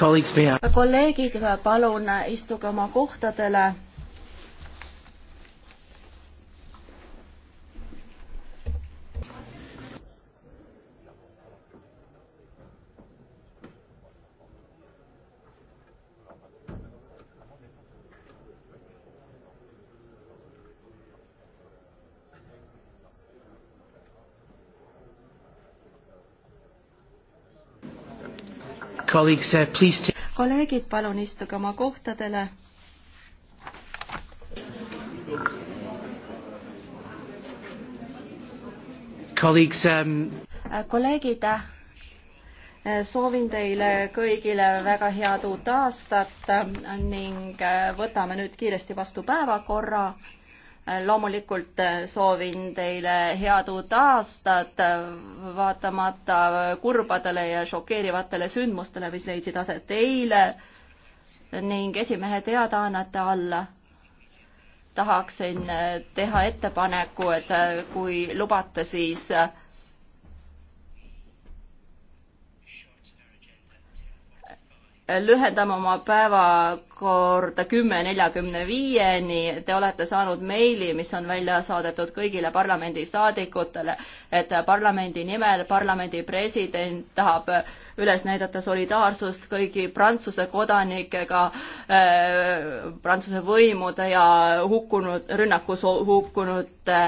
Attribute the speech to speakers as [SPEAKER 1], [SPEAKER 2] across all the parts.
[SPEAKER 1] kolleegid,
[SPEAKER 2] palun istuge oma kohtadele
[SPEAKER 1] Uh, kolleegid,
[SPEAKER 2] palun istuge oma kohtadele.
[SPEAKER 1] Um-
[SPEAKER 2] äh, kolleegid, äh, soovin teile kõigile väga head uut aastat äh, ning võtame nüüd kiiresti vastu päevakorra loomulikult äh, soovin teile head uut aastat, äh, vaatamata kurbadele ja šokeerivatele sündmustele, mis leidsid aset eile ning esimehe teadaannete alla tahaksin äh, teha ettepaneku, et kui lubate, siis lühendame oma päevakorda kümme neljakümne viieni. Te olete saanud meili, mis on välja saadetud kõigile parlamendisaadikutele, et parlamendi nimel parlamendi president tahab üles näidata solidaarsust kõigi Prantsuse kodanikega, äh, Prantsuse võimude ja hukkunud, rünnakus hukkunute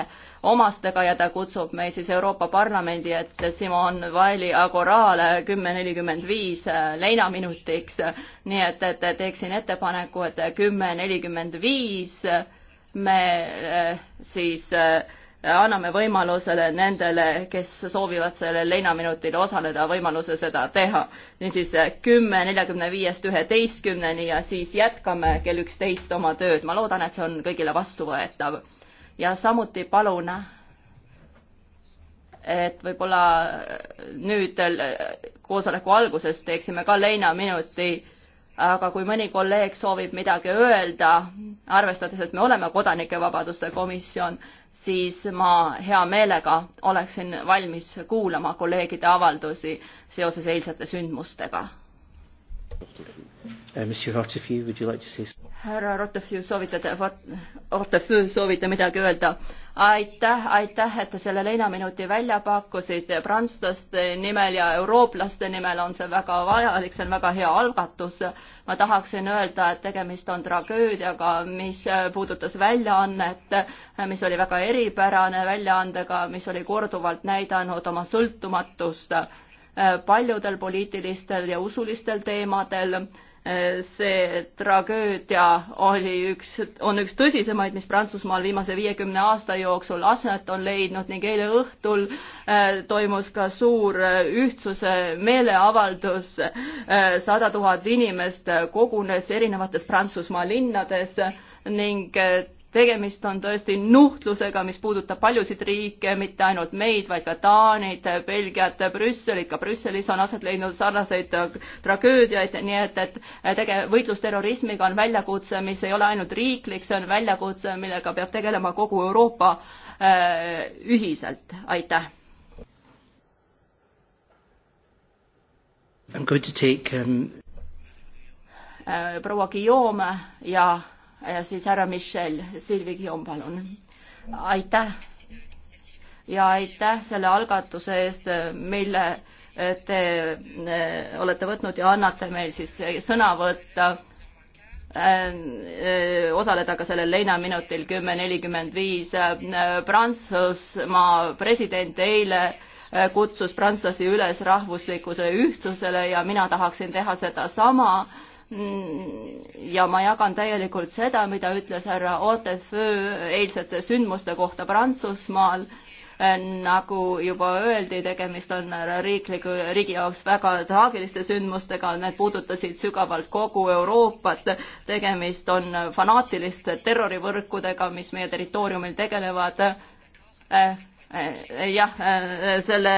[SPEAKER 2] omastega ja ta kutsub meid siis Euroopa Parlamendi ette Simon Vaili Agorale kümme nelikümmend viis äh, leinaminutiks. nii et, et teeksin ettepaneku, et kümme nelikümmend viis me äh, siis äh, anname võimalusele nendele, kes soovivad sellel leinaminutil osaleda, võimaluse seda teha. niisiis kümme neljakümne viiest üheteistkümneni ja siis jätkame kell üksteist oma tööd. ma loodan, et see on kõigile vastuvõetav. ja samuti palun, et võib-olla nüüd koosoleku alguses teeksime ka leinaminuti aga kui mõni kolleeg soovib midagi öelda, arvestades, et me oleme kodanikevabaduste komisjon, siis ma hea meelega oleksin valmis kuulama kolleegide avaldusi seoses eilsete sündmustega. Uh, härra Rotefiu, soovitate, Rotefiu, soovite midagi öelda? aitäh, aitäh, et te selle leinaminuti välja pakkusite prantslaste nimel ja eurooplaste nimel on see väga vajalik, see on väga hea algatus. ma tahaksin öelda, et tegemist on tragöödiaga, mis puudutas väljaannet, mis oli väga eripärane väljaandega, mis oli korduvalt näidanud oma sõltumatust Äh, paljudel poliitilistel ja usulistel teemadel. Äh, see tragöödia oli üks, on üks tõsisemaid, mis Prantsusmaal viimase viiekümne aasta jooksul aset on leidnud ning eile õhtul äh, toimus ka suur ühtsuse meeleavaldus. sada tuhat inimest kogunes erinevates Prantsusmaa linnades ning tegemist on tõesti nuhtlusega, mis puudutab paljusid riike, mitte ainult meid, vaid ka Taanit, Belgiat, Brüsselit, ka Brüsselis on aset leidnud sarnaseid äh, tragöödiaid, nii et, et äh, tege-, võitlus terrorismiga on väljakutse, mis ei ole ainult riiklik, see on väljakutse, millega peab tegelema kogu Euroopa äh, ühiselt, aitäh. I m going to take um... proua Guillaume ja ja siis härra Michel, Silvi Kiom, palun. aitäh ja aitäh selle algatuse eest, mille te e, olete võtnud ja annate meil siis sõna võtta e, e, osaleda ka sellel leinaminutil kümme nelikümmend viis. Prantsusmaa president eile kutsus prantslasi üles rahvuslikuse ühtsusele ja mina tahaksin teha sedasama Mm, ja ma jagan täielikult seda, mida ütles härra Otefeu eilsete sündmuste kohta Prantsusmaal. Eh, nagu juba öeldi, tegemist on riikliku, riigi jaoks väga traagiliste sündmustega, need puudutasid sügavalt kogu Euroopat. tegemist on fanaatiliste terrorivõrkudega, mis meie territooriumil tegelevad eh, Äh, jah, äh, selle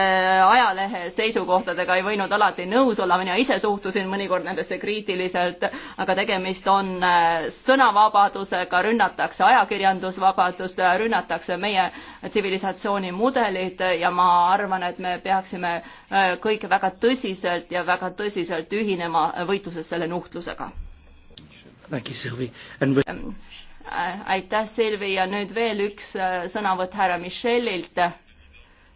[SPEAKER 2] ajalehe seisukohtadega ei võinud alati nõus olla, mina ise suhtusin mõnikord nendesse kriitiliselt, aga tegemist on äh, sõnavabadusega, rünnatakse ajakirjandusvabadust, rünnatakse meie tsivilisatsiooni mudelid ja ma arvan, et me peaksime kõik väga tõsiselt ja väga tõsiselt ühinema võitluses selle nuhtlusega. Äh, aitäh, Silvi, ja nüüd veel üks äh, sõnavõtt härra Michelilt.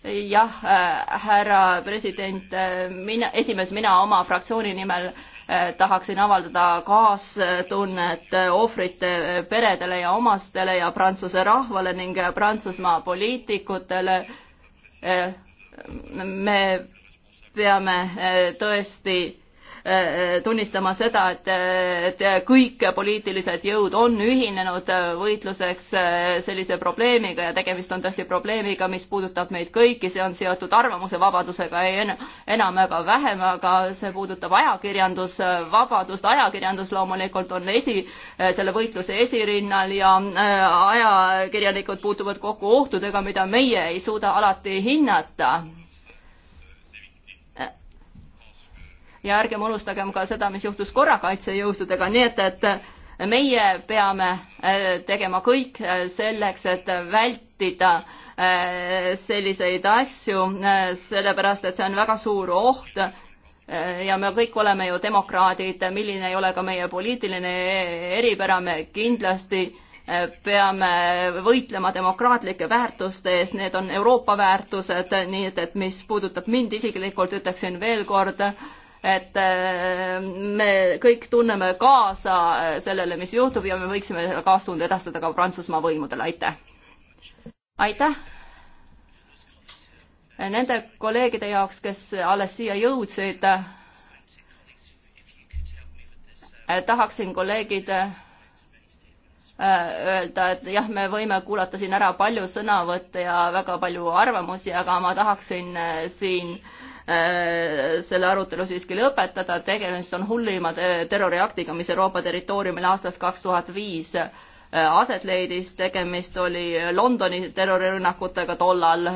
[SPEAKER 2] jah, äh, härra president, mina, esimees, mina oma fraktsiooni nimel tahaksin avaldada kaastunnet ohvrite peredele ja omastele ja Prantsuse rahvale ning Prantsusmaa poliitikutele. me peame tõesti Äh, äh, tunnistama seda, et, et kõik poliitilised jõud on ühinenud äh, võitluseks sellise probleemiga ja tegemist on tõesti probleemiga, mis puudutab meid kõiki, see on seotud arvamusevabadusega, ei en, enam ega vähem, aga see puudutab ajakirjandusvabadust, ajakirjandus loomulikult on esi, selle võitluse esirinnal ja ajakirjanikud puutuvad kokku ohtudega, mida meie ei suuda alati hinnata ja ärgem unustagem ka seda, mis juhtus korrakaitsejõududega, nii et, et meie peame äh, tegema kõik äh, selleks, et vältida äh, selliseid asju, sellepärast et see on väga suur oht ja me kõik oleme ju demokraadid, milline ei ole ka meie poliitiline eripära, me kindlasti peame võitlema demokraatlike väärtuste eest, need on Euroopa väärtused, nii et, et mis puudutab mind isiklikult, ütleksin veel kord, et äh, me kõik tunneme kaasa äh, sellele, mis juhtub ja me võiksime selle kaastunde edastada ka Prantsusmaa võimudele, aitäh. aitäh nende kolleegide jaoks, kes alles siia jõudsid. Äh, tahaksin kolleegid öelda, et jah, me võime kuulata siin ära palju sõnavõtte ja väga palju arvamusi, aga ma tahaksin siin äh, Äh, selle arutelu siiski lõpetada, tegemist on hullima terroriaktiga, mis Euroopa territooriumil aastast kaks tuhat viis äh, aset leidis, tegemist oli Londoni terrorirünnakutega tollal.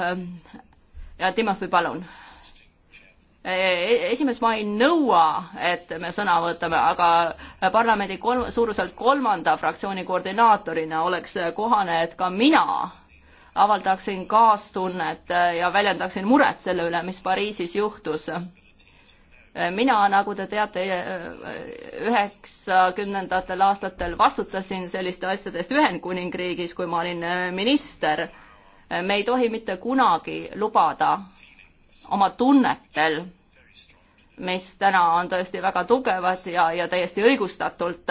[SPEAKER 2] ja Timothy, palun. E-, e-, esimees, ma ei nõua, et me sõna võtame, aga parlamendi kolm, suuruselt kolmanda fraktsiooni koordinaatorina oleks kohane, et ka mina avaldaksin kaastunnet äh, ja väljendaksin muret selle üle, mis Pariisis juhtus. mina, nagu te teate, äh, üheksakümnendatel aastatel vastutasin selliste asjadest Ühendkuningriigis, kui ma olin äh, minister. me ei tohi mitte kunagi lubada oma tunnetel, mis täna on tõesti väga tugevad ja, ja täiesti õigustatult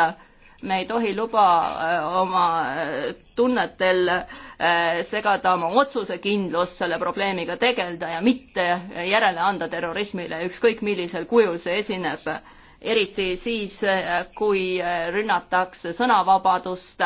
[SPEAKER 2] me ei tohi luba äh, oma äh, tunnetel äh, segada oma otsusekindlust selle probleemiga tegeleda ja mitte järele anda terrorismile, ükskõik millisel kujul see esineb. eriti siis, kui rünnatakse sõnavabadust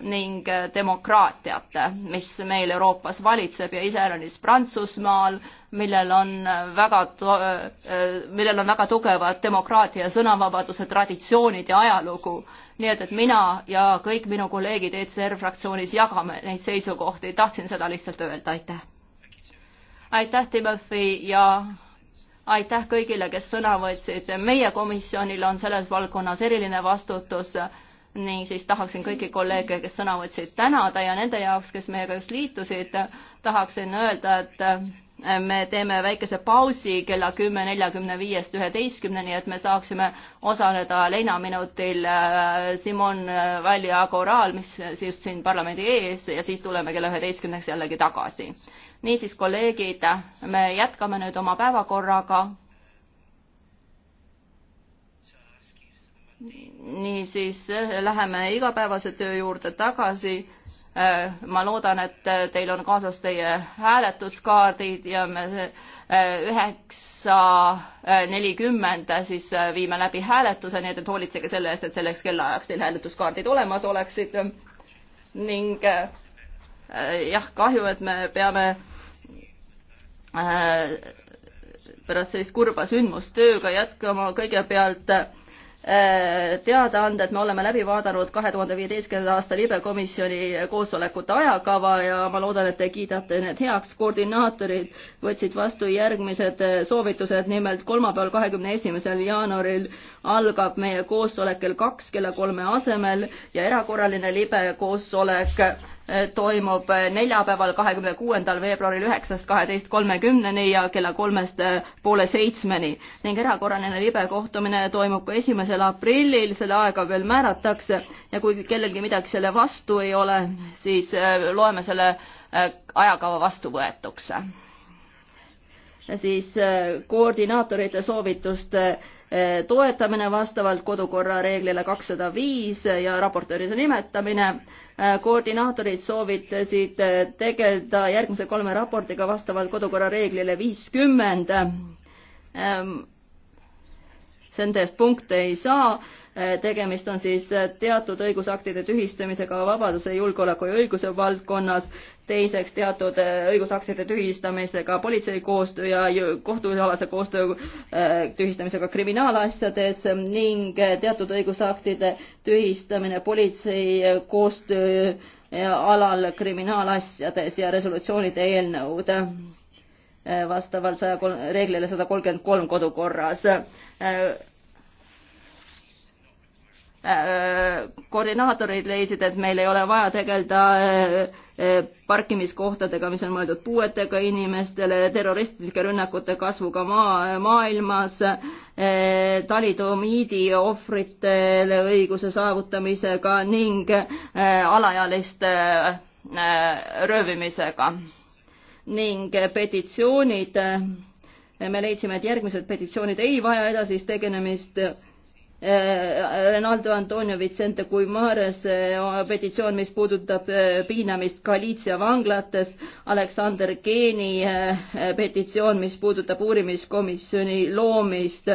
[SPEAKER 2] ning äh, demokraatiat, mis meil Euroopas valitseb ja iseäranis Prantsusmaal, millel on äh, väga, äh, millel on väga tugevad demokraatia ja sõnavabaduse traditsioonid ja ajalugu. nii et, et mina ja kõik minu kolleegid ECR fraktsioonis jagame neid seisukohti, tahtsin seda lihtsalt öelda, aitäh. aitäh, Timothy ja aitäh kõigile, kes sõna võtsid. meie komisjonil on selles valdkonnas eriline vastutus niisiis tahaksin kõiki kolleege, kes sõna võtsid, tänada ja nende jaoks, kes meiega just liitusid, tahaksin öelda, et äh, me teeme väikese pausi kella kümme neljakümne viiest üheteistkümneni, et me saaksime osaleda leinaminutil äh, Simon äh, Valli Agoral, mis just siin parlamendi ees ja siis tuleme kella üheteistkümneks jällegi tagasi. niisiis, kolleegid, me jätkame nüüd oma päevakorraga niisiis eh, läheme igapäevase töö juurde tagasi. Eh, ma loodan, et eh, teil on kaasas teie hääletuskaardid ja me üheksa nelikümmend siis viime läbi hääletuse, nii et, et hoolitsege selle eest, et selleks kellaajaks teil hääletuskaardid olemas oleksid. ning jah, kahju, et me peame pärast sellist kurba sündmust tööga jätkama kõigepealt Äh, teada anda, et me oleme läbi vaadanud kahe tuhande viieteistkümnenda aasta libekomisjoni koosolekute ajakava ja ma loodan, et te kiidate need heaks. koordinaatorid võtsid vastu järgmised soovitused, nimelt kolmapäeval, kahekümne esimesel jaanuaril algab meie koosolek kell kaks kella kolme asemel ja erakorraline libe koosolek eh, toimub eh, neljapäeval, kahekümne kuuendal veebruaril üheksast kaheteist kolmekümneni ja kella kolmest eh, poole seitsmeni ning erakorraline libe kohtumine toimub ka esimesel aprillil, selle aega veel määratakse ja kui kellelgi midagi selle vastu ei ole, siis loeme selle ajakava vastuvõetuks. siis koordinaatorite soovituste Äh, toetamine vastavalt kodukorra reeglile kakssada viis ja raportööride nimetamine. Äh, koordinaatorid soovitasid äh, tegeleda järgmise kolme raportiga vastavalt kodukorra reeglile viiskümmend. Sendest punkte ei saa Äh, tegemist on siis äh, teatud õigusaktide tühistamisega vabaduse, julgeoleku ja õiguse valdkonnas, teiseks teatud äh, õigusaktide tühistamisega politsei koostöö ja kohtualase koostöö tühistamisega kriminaalasjades ning teatud õigusaktide tühistamine politsei koostöö alal kriminaalasjades ja resolutsioonide eelnõud vastavalt saja kolm, reeglile sada kolmkümmend kolm kodukorras Äh, koordinaatorid leidsid, et meil ei ole vaja tegeleda äh, äh, parkimiskohtadega, mis on mõeldud puuetega inimestele, terroristlike rünnakute kasvuga maa, maailmas, talidomiidi ohvritele õiguse saavutamisega ning alaealiste röövimisega. ning petitsioonid, me leidsime, et järgmised petitsioonid ei vaja edasist tegelemist Eh, Renaldo Antonio Vicente Guimares eh, petitsioon, mis puudutab eh, piinamist Galiitsia vanglates, Aleksander Geeni petitsioon, mis puudutab uurimiskomisjoni loomist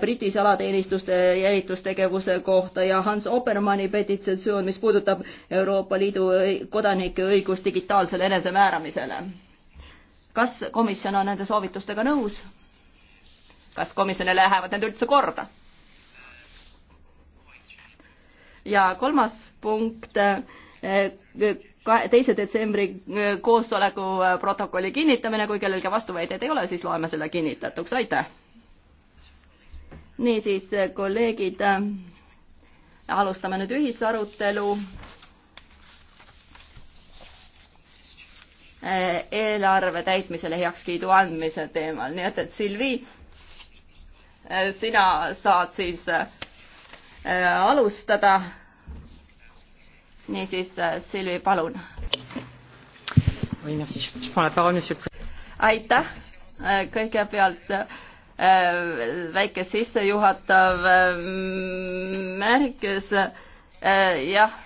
[SPEAKER 2] Briti salateenistuste jälitustegevuse kohta ja Hans Oppermanni petitsioon, mis puudutab Euroopa Liidu kodanike õigust digitaalsele enesemääramisele. kas komisjon on nende soovitustega nõus? kas komisjonile lähevad need üldse korda? ja kolmas punkt, eh, teise detsembri eh, koosoleku eh, protokolli kinnitamine, kui kellelgi vastuväiteid ei ole, siis loeme selle kinnitatuks, aitäh! niisiis, kolleegid, alustame nüüd ühisarutelu eelarve täitmisele heakskiidu andmise teemal, nii et, et Silvi, sina saad siis Äh, alustada. niisiis, äh, Silvi, palun. aitäh, äh, kõigepealt väike sissejuhatav märkis, jah,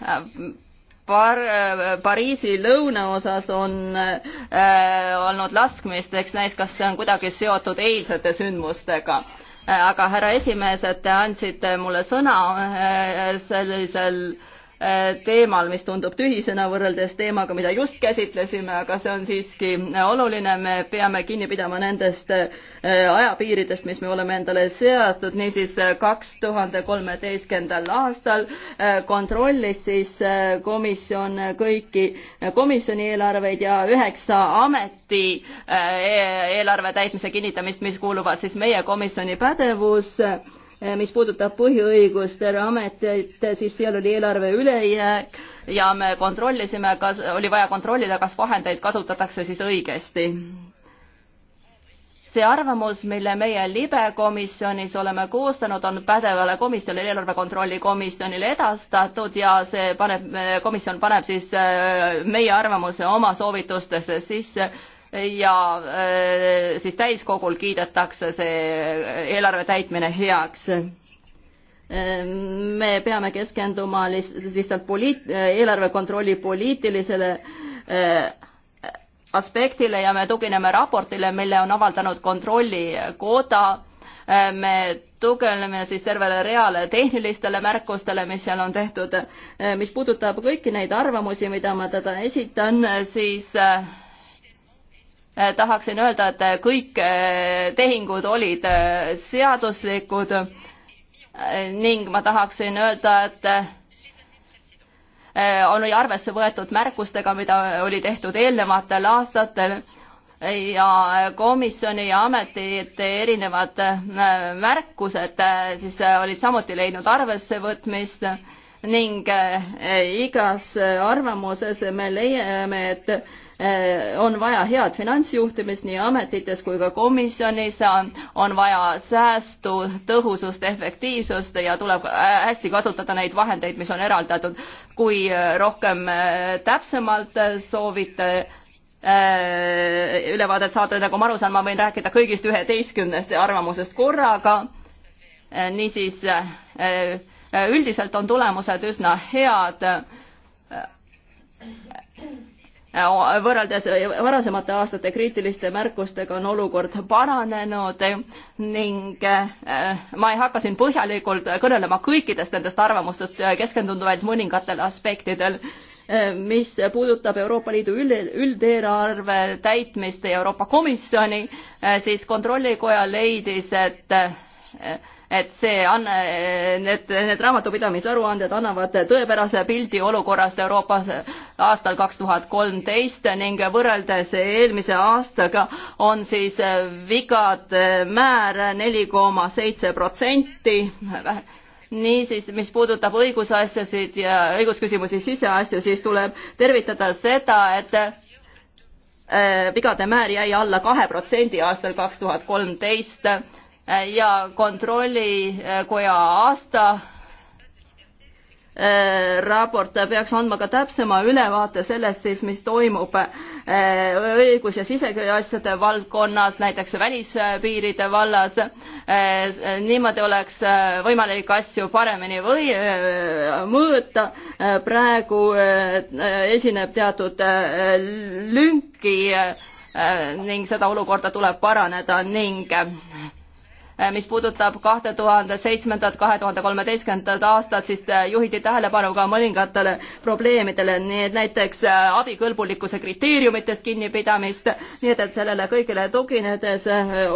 [SPEAKER 2] Par-, Pariisi lõunaosas on äh, olnud laskmist, eks näis, kas see on kuidagi seotud eilsete sündmustega Äh, aga härra esimees, et te andsite mulle sõna äh, sellisel Äh, teemal, mis tundub tühisena võrreldes teemaga, mida just käsitlesime, aga see on siiski äh, oluline, me peame kinni pidama nendest äh, ajapiiridest, mis me oleme endale seatud, niisiis kaks tuhande kolmeteistkümnendal aastal kontrollis siis komisjon kõiki komisjoni eelarveid ja üheksa ameti e-, eelarve täitmise kinnitamist, mis kuuluvad siis meie komisjoni pädevusse Eh, mis puudutab põhiõiguste ametit, siis seal oli eelarve ülejääk ja me kontrollisime, kas, oli vaja kontrollida, kas vahendeid kasutatakse siis õigesti. see arvamus, mille meie libekomisjonis oleme koostanud, on pädevale komisjonile, eelarve kontrolli komisjonile edastatud ja see paneb, komisjon paneb siis eh, meie arvamuse oma soovitustesse sisse ja äh, siis täiskogul kiidetakse see eelarve täitmine heaks. Ähm, me peame keskenduma lihtsalt poliit-, äh, eelarve kontrolli poliitilisele äh, aspektile ja me tugineme raportile, mille on avaldanud kontrollikoda. me tugineme siis tervele reale tehnilistele märkustele, mis seal on tehtud. mis puudutab kõiki neid arvamusi, mida ma teda esitan, siis äh, Äh, tahaksin öelda, et äh, kõik äh, tehingud olid seaduslikud ning ma tahaksin öelda, et oli arvesse võetud märkustega, mida oli tehtud eelnevatel aastatel ja komisjoni ja ametite erinevad märkused siis olid samuti leidnud arvessevõtmist ning igas arvamuses me leiame, et Äh, on vaja head finantsjuhtimist nii ametites kui ka komisjonis, on vaja säästu, tõhusust, efektiivsust ja tuleb äh, hästi kasutada neid vahendeid, mis on eraldatud. kui äh, rohkem täpsemalt soovite ülevaadet saata, nagu ma aru saan, ma võin rääkida kõigist üheteistkümnest arvamusest korraga. niisiis üldiselt on tulemused üsna head Äh, võrreldes äh, varasemate aastate kriitiliste märkustega on olukord paranenud ning äh, ma ei hakka siin põhjalikult kõnelema kõikidest nendest arvamustest, keskendun vaid mõningatele aspektidele mis puudutab Euroopa Liidu üldeelarve täitmist ja Euroopa Komisjoni, siis Kontrollikoja leidis, et et see an-, need, need raamatupidamisaruanded annavad tõepärase pildi olukorrast Euroopas aastal kaks tuhat kolmteist ning võrreldes eelmise aastaga on siis vigade määr neli koma seitse protsenti niisiis, mis puudutab õigusasjasid ja õigusküsimusi siseasju, siis tuleb tervitada seda, et äh, vigade määr jäi alla kahe protsendi aastal kaks tuhat kolmteist ja Kontrollikoja aasta äh, raport peaks andma ka täpsema ülevaate sellest siis, mis toimub äh, õigus- ja siseasjade valdkonnas, näiteks välispiiride vallas. Äh, niimoodi oleks võimalik asju paremini või mõõta. praegu esineb teatud lünki ning seda olukorda tuleb paraneda ning Eh, mis puudutab kahte tuhande seitsmendat, kahe tuhande kolmeteistkümnendat aastat, siis eh, juhiti tähelepanu ka mõningatele probleemidele, nii et näiteks eh, abikõlbulikkuse kriteeriumitest kinnipidamist, nii et, et sellele kõigele tuginedes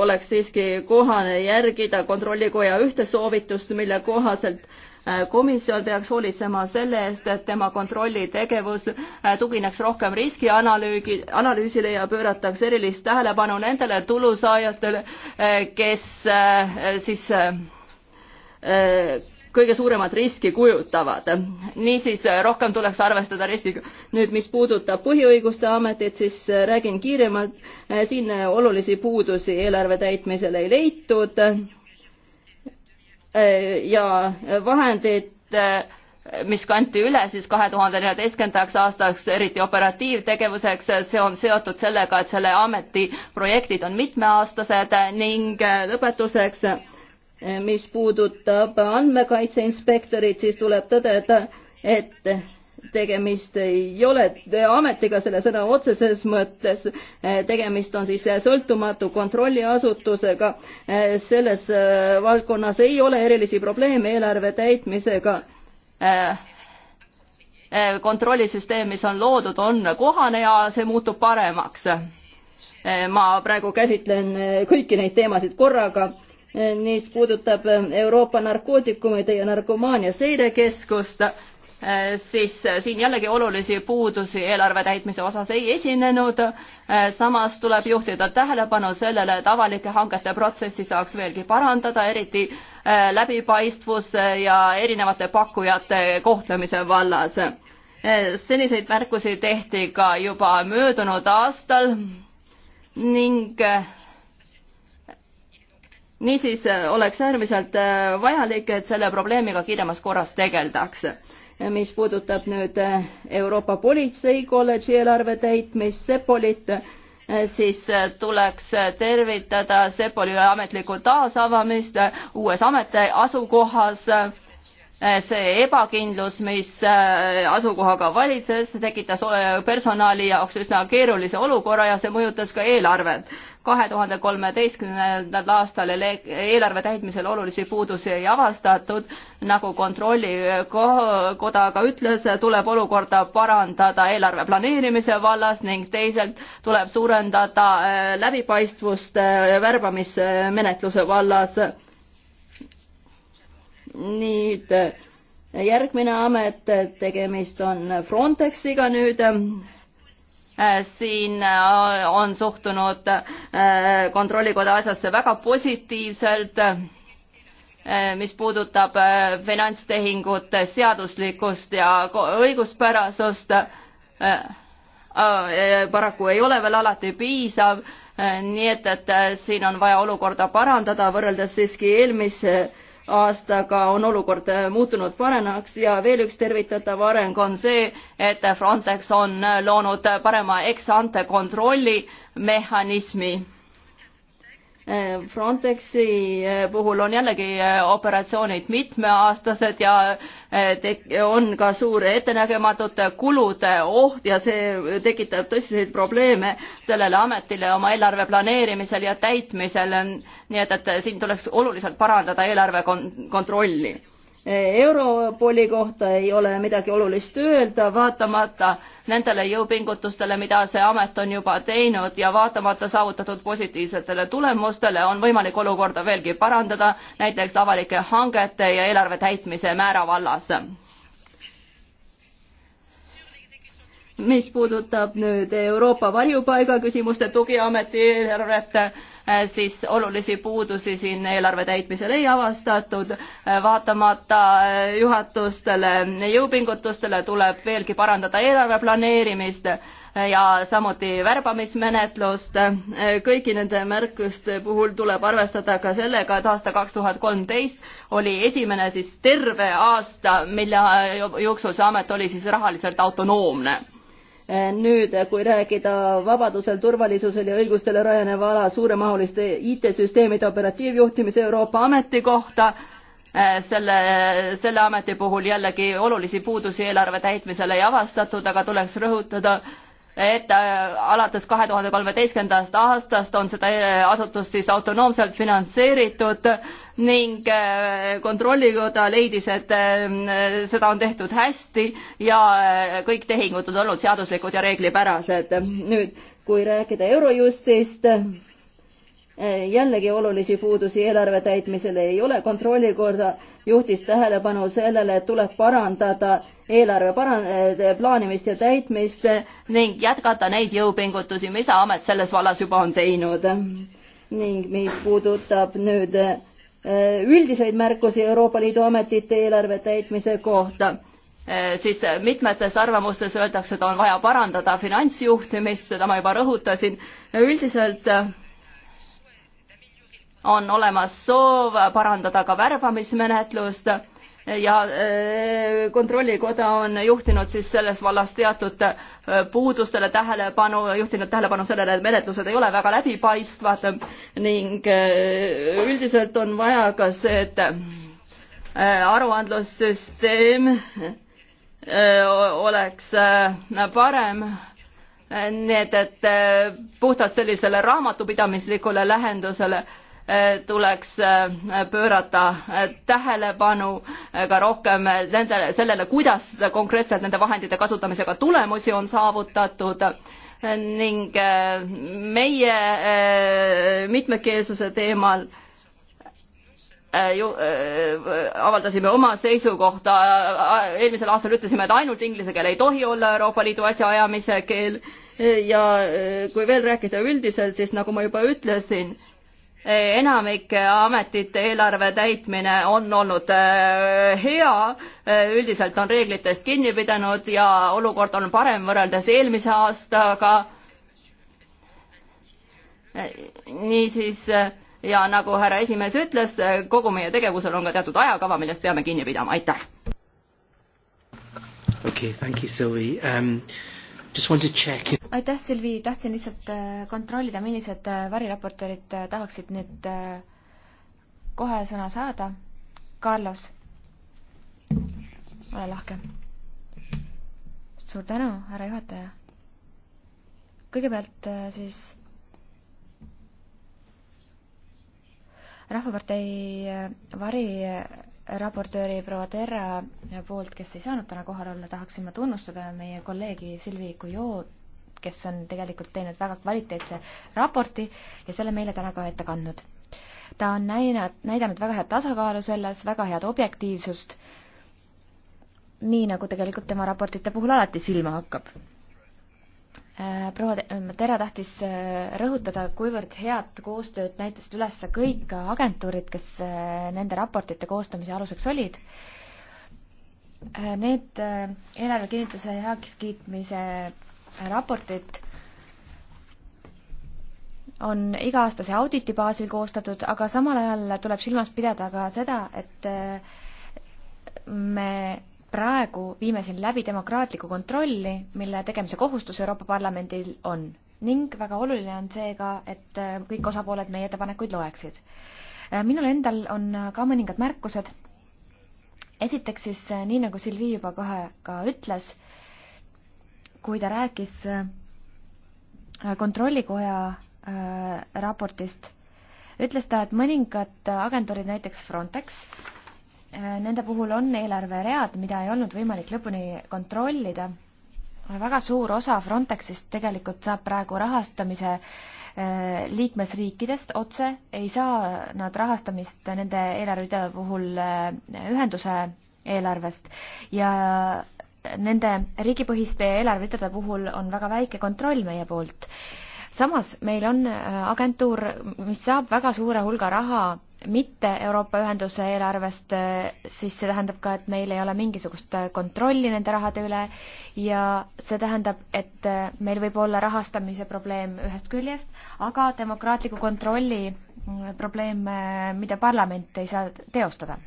[SPEAKER 2] oleks siiski kohane järgida Kontrollikoja ühte soovitust, mille kohaselt Äh, komisjon peaks hoolitsema selle eest, et tema kontrollitegevus äh, tugineks rohkem riskianalüügi, analüüsile ja pöörataks erilist tähelepanu nendele tulusaajatele, äh, kes siis kõige suuremat riski kujutavad. niisiis rohkem tuleks arvestada riskiga. nüüd, mis puudutab põhiõiguste ametit, siis räägin kiiremalt. siin olulisi puudusi eelarve täitmisel ei leitud Äh, ja vahendid, äh, mis kanti üle siis kahe tuhande neljateistkümnendaks aastaks, eriti operatiivtegevuseks, see on seotud sellega, et selle ameti projektid on mitmeaastased ning äh, lõpetuseks, mis puudutab andmekaitse inspektorit, siis tuleb tõdeda, et tegemist ei ole ametiga selle sõna otseses mõttes, tegemist on siis sõltumatu kontrolliasutusega. selles äh, valdkonnas ei ole erilisi probleeme eelarve täitmisega. Äh, äh, kontrollisüsteem, mis on loodud, on kohane ja see muutub paremaks. ma praegu käsitlen kõiki neid teemasid korraga mis puudutab Euroopa narkootikumide ja narkomaania seirekeskust Eh, siis eh, siin jällegi olulisi puudusi eelarve täitmise osas ei esinenud. Eh, samas tuleb juhtida tähelepanu sellele, et avalike hangete protsessi saaks veelgi parandada, eriti läbipaistvus ja erinevate pakkujate kohtlemise vallas. selliseid märkusi tehti ka juba möödunud aastal ning niisiis oleks äärmiselt vajalik, et selle probleemiga kiiremas korras tegeldakse mis puudutab nüüd eh, Euroopa Politseikolledži eelarve täitmist, Sepolit, eh, siis eh, tuleks tervitada Sepoli ametlikku taasavamist uues ametiasukohas. see ebakindlus, mis asukohaga valitses, tekitas personali jaoks üsna keerulise olukorra ja see mõjutas ka eelarvet kahe tuhande kolmeteistkümnendal aastal eelarve täitmisel olulisi puudusi ei avastatud, nagu kontrollikoda ka ütles, tuleb olukorda parandada eelarve planeerimise vallas ning teisalt tuleb suurendada äh, läbipaistvust äh, värbamismenetluse vallas. nii äh, järgmine amet, tegemist on Frontexiga nüüd Äh, siin äh, on suhtunud äh, Kontrollikoda asjasse väga positiivselt, mis puudutab finantstehingute seaduslikkust ja õiguspärasust. paraku ei ole veel alati piisav, nii et, et siin on vaja olukorda parandada võrreldes siiski eelmise aastaga on olukord äh, muutunud paremaks ja veel üks tervitatav areng on see, et Frontex on äh, loonud parema ex-ante kontrolli mehhanismi Frontexi eh, puhul on jällegi eh, operatsioonid mitmeaastased ja eh, on ka suur ettenägematute kulude oht ja see tekitab tõsiseid probleeme sellele ametile oma eelarve planeerimisel ja täitmisel. nii et, et siin tuleks oluliselt parandada eelarve kontrolli. Europoli kohta ei ole midagi olulist öelda, vaatamata äh, nendele jõupingutustele, mida see amet on juba teinud ja vaatamata saavutatud positiivsetele tulemustele on võimalik olukorda veelgi parandada, näiteks avalike hangete ja eelarve täitmise määra vallas. mis puudutab nüüd Euroopa varjupaiga küsimuste tugiameti eelarvet, Eh, siis olulisi puudusi siin eelarve täitmisel ei avastatud. Eh, vaatamata eh, juhatustele jõupingutustele tuleb veelgi parandada eelarve planeerimist ja samuti värbamismenetlust. kõigi nende märkuste puhul tuleb arvestada ka sellega, et aasta kaks tuhat kolmteist oli esimene siis terve aasta, mille jooksul see amet oli siis rahaliselt autonoomne nüüd, kui rääkida vabadusel, turvalisusel ja õigustele rajaneva ala suuremahuliste IT-süsteemide operatiivjuhtimise Euroopa ametikohta, äh, selle, selle ameti puhul jällegi olulisi puudusi eelarve täitmisele ei avastatud, aga tuleks rõhutada, et äh, alates kahe tuhande kolmeteistkümnendast aastast on seda äh, asutust siis autonoomselt finantseeritud ning äh, kontrollikoda leidis, et seda on tehtud hästi ja kõik tehingud on olnud seaduslikud ja reeglipärased. nüüd, kui rääkida Eurojustist, Eh, jällegi olulisi puudusi eelarve täitmisel ei ole, kontrollikorda juhtis tähelepanu sellele, et tuleb parandada eelarve paran-, eh, plaanimist ja täitmist ning jätkata neid jõupingutusi, mis amet selles vallas juba on teinud. ning mis puudutab nüüd eh, üldiseid märkusi Euroopa Liidu ametite eelarve täitmise kohta siis mitmetes arvamustes öeldakse, et on vaja parandada finantsjuhtimist, seda ma juba rõhutasin. üldiselt on olemas soov parandada ka värbamismenetlust ja eh, kontrollikoda on juhtinud siis selles vallas teatud eh, puudustele tähelepanu, juhtinud tähelepanu sellele, et menetlused ei ole väga läbipaistvad ning eh, üldiselt on vaja ka see, et aruandlussüsteem oleks parem nii et, et puhtalt sellisele raamatupidamislikule lähendusele tuleks äh, pöörata äh, tähelepanu äh, ka rohkem nendele, sellele, kuidas konkreetselt nende vahendite kasutamisega tulemusi on saavutatud ning meie mitmekeelsuse teemal ju, avaldasime oma seisukohta, eelmisel aastal ütlesime, et ainult inglise keel ei tohi olla Euroopa Liidu asjaajamise keel ja kui veel rääkida üldiselt, siis nagu ma juba ütlesin, enamik ametite eelarve täitmine on olnud äh, hea, äh, üldiselt on reeglitest kinni pidanud ja olukord on parem võrreldes eelmise aastaga. Äh, niisiis ja nagu härra esimees ütles, kogu meie tegevusel on ka teatud ajakava, millest peame kinni pidama, aitäh.
[SPEAKER 3] okei okay,, thank you, Sylvie um,
[SPEAKER 1] aitäh, Silvi, tahtsin lihtsalt äh, kontrollida, millised äh, variraportöörid äh, tahaksid nüüd kohe sõna saada. Carlos, ole lahke. suur tänu, härra juhataja. kõigepealt siis Rahvapartei vari raportööri proua Terra poolt, kes ei saanud täna kohal olla, tahaksin ma tunnustada meie kolleegi Silvi Kujo, kes on tegelikult teinud väga kvaliteetse raporti ja selle meile täna ka ette kandnud. ta on näinud, näidanud väga head tasakaalu selles, väga head objektiivsust, nii nagu tegelikult tema raportite puhul alati silma hakkab Äh, proua ähm, Tera tahtis äh, rõhutada, kuivõrd head koostööd näitasid üles kõik agentuurid, kes äh, nende raportite koostamise aluseks olid. Need eelarve kinnituse heakskiitmise raportid on iga-aastase auditi baasil koostatud, aga samal ajal tuleb silmas pidada ka seda, et me praegu viime siin läbi demokraatlikku kontrolli, mille tegemise kohustus Euroopa Parlamendil on ning väga oluline on seega, et äh, kõik osapooled meie ettepanekuid loeksid. Äh, minul endal on ka mõningad märkused. esiteks siis, äh, nii nagu Silvi juba kohe ka ütles, kui ta rääkis kontrollikoja raportist, ütles ta, et mõningad agentuurid, näiteks Frontex, Äh, nende puhul on eelarveread, mida ei olnud võimalik lõpuni kontrollida. väga suur osa Frontexist tegelikult saab praegu rahastamise äh, liikmesriikidest otse, ei saa nad rahastamist nende eelarvide puhul äh, ühenduse eelarvest ja nende riigipõhiste eelarveridade puhul on väga väike kontroll meie poolt. samas meil on agentuur, mis saab väga suure hulga raha mitte Euroopa Ühenduse eelarvest, siis see tähendab ka, et meil ei ole mingisugust kontrolli nende rahade üle ja see tähendab, et meil võib olla rahastamise probleem ühest küljest, aga demokraatliku kontrolli probleem, mida parlament ei saa teostada.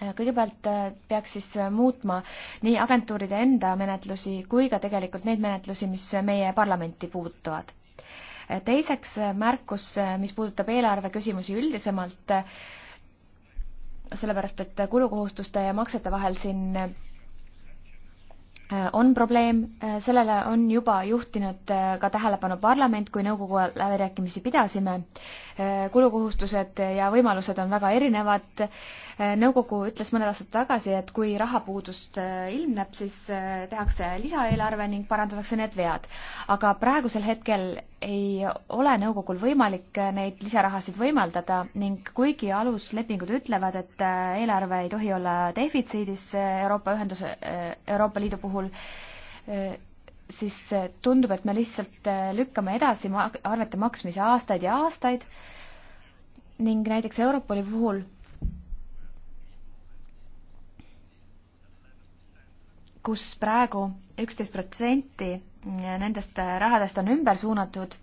[SPEAKER 1] kõigepealt peaks siis muutma nii agentuuride enda menetlusi kui ka tegelikult neid menetlusi, mis meie parlamenti puutuvad teiseks märkus, mis puudutab eelarve küsimusi üldisemalt, sellepärast et kulukohustuste ja maksete vahel siin äh, on probleem, äh, sellele on juba juhtinud äh, ka tähelepanu parlament, kui nõukogu läbirääkimisi pidasime. kulukohustused ja võimalused on väga erinevad Äh, nõukogu ütles mõned aastad tagasi, et kui rahapuudust äh, ilmneb, siis äh, tehakse lisaeelarve ning parandatakse need vead. aga praegusel hetkel ei ole nõukogul võimalik neid lisarahasid võimaldada ning kuigi aluslepingud ütlevad, et eelarve ei tohi olla defitsiidis Euroopa Ühenduse, Euroopa Liidu puhul, siis tundub, et me lihtsalt lükkame edasi arvete maksmise aastaid ja aastaid ning näiteks Europoli puhul kus praegu üksteist protsenti nendest rahadest on ümber suunatud,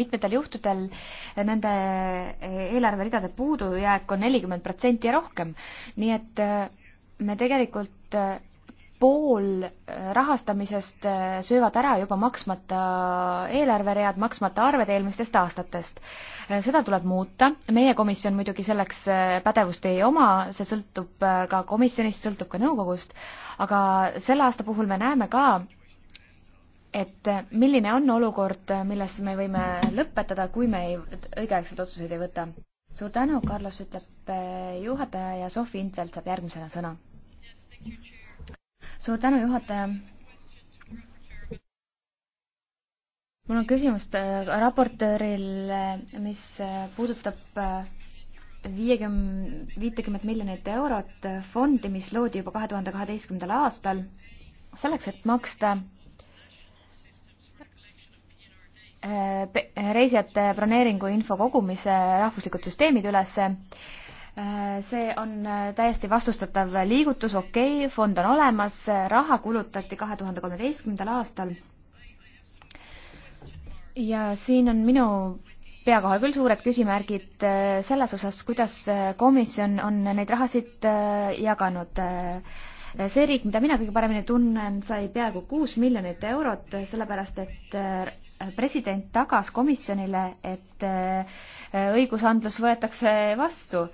[SPEAKER 1] mitmetel juhtudel nende eelarveridade puudujääk on nelikümmend protsenti ja rohkem. nii et me tegelikult pool äh, rahastamisest äh, söövad ära juba maksmata eelarveread, maksmata arved eelmistest aastatest. Äh, seda tuleb muuta, meie komisjon muidugi selleks pädevust ei oma, see sõltub ka komisjonist, sõltub ka nõukogust, aga selle aasta puhul me näeme ka, et milline on olukord, milles me võime lõpetada, kui me ei, õigeaegseid otsuseid ei võta. suur tänu, Carlos ütleb juhataja ja Sofi Intvelt saab järgmisena sõna suur tänu, juhataja. mul on küsimus äh, raportöörile, mis äh, puudutab äh, viiekümne, viitekümmet miljonit eurot fondi, mis loodi juba kahe tuhande kaheteistkümnendal aastal selleks, et maksta reisijate broneeringu info kogumise rahvuslikud süsteemid ülesse see on äh, täiesti vastustatav liigutus, okei okay,, fond on olemas, raha kulutati kahe tuhande kolmeteistkümnendal aastal. ja siin on minu pea kohal küll suured küsimärgid äh, selles osas, kuidas äh, komisjon on neid rahasid jaganud. see riik, mida mina kõige paremini tunnen, sai peaaegu kuus miljonit eurot, sellepärast et president tagas komisjonile, et õigusandlus võetakse vastu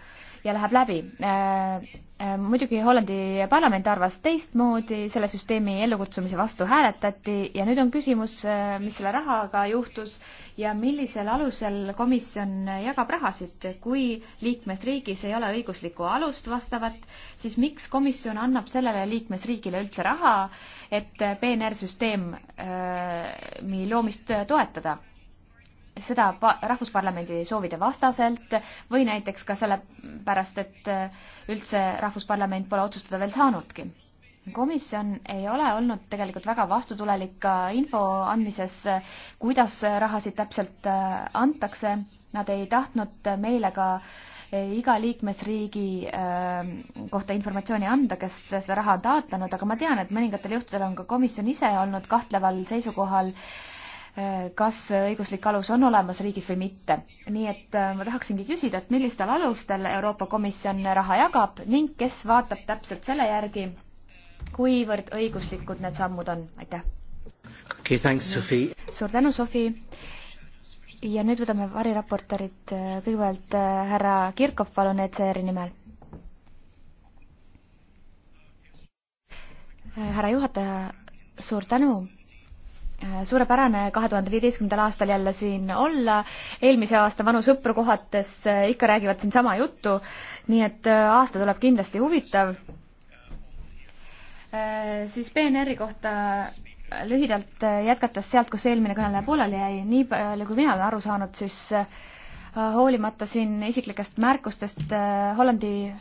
[SPEAKER 1] ja läheb läbi. Äh, äh, muidugi Hollandi parlament arvas teistmoodi, selle süsteemi ellukutsumise vastu hääletati ja nüüd on küsimus, äh, mis selle rahaga juhtus ja millisel alusel komisjon jagab rahasid. kui liikmesriigis ei ole õiguslikku alust vastavat, siis miks komisjon annab sellele liikmesriigile üldse raha, et PNR-süsteemi loomist toetada? seda Rahvusparlamendi soovide vastaselt või näiteks ka sellepärast, et äh, üldse Rahvusparlament pole otsustada veel saanudki. komisjon ei ole olnud tegelikult väga vastutulelik ka info andmises, kuidas rahasid täpselt äh, antakse, nad ei tahtnud meile ka äh, iga liikmesriigi kohta informatsiooni anda, kes seda raha on taotlenud, aga ma tean, et mõningatel juhtudel on ka komisjon ise olnud kahtleval seisukohal äh, kas õiguslik alus on olemas riigis või mitte. nii et äh, ma tahaksingi küsida, et millistel alustel Euroopa Komisjon raha jagab ning kes vaatab täpselt selle järgi, kuivõrd õiguslikud need sammud on, aitäh okay,. suur tänu, Sofi. ja nüüd võtame variraportorid äh, kõigepealt äh, härra Kirkov, palun, ECR-i nimel. härra juhataja, suur tänu suurepärane kahe tuhande viieteistkümnendal aastal jälle siin olla, eelmise aasta vanu sõpru kohates eh, ikka räägivad siin sama juttu, nii et eh, aasta tuleb kindlasti huvitav. Eh, siis PNR-i kohta lühidalt jätkates sealt, kus eelmine kõneleja pooleli jäi, nii palju kui mina olen aru saanud, siis hoolimata siin isiklikest märkustest Hollandi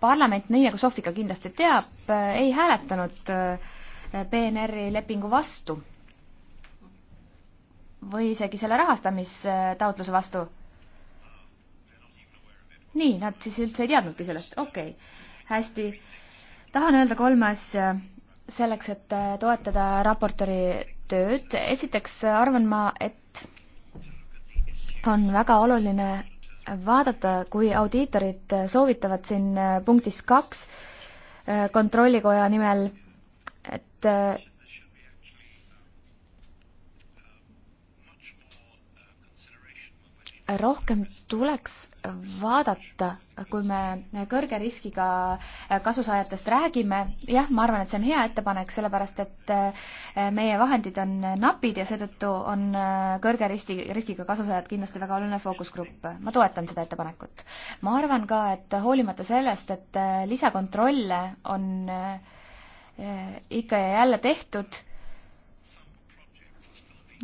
[SPEAKER 1] parlament, nii nagu Sofika kindlasti teab, ei hääletanud äh, PNR-i lepingu vastu või isegi selle rahastamistaotluse vastu. nii, nad siis üldse ei teadnudki sellest, okei okay., hästi. tahan öelda kolme asja selleks, et toetada raportööri tööd. esiteks arvan ma, et on väga oluline vaadata, kui audiitorid soovitavad siin punktis kaks kontrollikoja nimel et äh, rohkem tuleks vaadata, kui me kõrge riskiga kasusaajatest räägime. jah, ma arvan, et see on hea ettepanek, sellepärast et äh, meie vahendid on napid ja seetõttu on äh, kõrge riski, riskiga kasusaajad kindlasti väga oluline fookusgrupp. ma toetan seda ettepanekut. ma arvan ka, et hoolimata sellest, et lisakontrolle on äh, Eh, ikka ja jälle tehtud,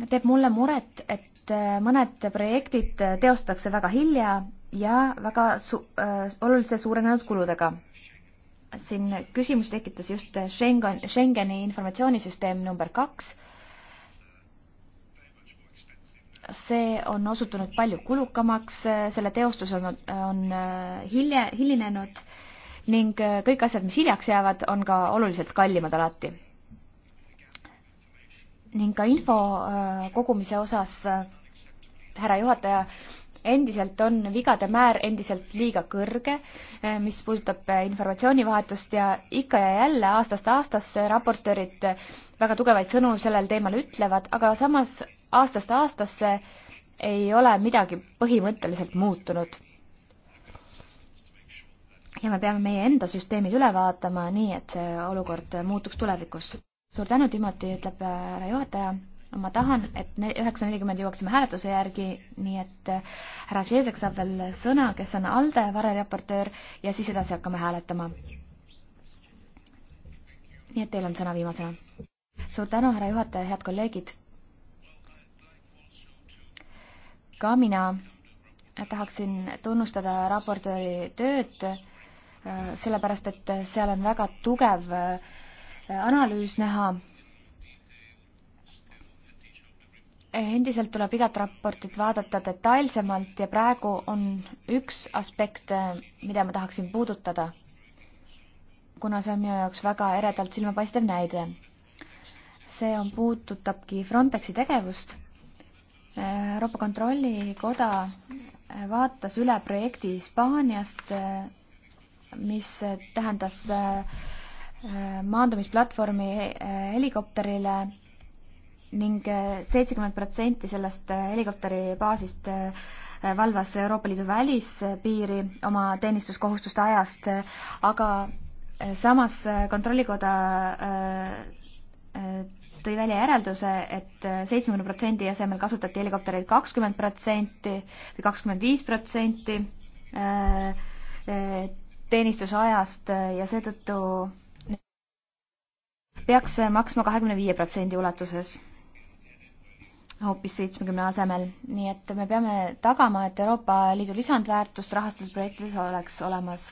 [SPEAKER 1] teeb mulle muret, et eh, mõned projektid eh, teostatakse väga hilja ja väga su äh, oluliselt suurenenud kuludega. siin küsimusi tekitas just Schengen, Schengeni informatsioonisüsteem number kaks. see on osutunud palju kulukamaks, selle teostus on, on hilje, hilinenud äh, ning äh, kõik asjad, mis hiljaks jäävad, on ka oluliselt kallimad alati. ning ka info äh, kogumise osas, äh, härra juhataja, endiselt on vigade määr endiselt liiga kõrge, mis puudutab informatsioonivahetust ja ikka ja jälle aastast aastasse raportöörid väga tugevaid sõnu sellel teemal ütlevad, aga samas aastast aastasse ei ole midagi põhimõtteliselt muutunud ja me peame meie enda süsteemid üle vaatama, nii et see olukord muutuks tulevikus. suur tänu, Timoti, ütleb äh, härra juhataja. ma tahan, et üheksa nelikümmend jõuaksime hääletuse järgi, nii et äh, härra Žežek saab veel sõna, kes on ALDE vareraportöör ja siis edasi hakkame hääletama. nii et teil on sõna viimasena. suur tänu, härra juhataja, head kolleegid. ka mina tahaksin tunnustada raportööri tööd Äh, sellepärast et seal on väga tugev äh, analüüs näha. endiselt tuleb igat raportit vaadata detailsemalt ja praegu on üks aspekt, äh, mida ma tahaksin puudutada, kuna see on minu jaoks väga eredalt silmapaistev näide. see on, puudutabki Frontexi tegevust. Euroopa Kontrollikoda vaatas üle projekti Hispaaniast mis tähendas äh, maandumisplatvormi äh, helikopterile ning äh, seitsekümmend protsenti sellest helikopteri baasist valvas Euroopa Liidu välispiiri oma teenistuskohustuste ajast, aga samas Kontrollikoda tõi välja järelduse et, et seitsmekümne protsendi asemel kasutati helikoptereid kakskümmend protsenti või kakskümmend viis protsenti teenistusajast äh, ja seetõttu peaks maksma kahekümne viie protsendi ulatuses hoopis seitsmekümne asemel. nii et me peame tagama, et Euroopa Liidu lisandväärtust rahastatud projektides oleks olemas.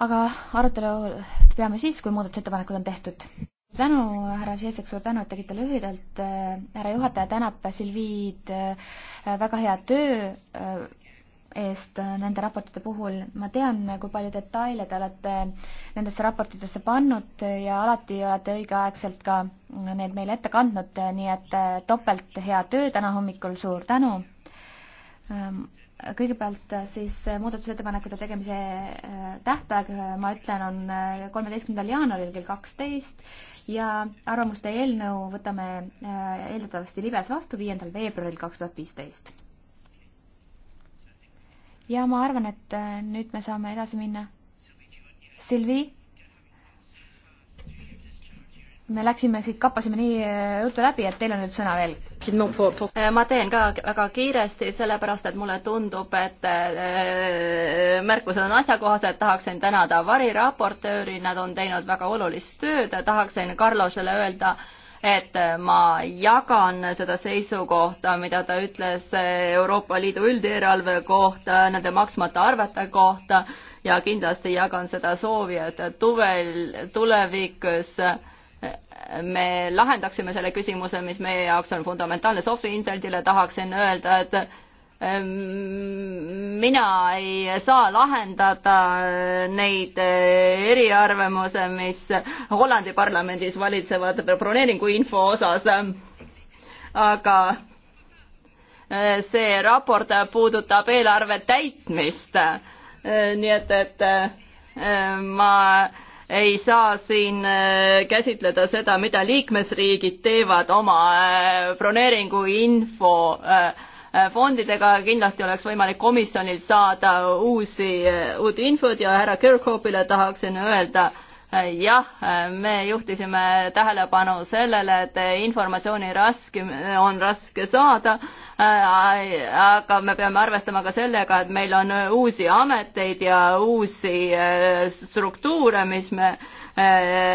[SPEAKER 1] aga arutelu peame siis, kui muudatusettepanekud on tehtud. tänu, härra Žižek, suur tänu, et tegite lühidalt. Äh, härra juhataja tänab Silviid äh, väga hea töö eest nende raportite puhul. ma tean, kui palju detaile te olete nendesse raportitesse pannud ja alati olete õigeaegselt ka need meile ette kandnud, nii et äh, topelt hea töö täna hommikul, suur tänu. Ähm, kõigepealt äh, siis muudatusettepanekute tegemise äh, tähtaeg, ma ütlen, on kolmeteistkümnendal jaanuaril kell kaksteist ja arvamuste eelnõu võtame eeldatavasti libes vastu viiendal veebruaril kaks tuhat viisteist ja ma arvan, et äh, nüüd me saame edasi minna. Silvi? me läksime siit, kappasime nii ruttu äh, läbi, et teil on nüüd sõna veel. Äh, ma teen ka
[SPEAKER 2] väga kiiresti, sellepärast et mulle tundub, et märkused on asjakohased, tahaksin tänada variraportööri, nad on teinud väga olulist tööd, tahaksin Carlosele öelda, et äh, ma jagan seda seisukohta, mida ta ütles äh, Euroopa Liidu üldeelarve kohta, nende maksmata arvete kohta ja kindlasti jagan seda soovi, et tuvel, tulevikus äh, me lahendaksime selle küsimuse, mis meie jaoks on fundamentaalne. Sofi Inteldile tahaksin öelda, et mina ei saa lahendada neid eh, eriarvamuse, mis Hollandi parlamendis valitsevad broneeringu info osas. aga eh, see raport puudutab eelarve täitmist. Eh, nii et, et ma ei saa siin käsitleda seda, mida liikmesriigid teevad oma broneeringu info äh, Äh, fondidega, kindlasti oleks võimalik komisjonilt saada uusi, äh, uut infot ja härra Kirkhoopile tahaksin öelda, äh, jah, me juhtisime tähelepanu sellele, et informatsiooni raske, on raske saada, aga me peame arvestama ka sellega, et meil on uusi ameteid ja uusi struktuure, mis me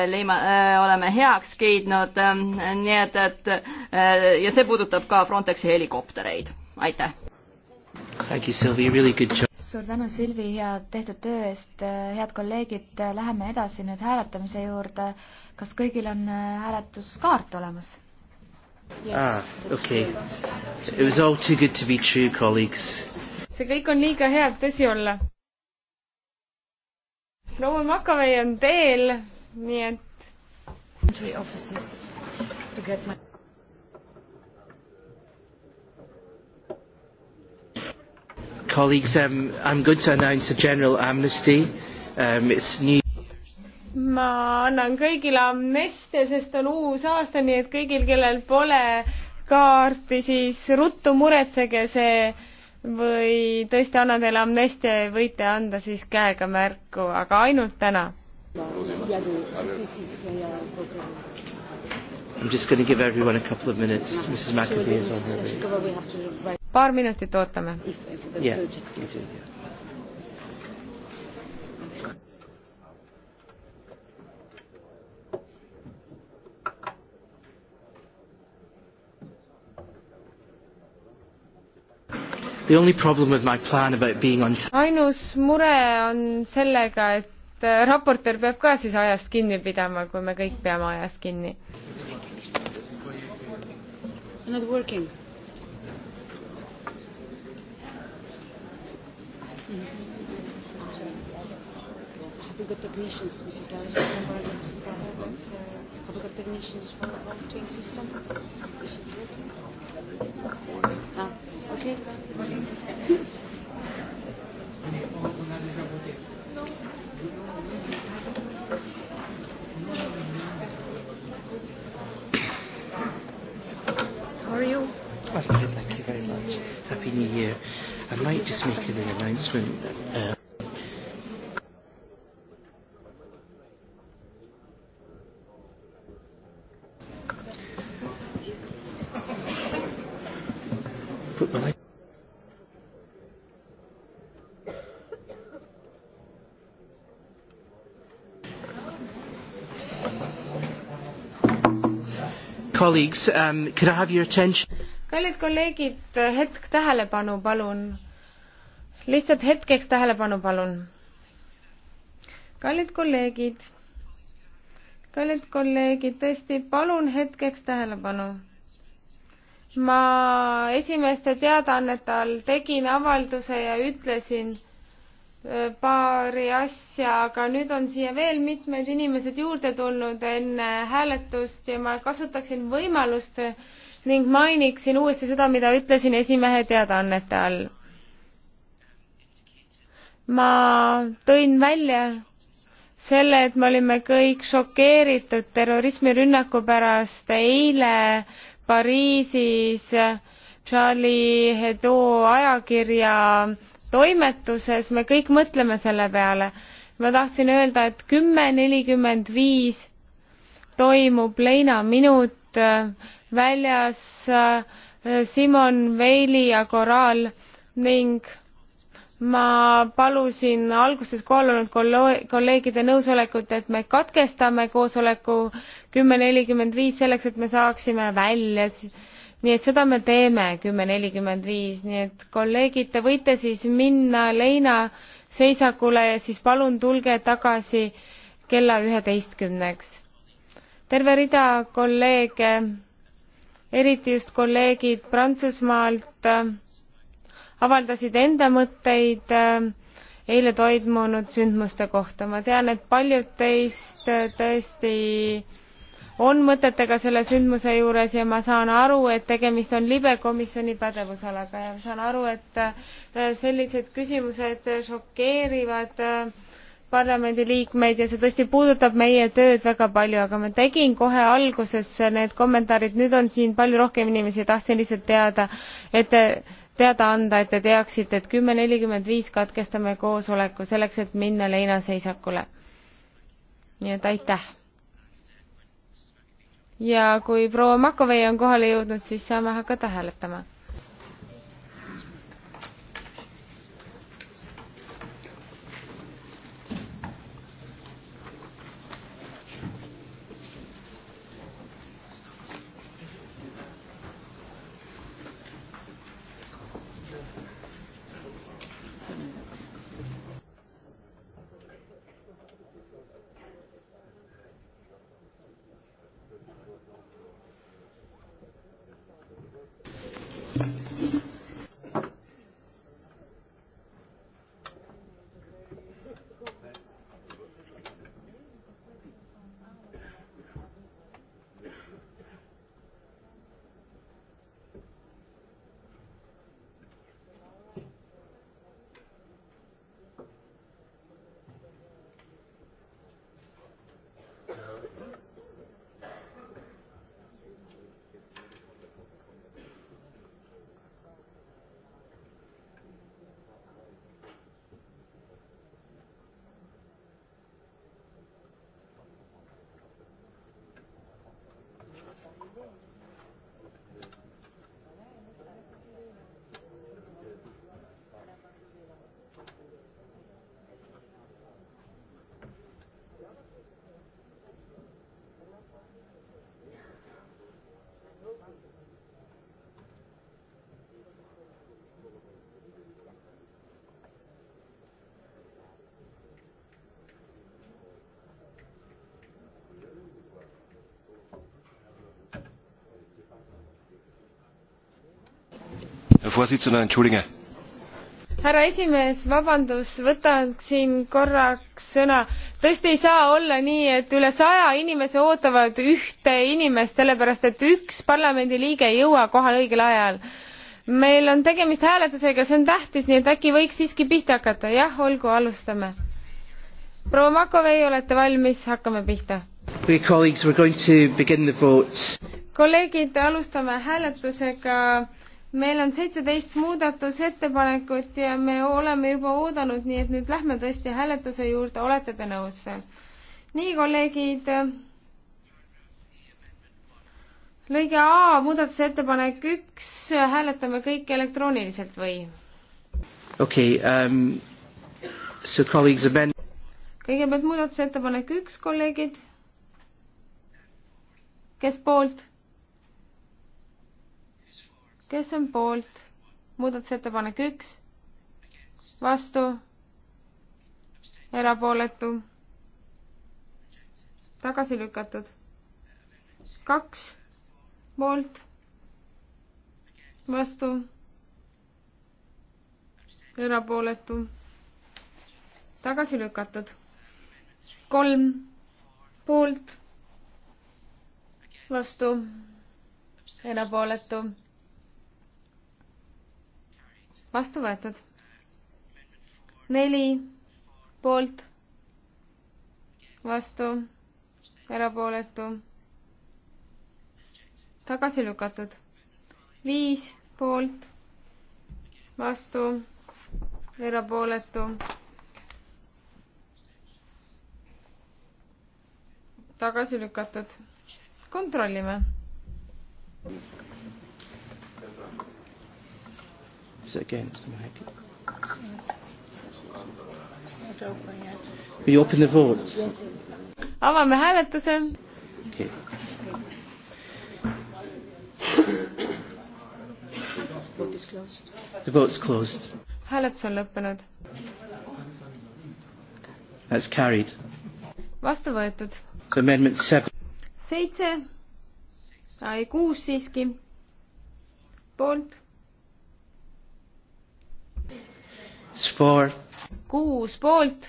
[SPEAKER 2] liima, oleme heaks kiidnud, nii et, et ja see puudutab ka Frontexi helikoptereid
[SPEAKER 1] aitäh! Really suur tänu, Silvi, hea tehtud töö eest, head kolleegid, läheme edasi nüüd hääletamise juurde. kas kõigil on äh, hääletuskaart olemas? Yes. Ah, okay. It was all too good to be true, colleagues.
[SPEAKER 3] see kõik on liiga hea, et tõsi olla. proua Makovei on teel, nii et.
[SPEAKER 1] Offices to get my Colleagues, um, I'm going to announce a general amnesty. Um, it's new
[SPEAKER 3] ma annan kõigile amnestia, sest on uus aasta, nii et kõigil, kellel pole kaarti, siis ruttu muretsege see või tõesti annan teile amnestia ja võite anda siis käega märku, aga ainult täna.
[SPEAKER 1] I am just going to give everyone a couple of minutes. Mrs McAvee is on her
[SPEAKER 3] way paar minutit ootame. Yeah. ainus mure on sellega, et äh, raportöör peab ka siis ajast kinni pidama, kui me kõik peame ajast kinni. Not working.
[SPEAKER 1] we've got technicians, Mrs. Lawrence, remember that uh, have we got technicians for the voting system? Is it working? Ah, okay. How are you? I'm good, thank you very much. Happy New Year. I might just make an announcement. Uh,
[SPEAKER 2] colleagues, um, could I have your attention?
[SPEAKER 3] kallid kolleegid, hetk tähelepanu, palun. lihtsalt hetkeks tähelepanu, palun. kallid kolleegid, kallid kolleegid, tõesti, palun hetkeks tähelepanu. ma esimeste teadaannete all tegin avalduse ja ütlesin, paari asja, aga nüüd on siia veel mitmed inimesed juurde tulnud enne hääletust ja ma kasutaksin võimalust ning mainiksin uuesti seda, mida ütlesin esimehe teadaannete all. ma tõin välja selle, et me olime kõik šokeeritud terrorismirünnaku pärast eile Pariisis Charlie Hebdo ajakirja toimetuses me kõik mõtleme selle peale. ma tahtsin öelda, et kümme nelikümmend viis toimub leinaminut äh, väljas äh, Simon Veili ja Koraal ning ma palusin alguses kohal olnud kolleegide nõusolekut, et me katkestame koosoleku kümme nelikümmend viis selleks, et me saaksime välja nii et seda me teeme kümme nelikümmend viis, nii et kolleegid, te võite siis minna leinaseisakule ja siis palun tulge tagasi kella üheteistkümneks. terve rida kolleege, eriti just kolleegid Prantsusmaalt, avaldasid enda mõtteid äh, eile toimunud sündmuste kohta. ma tean, et paljud teist äh, tõesti on mõtetega selle sündmuse juures ja ma saan aru, et tegemist on libe komisjoni pädevusalaga ja ma saan aru, et äh, sellised küsimused šokeerivad äh, parlamendiliikmeid ja see tõesti puudutab meie tööd väga palju, aga ma tegin kohe alguses need kommentaarid, nüüd on siin palju rohkem inimesi, tahtsin lihtsalt teada, et teada anda, et te teaksite, et kümme nelikümmend viis katkestame koosoleku selleks, et minna leinaseisakule. nii et aitäh ja kui proua Makovei on kohale jõudnud, siis saame hakata hääletama härra esimees vabandust võtaksin korraks sõna tõesti ei saa olla nii et üle saja inimese ootavad ühte inimest sellepärast et üks parlamendiliige ei jõua kohale õigel ajal meil on tegemist hääletusega see on tähtis nii et äkki võiks siiski pihta hakata jah olgu alustame proua makovei olete valmis hakkame pihta kolleegid alustame hääletusega meil on seitseteist muudatusettepanekut ja me oleme juba oodanud, nii et nüüd lähme tõesti hääletuse juurde, olete te nõus? nii, kolleegid. lõige A, muudatusettepanek üks, hääletame kõik elektrooniliselt või? okei okay, um,, so colleagues amend-. kõigepealt muudatusettepanek üks, kolleegid. kes poolt? kes on poolt? muudatusettepanek üks, vastu, erapooletu, tagasi lükatud. kaks, poolt, vastu, erapooletu, tagasi lükatud. kolm, poolt, vastu, erapooletu vastu võetud. neli poolt, vastu, erapooletu, tagasi lükatud. viis poolt, vastu, erapooletu, tagasi lükatud. kontrollime.
[SPEAKER 1] is it against? We open the vote.
[SPEAKER 3] avame hääletuse.
[SPEAKER 1] Okay. the vote's closed.
[SPEAKER 3] hääletus on lõppenud.
[SPEAKER 1] That's carried.
[SPEAKER 3] vastu võetud.
[SPEAKER 1] Amendment seven.
[SPEAKER 3] seitse, ei kuus siiski, poolt kuus poolt,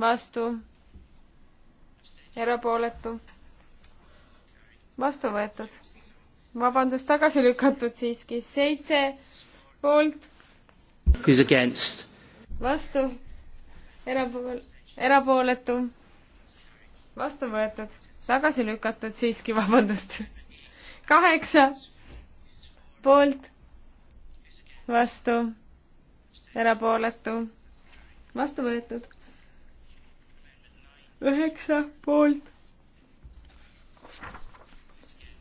[SPEAKER 3] vastu, erapooletu, vastu võetud. vabandust, tagasi lükatud siiski, seitse poolt. vastu, erapool-, erapooletu, vastu võetud, tagasi lükatud siiski, vabandust. kaheksa poolt vastu, erapooletu, vastu võetud. üheksa poolt,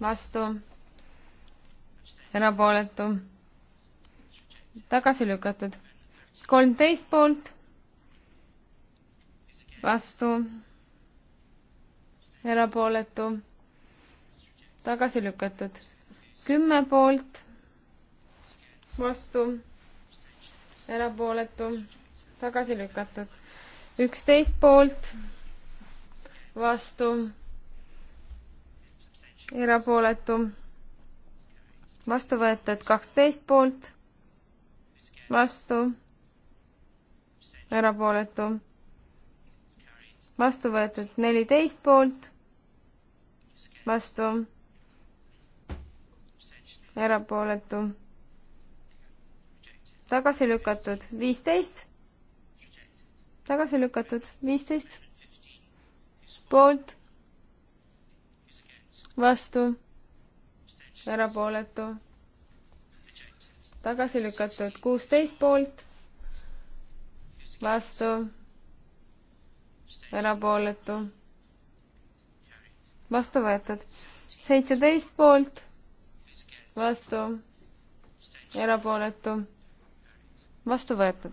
[SPEAKER 3] vastu, erapooletu, tagasi lükatud. kolmteist poolt, vastu, erapooletu, tagasi lükatud. kümme poolt vastu, erapooletu, tagasi lükatud. üksteist poolt, vastu, erapooletu, vastu võetud kaksteist poolt, vastu, erapooletu, vastu võetud neliteist poolt, vastu erapooletu tagasi lükatud viisteist, tagasi lükatud viisteist, poolt, vastu, erapooletu, tagasi lükatud kuusteist poolt, vastu, erapooletu, vastu võetud seitseteist poolt, vastu, erapooletu vastu võetud.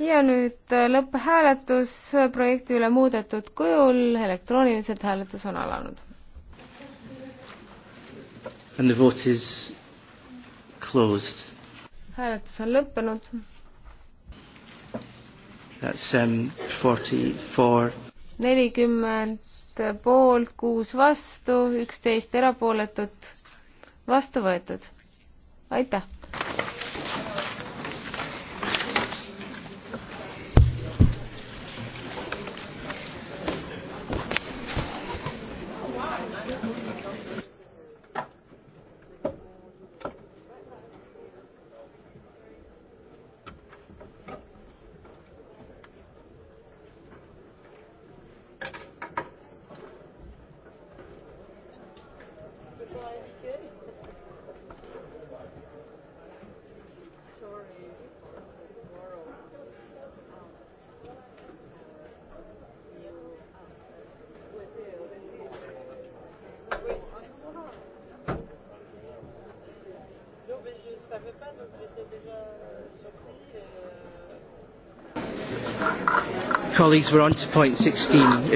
[SPEAKER 3] ja nüüd äh, lõpphääletus projekti üle muudetud kujul, elektrooniliselt hääletus on alanud.
[SPEAKER 1] And the vote is closed.
[SPEAKER 3] hääletus on lõppenud. That's um, 44 nelikümmend poolt, kuus vastu, üksteist erapooletut, vastu võetud. aitäh!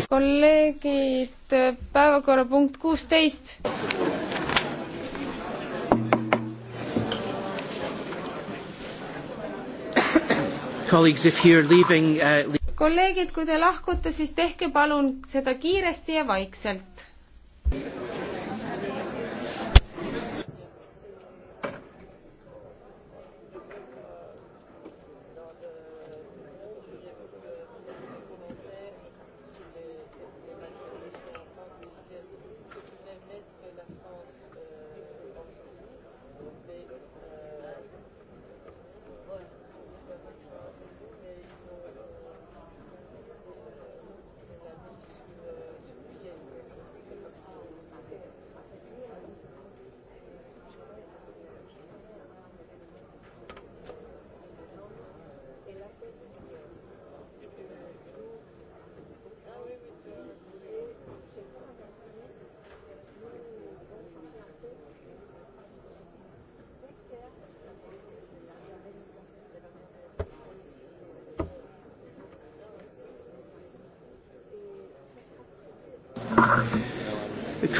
[SPEAKER 3] kolleegid, päevakorrapunkt kuusteist. Uh, kolleegid, kui te lahkute, siis tehke palun seda kiiresti ja vaikselt.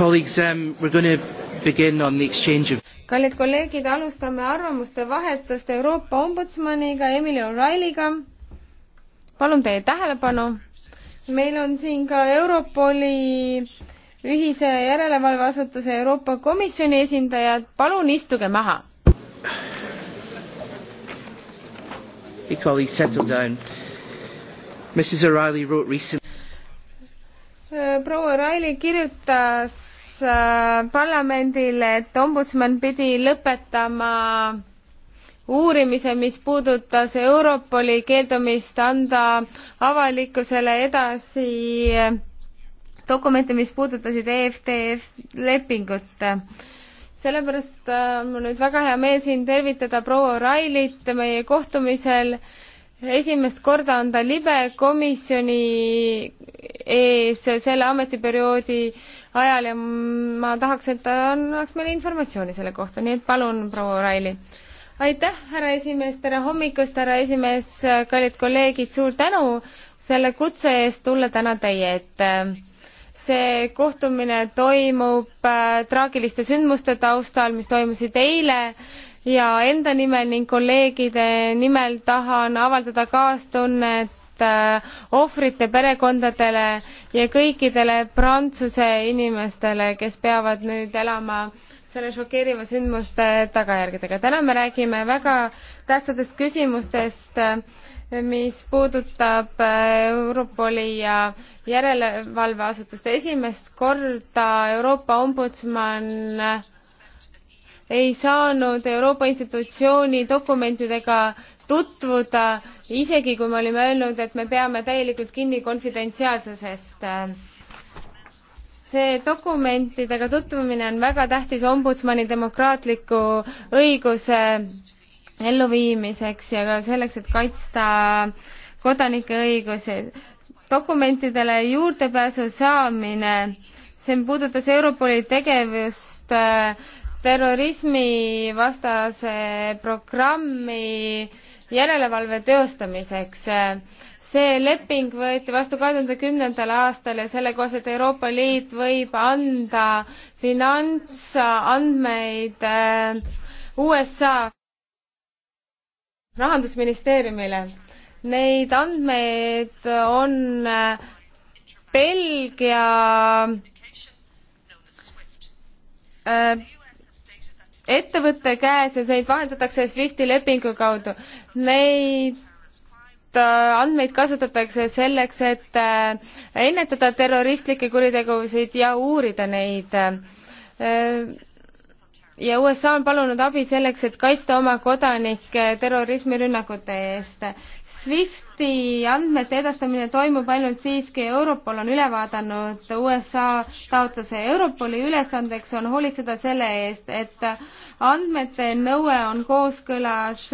[SPEAKER 1] Um,
[SPEAKER 3] kallid kolleegid, alustame arvamuste vahetust Euroopa ombudsmaniga Emily O'Reilly'ga. palun teie tähelepanu. meil on siin ka Europoli ühise järelevalveasutuse Euroopa Komisjoni esindajad, palun istuge maha. Colleagues, settle down. Mrs O'Reilly wrote recently proua Raili kirjutas Äh, parlamendile, et ombudsman pidi lõpetama uurimise, mis puudutas Europoli keeldumist anda avalikkusele edasi dokumente, mis puudutasid EFTF lepingut. sellepärast äh, on mul nüüd väga hea meel siin tervitada proua Railit meie kohtumisel. esimest korda on ta libe komisjoni ees selle ametiperioodi ajal ja ma tahaks, et ta annaks meile informatsiooni selle kohta, nii et palun, proua Raili. aitäh, härra esimees, tere hommikust, härra esimees, kallid kolleegid, suur tänu selle kutse eest tulla täna teie ette see kohtumine toimub äh, traagiliste sündmuste taustal, mis toimusid eile ja enda nimel ning kolleegide nimel tahan avaldada kaastunnet Äh, ohvrite perekondadele ja kõikidele Prantsuse inimestele, kes peavad nüüd elama selle šokeeriva sündmuste tagajärgedega. täna me räägime väga tähtsatest küsimustest, mis puudutab äh, Europoli ja järelevalveasutust. esimest korda Euroopa ombudsman äh, ei saanud Euroopa institutsiooni dokumentidega tutvuda, isegi kui me olime öelnud, et me peame täielikult kinni konfidentsiaalsusest. see dokumentidega tutvumine on väga tähtis ombudsmani demokraatliku õiguse elluviimiseks ja ka selleks, et kaitsta kodanike õigusi. dokumentidele juurdepääsu saamine, see puudutas Europoli tegevust äh, terrorismivastase programmi järelevalve teostamiseks. see leping võeti vastu kahe tuhande kümnendal aastal ja selle kohaselt Euroopa Liit võib anda finantsandmeid äh, USA rahandusministeeriumile. Neid andmeid on äh, Belgia äh, ettevõtte käes ja neid vahendatakse SWIFTi lepingu kaudu. Neid äh, andmeid kasutatakse selleks, et äh, ennetada terroristlikke kuritegusid ja uurida neid. Äh, ja USA on palunud abi selleks, et kaitsta oma kodanikke terrorismirünnakute eest. SWIFTi andmete edastamine toimub ainult siis, kui Europol on üle vaadanud USA taotluse. Europoli ülesandeks on hoolitseda selle eest, et andmete nõue on kooskõlas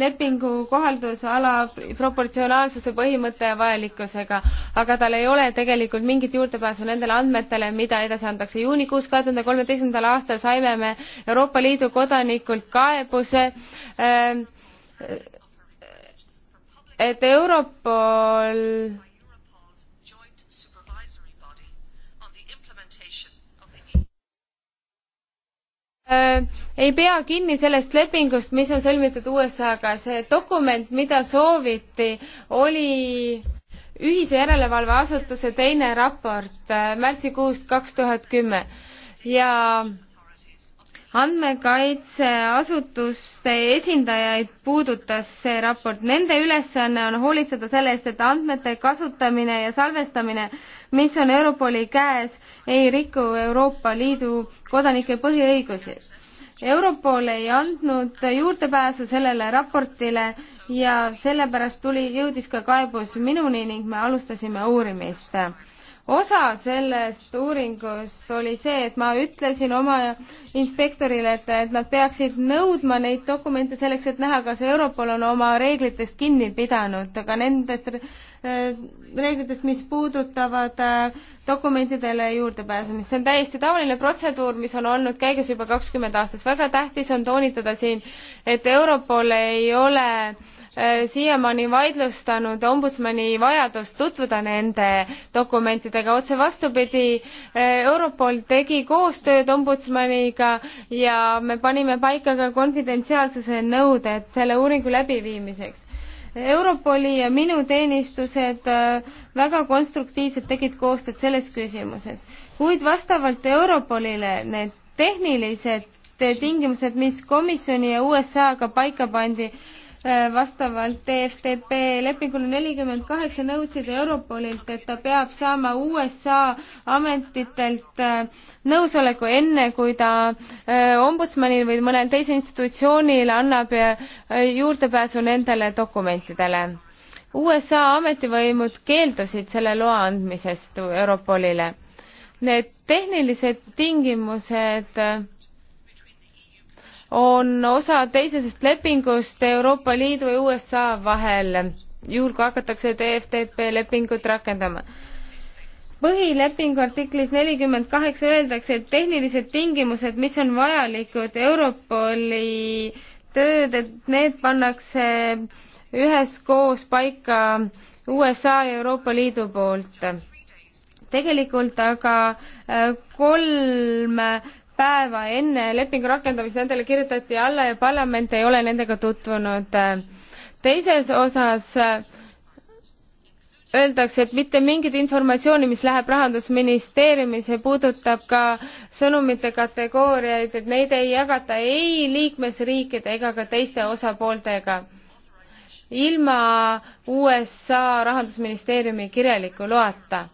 [SPEAKER 3] lepingu kohaldusala proportsionaalsuse põhimõtte ja vajalikkusega, aga tal ei ole tegelikult mingit juurdepääsu nendele andmetele, mida edasi antakse. juunikuus kahe tuhande kolmeteistkümnendal aastal saime me Euroopa Liidu kodanikult kaebuse äh, et Europol äh, ei pea kinni sellest lepingust, mis on sõlmitud USA-ga, see dokument, mida sooviti, oli ühise järelevalveasutuse teine raport äh, märtsikuust kaks tuhat kümme ja andmekaitseasutuste esindajaid puudutas see raport. Nende ülesanne on hoolitseda selle eest, et andmete kasutamine ja salvestamine, mis on Europoli käes, ei riku Euroopa Liidu kodanike põhiõigusi. Europol ei andnud juurdepääsu sellele raportile ja sellepärast tuli, jõudis ka kaebus minuni ning me alustasime uurimist osa sellest uuringust oli see, et ma ütlesin oma inspektorile, et, et nad peaksid nõudma neid dokumente selleks, et näha, kas Europol on oma reeglitest kinni pidanud, aga nendest äh, reeglitest, mis puudutavad äh, dokumentidele juurdepääsemist. see on täiesti tavaline protseduur, mis on olnud käigus juba kakskümmend aastat. väga tähtis on toonitada siin, et Europol ei ole äh, Eh, siiamaani vaidlustanud ombudsmani vajadust tutvuda nende dokumentidega otse vastupidi eh, europol tegi koostööd ombudsmaniga ja me panime paika ka konfidentsiaalsuse nõuded selle uuringu läbiviimiseks Europoli ja minu teenistused eh, väga konstruktiivselt tegid koostööd selles küsimuses, kuid vastavalt Europolile need tehnilised tingimused, mis komisjoni ja USA-ga paika pandi, Äh, vastavalt DFDP lepingule nelikümmend kaheksa nõudsid Europolilt, et ta peab saama USA ametitelt äh, nõusoleku enne, kui ta äh, ombudsmanil või mõnel teisel institutsioonil annab juurdepääsu nendele dokumentidele. USA ametivõimud keeldusid selle loa andmisest Europolile. Need tehnilised tingimused on osa teisesest lepingust Euroopa Liidu ja USA vahel, juhul kui hakatakse DFDP e lepingut rakendama. põhilepingu artiklis nelikümmend kaheksa öeldakse, et tehnilised tingimused, mis on vajalikud Europoli tööd, et need pannakse üheskoos paika USA ja Euroopa Liidu poolt tegelikult aga äh, kolm päeva enne lepingu rakendamist nendele kirjutati alla ja parlament ei ole nendega tutvunud. teises osas öeldakse, et mitte mingit informatsiooni, mis läheb Rahandusministeeriumisse, puudutab ka sõnumite kategooriaid, et neid ei jagata ei liikmesriikide ega ka teiste osapooltega ilma USA rahandusministeeriumi kirjaliku loata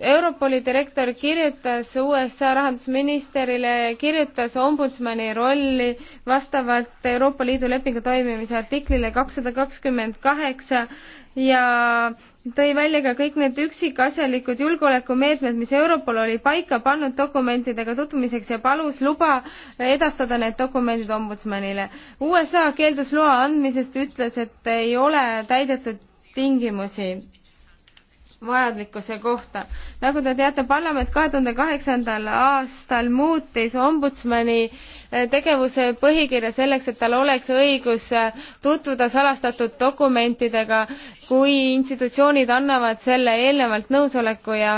[SPEAKER 3] Europoli direktor kirjutas USA rahandusministerile, kirjutas ombudsmani rolli vastavalt Euroopa Liidu lepingu toimimise artiklile kakssada kakskümmend kaheksa ja tõi välja ka kõik need üksikasjalikud julgeolekumeetmed, mis Europol oli paika pannud dokumentidega tutvumiseks ja palus luba edastada need dokumendid ombudsmanile. USA keeldus loa andmisest, ütles, et ei ole täidetud tingimusi vajadlikkuse kohta. nagu te teate, parlament kahe tuhande kaheksandal aastal muutis ombudsmani eh, tegevuse põhikirja selleks, et tal oleks õigus eh, tutvuda salastatud dokumentidega, kui institutsioonid annavad selle eelnevalt nõusoleku ja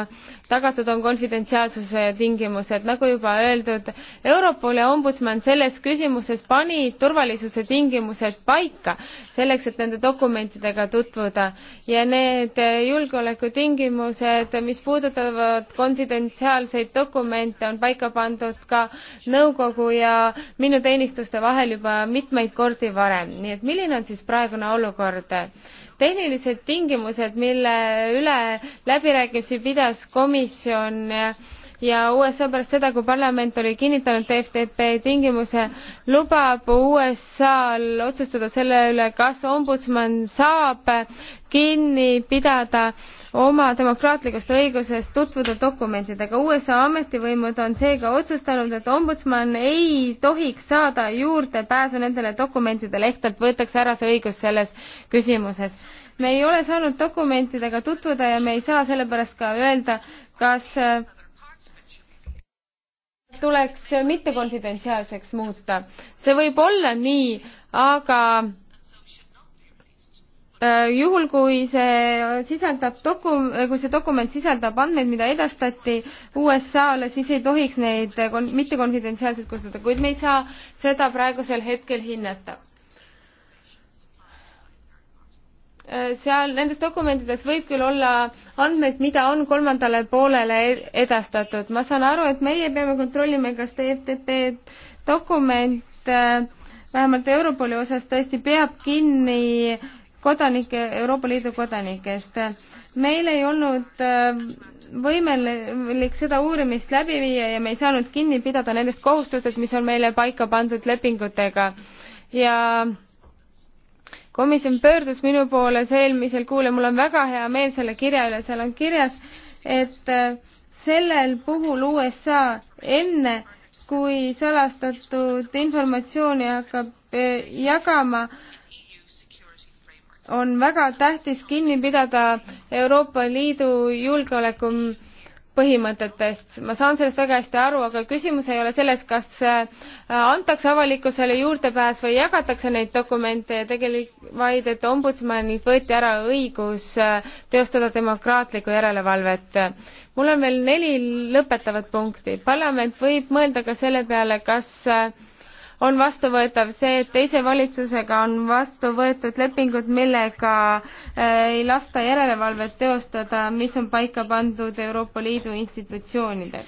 [SPEAKER 3] tagatud on konfidentsiaalsuse tingimused. nagu juba öeldud, Europol ja ombudsman selles küsimuses panid turvalisuse tingimused paika selleks, et nende dokumentidega tutvuda ja need julgeolekutingimused, mis puudutavad konfidentsiaalseid dokumente, on paika pandud ka nõukogu ja minu teenistuste vahel juba mitmeid kordi varem. nii et milline on siis praegune olukord? tehnilised tingimused mille üle läbirääkimisi pidas komisjon ja USA pärast seda, kui parlament oli kinnitanud TFTP tingimuse, lubab USA-l otsustada selle üle, kas ombudsman saab kinni pidada oma demokraatlikust õigusest tutvuda dokumentidega. USA ametivõimud on seega otsustanud, et ombudsman ei tohiks saada juurdepääsu nendele dokumentidele, ehk talt võetakse ära see õigus selles küsimuses. me ei ole saanud dokumentidega tutvuda ja me ei saa sellepärast ka öelda, kas tuleks mittekonfidentsiaalseks muuta. see võib olla nii, aga äh, juhul, kui see sisaldab dokum-, kui see dokument sisaldab andmeid, mida edastati USA-le, siis ei tohiks neid kon-, mittekonfidentsiaalselt kustutada, kuid me ei saa seda praegusel hetkel hinnata Äh, seal nendes dokumentides võib küll olla andmeid, mida on kolmandale poolele e- edastatud. ma saan aru, et meie peame kontrollima, kas TFTP dokument äh, vähemalt Europoli osas tõesti peab kinni kodanike, Euroopa Liidu kodanikest. meil ei olnud äh, võimelik seda uurimist läbi viia ja me ei saanud kinni pidada nendest kohustused, mis on meile paika pandud lepingutega ja komisjon pöördus minu poole eelmisel kuul ja mul on väga hea meel selle kirja üle, seal on kirjas, et äh, sellel puhul USA enne, kui salastatud informatsiooni hakkab äh, jagama, on väga tähtis kinni pidada Euroopa Liidu julgeoleku põhimõtetest. ma saan sellest väga hästi aru, aga küsimus ei ole selles, kas äh, antakse avalikkusele juurdepääs või jagatakse neid dokumente ja tegelikult vaid, et ombudsmanilt võeti ära õigus äh, teostada demokraatlikku järelevalvet. mul on veel neli lõpetavat punkti. parlament võib mõelda ka selle peale, kas äh, on vastuvõetav see, et teise valitsusega on vastu võetud lepingud, millega äh, ei lasta järelevalvet teostada, mis on paika pandud Euroopa Liidu institutsioonide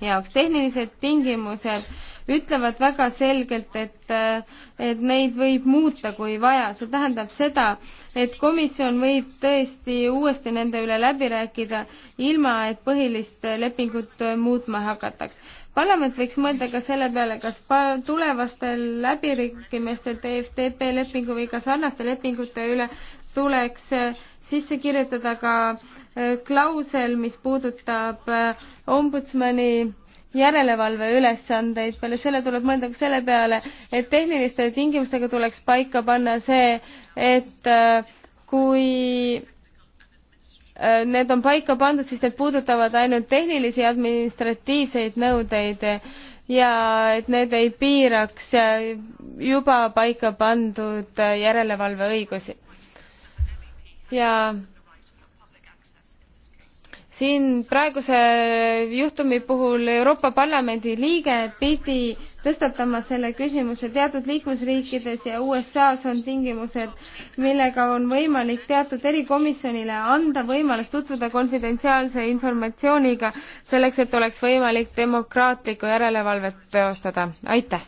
[SPEAKER 3] jaoks. tehnilised tingimused ütlevad väga selgelt, et, äh, et neid võib muuta, kui vaja. see tähendab seda, et komisjon võib tõesti uuesti nende üle läbi rääkida, ilma et põhilist lepingut muutma hakataks parlament võiks mõelda ka selle peale, kas tulevastel läbirikkimistel TFTP lepingu või ka sarnaste lepingute üle tuleks äh, sisse kirjutada ka äh, klausel, mis puudutab äh, ombudsmani järelevalve ülesandeid, peale selle tuleb mõelda ka selle peale, et tehniliste tingimustega tuleks paika panna see, et kui Äh, need on paika pandud, siis need puudutavad ainult tehnilisi administratiivseid nõudeid ja et need ei piiraks juba paika pandud järelevalveõigusi. ja siin praeguse juhtumi puhul Euroopa Parlamendi liige pidi tõstatama selle küsimuse teatud liikmesriikides ja USA-s on tingimused, millega on võimalik teatud erikomisjonile anda võimalus tutvuda konfidentsiaalse informatsiooniga selleks, et oleks võimalik demokraatlikku järelevalvet teostada.
[SPEAKER 1] aitäh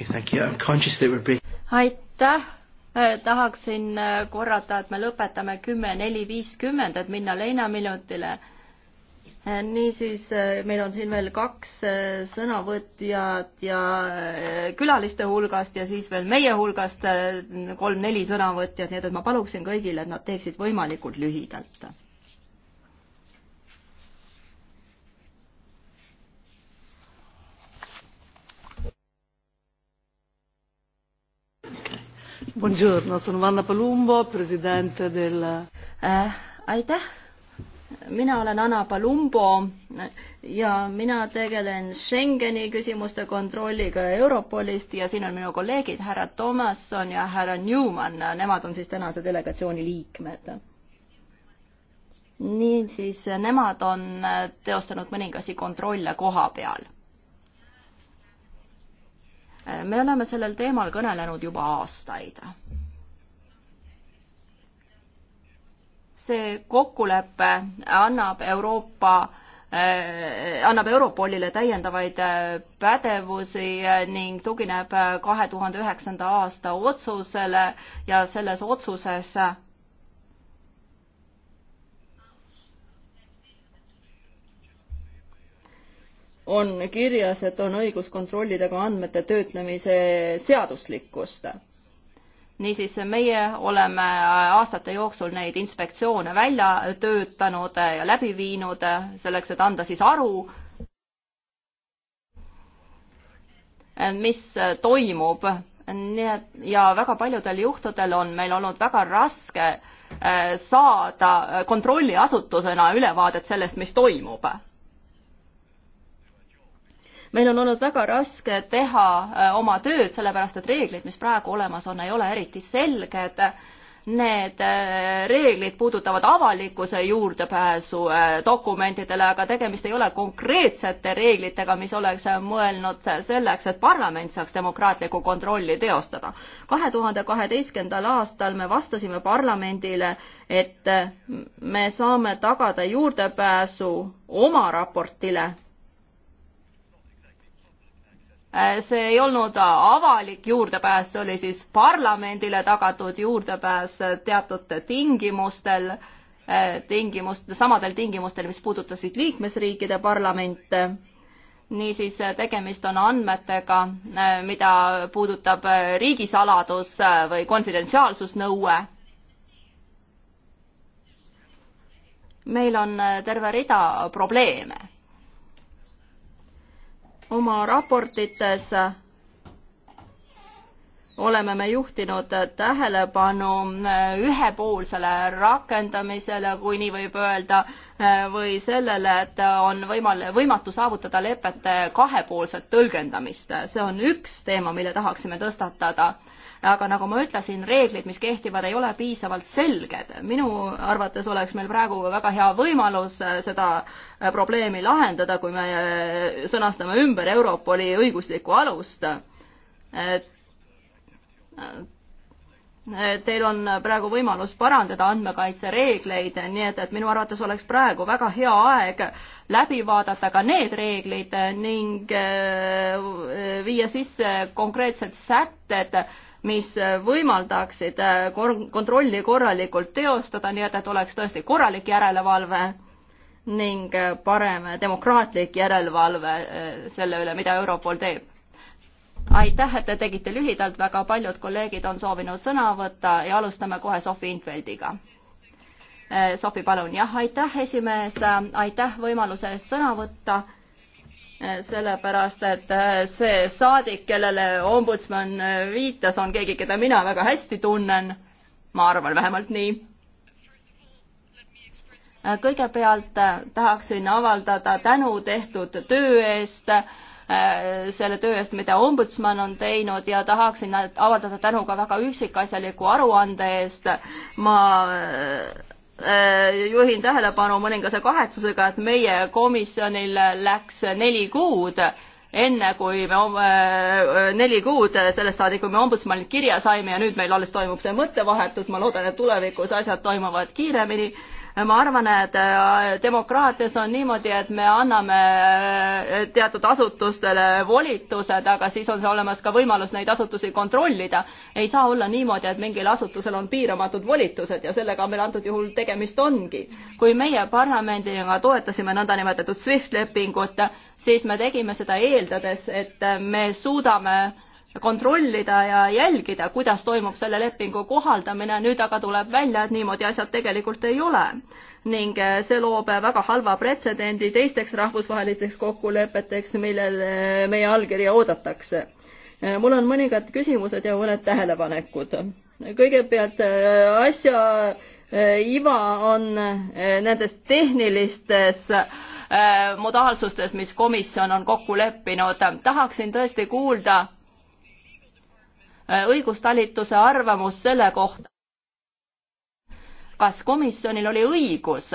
[SPEAKER 1] okay,!
[SPEAKER 3] aitäh! Äh,
[SPEAKER 2] tahaksin äh, korrata, et me lõpetame kümme neli viiskümmend, et minna leinaminutile. Äh, niisiis, meil on siin veel kaks sõnavõtjat ja külaliste hulgast ja siis veel meie hulgast kolm-neli sõnavõtjat, nii et, et ma paluksin kõigile, et nad teeksid võimalikult lühidalt Buongiorno, sono Vanna Palumbo, presidente del äh,. aitäh, mina olen Anna Palumbo ja mina tegelen Schengeni küsimuste kontrolliga Europolist ja siin on minu kolleegid härra Tomasson ja härra Newman, nemad on siis tänase delegatsiooni liikmed. niisiis, nemad on teostanud mõningasi kontrolle koha peal me oleme sellel teemal kõnelenud juba aastaid. see kokkulepe annab Euroopa eh, annab Europolile täiendavaid eh, pädevusi ning tugineb kahe tuhande üheksanda aasta otsusele ja selles otsuses on kirjas, et on õigus kontrollida ka andmete töötlemise seaduslikkust. niisiis, meie oleme aastate jooksul neid inspektsioone välja töötanud ja läbi viinud selleks, et anda siis aru, mis toimub, nii et ja väga paljudel juhtudel on meil olnud väga raske eh, saada kontrolliasutusena ülevaadet sellest, mis toimub meil on olnud väga raske teha äh, oma tööd, sellepärast et reeglid, mis praegu olemas on, ei ole eriti selged. Need äh, reeglid puudutavad avalikkuse juurdepääsu äh, dokumentidele, aga tegemist ei ole konkreetsete reeglitega, mis oleks mõelnud selleks, et parlament saaks demokraatlikku kontrolli teostada. kahe tuhande kaheteistkümnendal aastal me vastasime parlamendile, et me saame tagada juurdepääsu oma raportile Äh, see ei olnud avalik juurdepääs, see oli siis parlamendile tagatud juurdepääs teatud tingimustel, äh, tingimust, samadel tingimustel, mis puudutasid liikmesriikide parlamente niisiis äh, tegemist on andmetega, mida puudutab riigisaladus või konfidentsiaalsusnõue. meil on terve rida probleeme oma raportites oleme me juhtinud tähelepanu äh, ühepoolsele rakendamisele, kui nii võib öelda, äh, või sellele, et on võimal-, võimatu saavutada lepete kahepoolset tõlgendamist. see on üks teema, mille tahaksime tõstatada aga nagu ma ütlesin, reeglid, mis kehtivad, ei ole piisavalt selged. minu arvates oleks meil praegu väga hea võimalus äh, seda äh, probleemi lahendada, kui me äh, sõnastame ümber Europoli õiguslikku alust. Teil on praegu võimalus parandada andmekaitsereegleid, nii et, et minu arvates oleks praegu väga hea aeg läbi vaadata ka need reeglid ning viia sisse konkreetsed sätted, mis võimaldaksid äh, kontrolli korralikult teostada, nii et, et oleks tõesti korralik järelevalve ning äh, parem demokraatlik järelevalve äh, selle üle, mida Europol teeb. aitäh, et te tegite lühidalt, väga paljud kolleegid on soovinud sõna võtta ja alustame kohe Sofi Intveldiga. Sofi, palun, jah, aitäh, esimees, aitäh võimaluse eest sõna võtta sellepärast et äh, see saadik, kellele ombudsman äh, viitas, on keegi, keda mina väga hästi tunnen. ma arvan vähemalt nii. Äh, kõigepealt tahaksin avaldada tänu tehtud töö eest, selle töö eest, mida ombudsman on teinud ja tahaksin avaldada tänu ka väga üksikasjaliku aruande eest. ma Äh, juhin tähelepanu mõningase kahetsusega, et meie komisjonil läks neli kuud, enne kui me, äh, äh, neli kuud sellest saadik, kui me ombudsmanilt kirja saime ja nüüd meil alles toimub see mõttevahetus, ma loodan, et tulevikus asjad toimuvad kiiremini ma arvan, et äh, demokraatias on niimoodi, et me anname äh, teatud asutustele volitused, aga siis on olemas ka võimalus neid asutusi kontrollida. ei saa olla niimoodi, et mingil asutusel on piiramatud volitused ja sellega meil antud juhul tegemist ongi. kui meie parlamendiga toetasime nõndanimetatud SWIFT lepingut, siis me tegime seda eeldades, et me suudame kontrollida ja jälgida, kuidas toimub selle lepingu kohaldamine, nüüd aga tuleb välja, et niimoodi asjad tegelikult ei ole. ning eh, see loob eh, väga halva pretsedendi teisteks rahvusvahelisteks kokkulepeteks, millele eh, meie allkirja oodatakse. mul on mõningad küsimused ja mõned tähelepanekud. kõigepealt asja iva on nendes tehnilistes modaalsustes, mis komisjon on kokku leppinud. tahaksin tõesti kuulda õigustalituse arvamus selle kohta, kas komisjonil oli õigus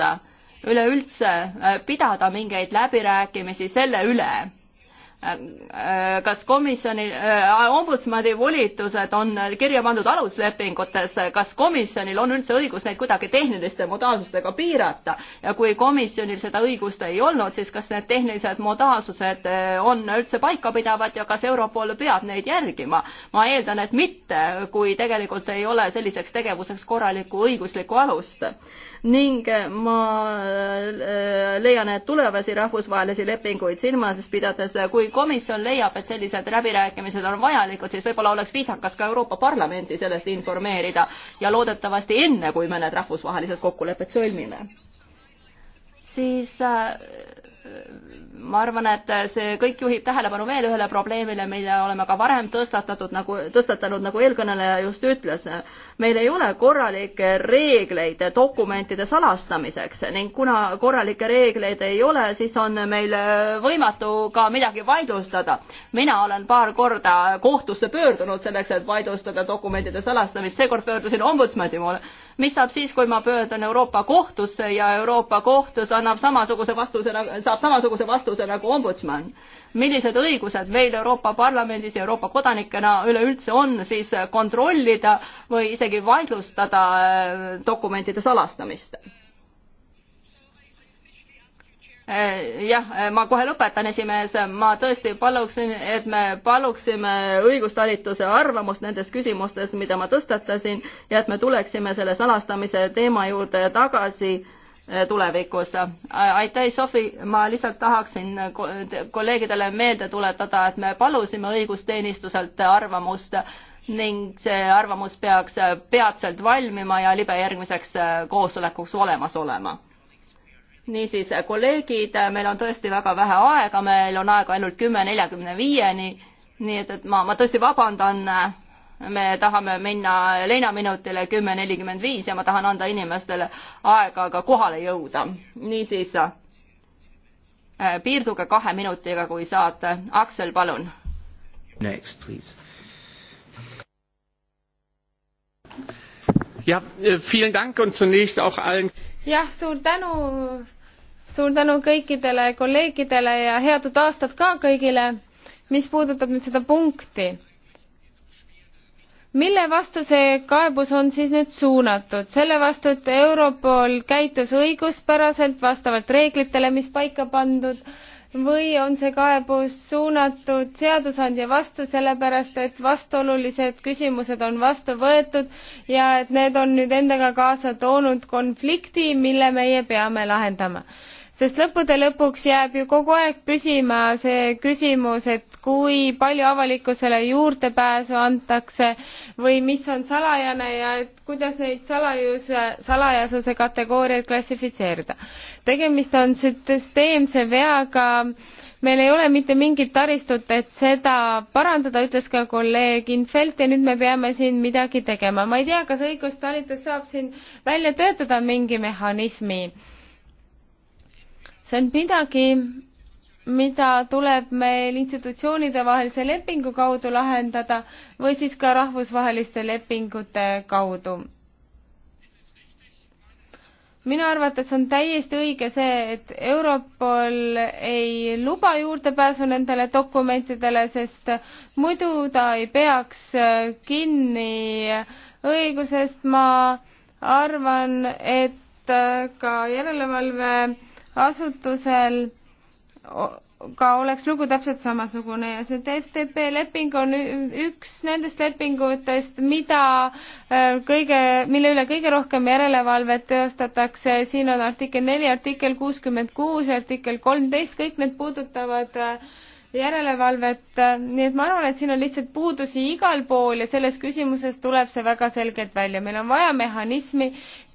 [SPEAKER 2] üleüldse äh, pidada mingeid läbirääkimisi selle üle, Äh, äh, kas komisjoni, äh, ombudsmani volitused on kirja pandud aluslepingutes, kas komisjonil on üldse õigus neid kuidagi tehniliste modaalsustega piirata ja kui komisjonil seda õigust ei olnud, siis kas need tehnilised modaalsused on üldse paikapidavad ja kas Europol peab neid järgima? ma eeldan, et mitte, kui tegelikult ei ole selliseks tegevuseks korralikku õiguslikku alust ning äh, ma äh, leian, et tulevasi rahvusvahelisi lepinguid silmas pidades, äh, kui komisjon leiab, et sellised läbirääkimised on vajalikud, siis võib-olla oleks viisakas ka Euroopa Parlamenti sellest informeerida ja loodetavasti enne, kui me need rahvusvahelised kokkulepped sõlmime. siis ma arvan, et see kõik juhib tähelepanu veel ühele probleemile, mille oleme ka varem tõstatatud, nagu, tõstatanud, nagu eelkõneleja just ütles meil ei ole korralikke reegleid dokumentide salastamiseks ning kuna korralikke reegleid ei ole, siis on meil võimatu ka midagi vaidlustada. mina olen paar korda kohtusse pöördunud selleks, et vaidlustada dokumentide salastamist, seekord pöördusin ombudsmani poole. mis saab siis, kui ma pöördun Euroopa kohtusse ja Euroopa kohtus annab samasuguse vastuse, nagu, saab samasuguse vastuse nagu ombudsman? millised õigused meil Euroopa Parlamendis ja Euroopa kodanikena üleüldse on siis kontrollida või isegi vaidlustada äh, dokumentide salastamist? Äh, jah, äh, ma kohe lõpetan, esimees, ma tõesti paluksin, et me paluksime õigustalituse arvamust nendes küsimustes, mida ma tõstatasin ja et me tuleksime selle salastamise teema juurde tagasi tulevikus. aitäh, Sofi, ma lihtsalt tahaksin kolleegidele meelde tuletada, et me palusime õigusteenistuselt arvamust ning see arvamus peaks peatselt valmima ja libe järgmiseks koosolekuks olemas olema. niisiis, kolleegid, meil on tõesti väga vähe aega, meil on aega ainult kümme neljakümne viieni, nii et, et ma, ma tõesti vabandan me tahame minna leinaminutile kümme nelikümmend viis ja ma tahan anda inimestele aega ka kohale jõuda. niisiis, äh, piirduge kahe minutiga, kui saate. Aksel, palun.
[SPEAKER 3] Next, please. jah, äh, vielen Dank und zunächst auch allen. jah, suur tänu, suur tänu kõikidele kolleegidele ja head uut aastat ka kõigile. mis puudutab nüüd seda punkti mille vastu see kaebus on siis nüüd suunatud? selle vastu, et Europol käitus õiguspäraselt vastavalt reeglitele, mis paika pandud või on see kaebus suunatud seadusandja vastu, sellepärast et vastuolulised küsimused on vastu võetud ja et need on nüüd endaga kaasa toonud konflikti, mille meie peame lahendama sest lõppude lõpuks jääb ju kogu aeg püsima see küsimus, et kui palju avalikkusele juurdepääsu antakse või mis on salajane ja et kuidas neid salajuse, salajasuse kategooriaid klassifitseerida. tegemist on süsteemse veaga, meil ei ole mitte mingit taristut, et seda parandada, ütles ka kolleeg Infelt ja nüüd me peame siin midagi tegema. ma ei tea, kas õigustalitus saab siin välja töötada mingi mehhanismi see on midagi, mida tuleb meil institutsioonide vahelise lepingu kaudu lahendada või siis ka rahvusvaheliste lepingute kaudu. minu arvates on täiesti õige see, et Europol ei luba juurdepääsu nendele dokumentidele, sest muidu ta ei peaks kinni õigusest. ma arvan, et ka järelevalve asutusel ka oleks lugu täpselt samasugune ja see TFTP leping on üks nendest lepingutest, mida äh, kõige, mille üle kõige rohkem järelevalvet teostatakse, siin on artikkel neli, artikkel kuuskümmend kuus ja artikkel kolmteist, kõik need puudutavad äh, järelevalvet, äh, nii et ma arvan, et siin on lihtsalt puudusi igal pool ja selles küsimuses tuleb see väga selgelt välja. meil on vaja mehhanismi,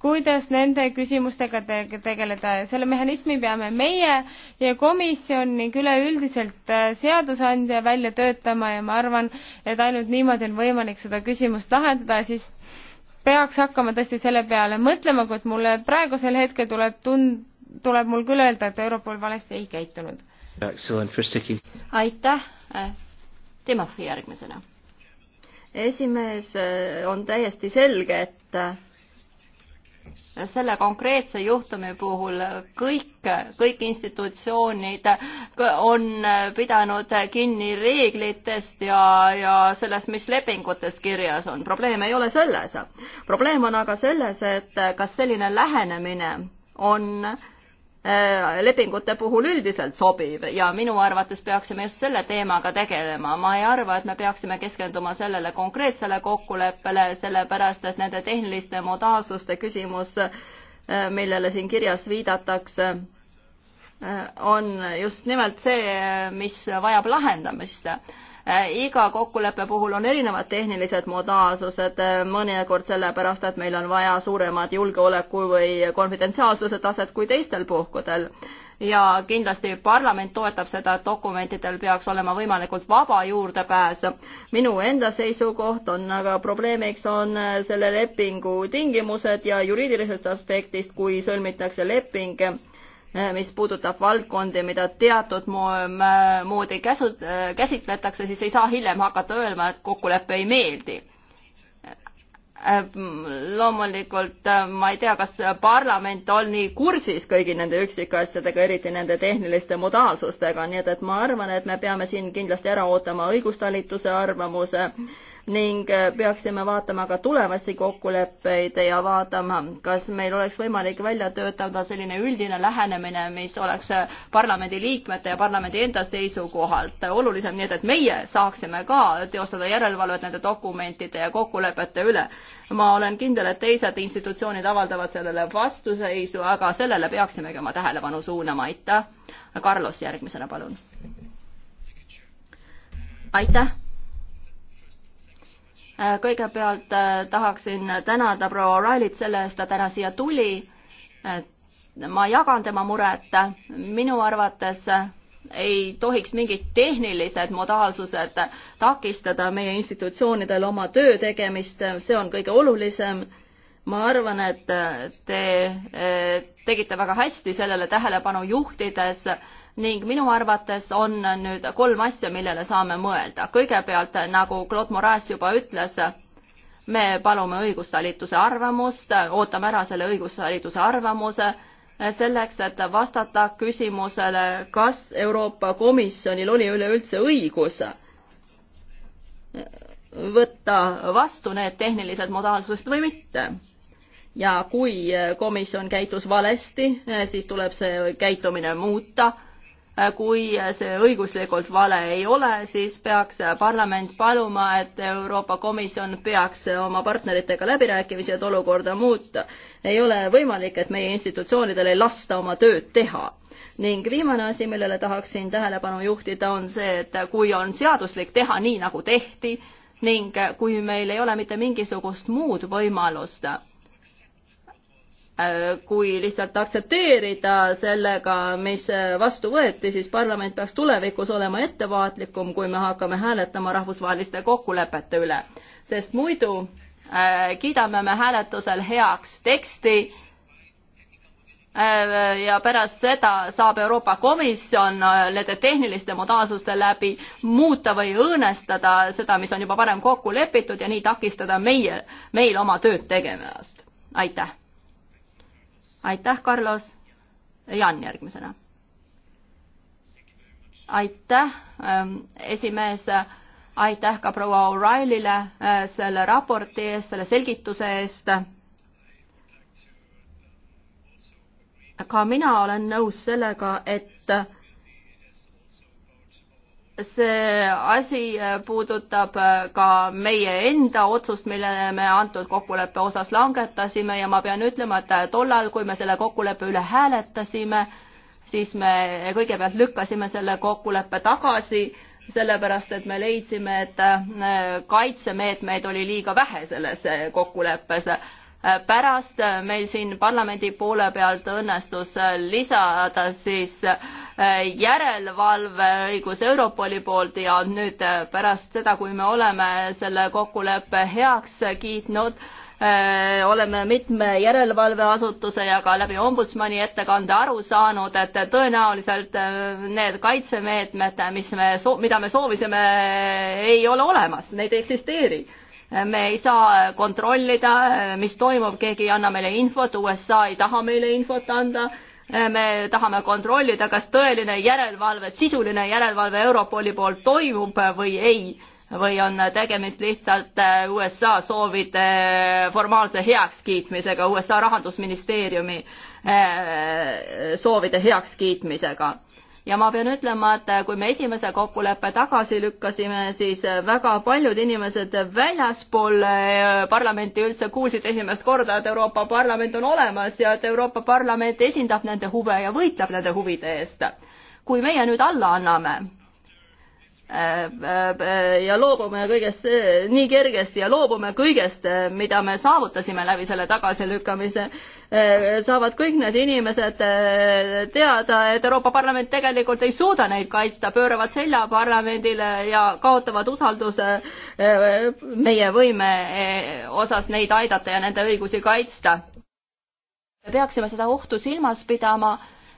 [SPEAKER 3] kuidas nende küsimustega te tegeleda ja selle mehhanismi peame meie ja komisjon ning üleüldiselt äh, seadusandja välja töötama ja ma arvan, et ainult niimoodi on võimalik seda küsimust lahendada ja siis peaks hakkama tõesti selle peale mõtlema, kuid mulle praegusel hetkel tuleb tund-, tuleb mul küll öelda, et Europol valesti ei käitunud aitäh, äh,
[SPEAKER 2] Timofi järgmisena. esimees, äh, on täiesti selge, et äh, selle konkreetse juhtumi puhul kõik, kõik institutsioonid on pidanud kinni reeglitest ja, ja sellest, mis lepingutes kirjas on. probleem ei ole selles. probleem on aga selles, et kas selline lähenemine on äh, Äh, lepingute puhul üldiselt sobiv ja minu arvates peaksime just selle teemaga tegelema. ma ei arva, et me peaksime keskenduma sellele konkreetsele kokkuleppele, sellepärast et nende tehniliste modaalsuste küsimus, äh, millele siin kirjas viidatakse, äh, on just nimelt see, mis vajab lahendamist Äh, iga kokkuleppe puhul on erinevad tehnilised modaalsused, äh, mõnikord sellepärast, et meil on vaja suuremat julgeoleku või konfidentsiaalsuse taset kui teistel puhkudel. ja kindlasti parlament toetab seda, et dokumentidel peaks olema võimalikult vaba juurdepääs. minu enda seisukoht on aga probleemiks on äh, selle lepingu tingimused ja juriidilisest aspektist, kui sõlmitakse leping Äh, mis puudutab valdkondi, mida teatud moodi käsu-, äh, käsitletakse, siis ei saa hiljem hakata öelma, et kokkulepe ei meeldi. Äh, loomulikult ma ei tea, kas parlament on nii kursis kõigi nende üksikasjadega, eriti nende tehniliste modaalsustega, nii et, et ma arvan, et me peame siin kindlasti ära ootama õigustalituse arvamuse äh, ning äh, peaksime vaatama ka tulevasi kokkuleppeid ja vaatama, kas meil oleks võimalik välja töötada selline üldine lähenemine, mis oleks äh, parlamendiliikmete ja parlamendi enda seisukohalt olulisem, nii et, et meie saaksime ka teostada järelevalvet nende dokumentide ja kokkulepete üle. ma olen kindel, et teised institutsioonid avaldavad sellele vastuseisu, aga sellele peaksimegi oma tähelepanu suunama, aitäh. Carlos järgmisena, palun. aitäh Äh, kõigepealt äh, tahaksin tänada proua O'Reillyt selle eest, ta täna siia tuli. Äh, ma jagan tema muret, minu arvates ei tohiks mingid tehnilised modaalsused takistada meie institutsioonidel oma töö tegemist, see on kõige olulisem. ma arvan, et te tegite väga hästi sellele tähelepanu juhtides ning minu arvates on nüüd kolm asja, millele saame mõelda. kõigepealt, nagu Claude Moraes juba ütles, me palume õigustalituse arvamust, ootame ära selle õigustalituse arvamuse selleks, et vastata küsimusele, kas Euroopa Komisjonil oli üleüldse õigus võtta vastu need tehnilised modaalsused või mitte. ja kui komisjon käitus valesti, siis tuleb see käitumine muuta Äh, kui see õiguslikult vale ei ole, siis peaks parlament paluma, et Euroopa Komisjon peaks oma partneritega läbirääkimisi, et olukorda muuta. ei ole võimalik, et meie institutsioonidel ei lasta oma tööd teha. ning viimane asi, millele tahaksin tähelepanu juhtida, on see, et kui on seaduslik teha nii, nagu tehti, ning kui meil ei ole mitte mingisugust muud võimalust Äh, kui lihtsalt aktsepteerida sellega, mis äh, vastu võeti, siis parlament peaks tulevikus olema ettevaatlikum, kui me hakkame hääletama rahvusvaheliste kokkulepete üle. sest muidu äh, kiidame me hääletusel heaks teksti äh, ja pärast seda saab Euroopa Komisjon äh, nende tehniliste modaalsuste läbi muuta või õõnestada seda, mis on juba varem kokku lepitud ja nii takistada meie, meil oma tööd tegemast. aitäh! aitäh, Carlos. Jan järgmisena. aitäh, ähm, esimees. aitäh ka proua O'Reillyle äh, selle raporti eest, selle selgituse eest. ka mina olen nõus sellega, et see asi äh, puudutab äh, ka meie enda otsust, mille me antud kokkuleppe osas langetasime ja ma pean ütlema, et äh, tollal, kui me selle kokkuleppe üle hääletasime, siis me kõigepealt lükkasime selle kokkuleppe tagasi, sellepärast et me leidsime, et kaitsemeetmeid oli liiga vähe selles kokkuleppes pärast meil siin parlamendi poole pealt õnnestus lisada siis äh, Äh, järelevalveõigus Europoli poolt ja nüüd äh, pärast seda, kui me oleme selle kokkuleppe heaks kiitnud, äh, oleme mitme järelevalveasutuse ja ka läbi ombudsmani ettekande aru saanud, et tõenäoliselt need kaitsemeetmed, mis me, mida me soovisime, ei ole olemas, neid ei eksisteeri me ei saa kontrollida, mis toimub, keegi ei anna meile infot, USA ei taha meile infot anda me tahame kontrollida, kas tõeline järelevalve, sisuline järelevalve Europoli poolt toimub või ei või on tegemist lihtsalt äh, USA soovide äh, formaalse heakskiitmisega, USA rahandusministeeriumi äh, soovide heakskiitmisega ja ma pean ütlema, et kui me esimese kokkuleppe tagasi lükkasime, siis väga paljud inimesed väljaspool eh, parlamenti üldse kuulsid esimest korda, et Euroopa Parlament on olemas ja et Euroopa Parlament esindab nende huve ja võitleb nende huvide eest. kui meie nüüd alla anname Äh, äh, ja loobume kõigest, äh, nii kergesti ja loobume kõigest, mida me saavutasime läbi selle tagasilükkamise, saavad kõik need inimesed teada, et Euroopa Parlament tegelikult ei suuda neid kaitsta, pööravad selja parlamendile ja kaotavad usalduse meie võime osas neid aidata ja nende õigusi kaitsta. me peaksime seda ohtu silmas pidama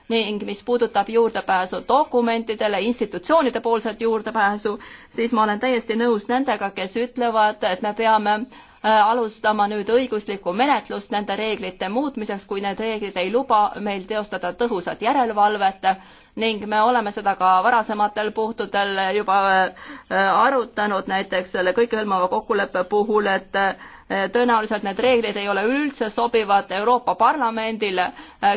[SPEAKER 2] ning mis puudutab juurdepääsu dokumentidele, institutsioonide poolset juurdepääsu, siis ma olen täiesti nõus nendega, kes ütlevad, et me peame äh, alustama nüüd õiguslikku menetlust nende reeglite muutmiseks, kui need reeglid ei luba meil teostada tõhusat järelevalvet ning me oleme seda ka varasematel puhtudel juba äh, äh, arutanud, näiteks selle kõikehõlmava kokkuleppe puhul, et tõenäoliselt need reeglid ei ole üldse sobivad Euroopa Parlamendile.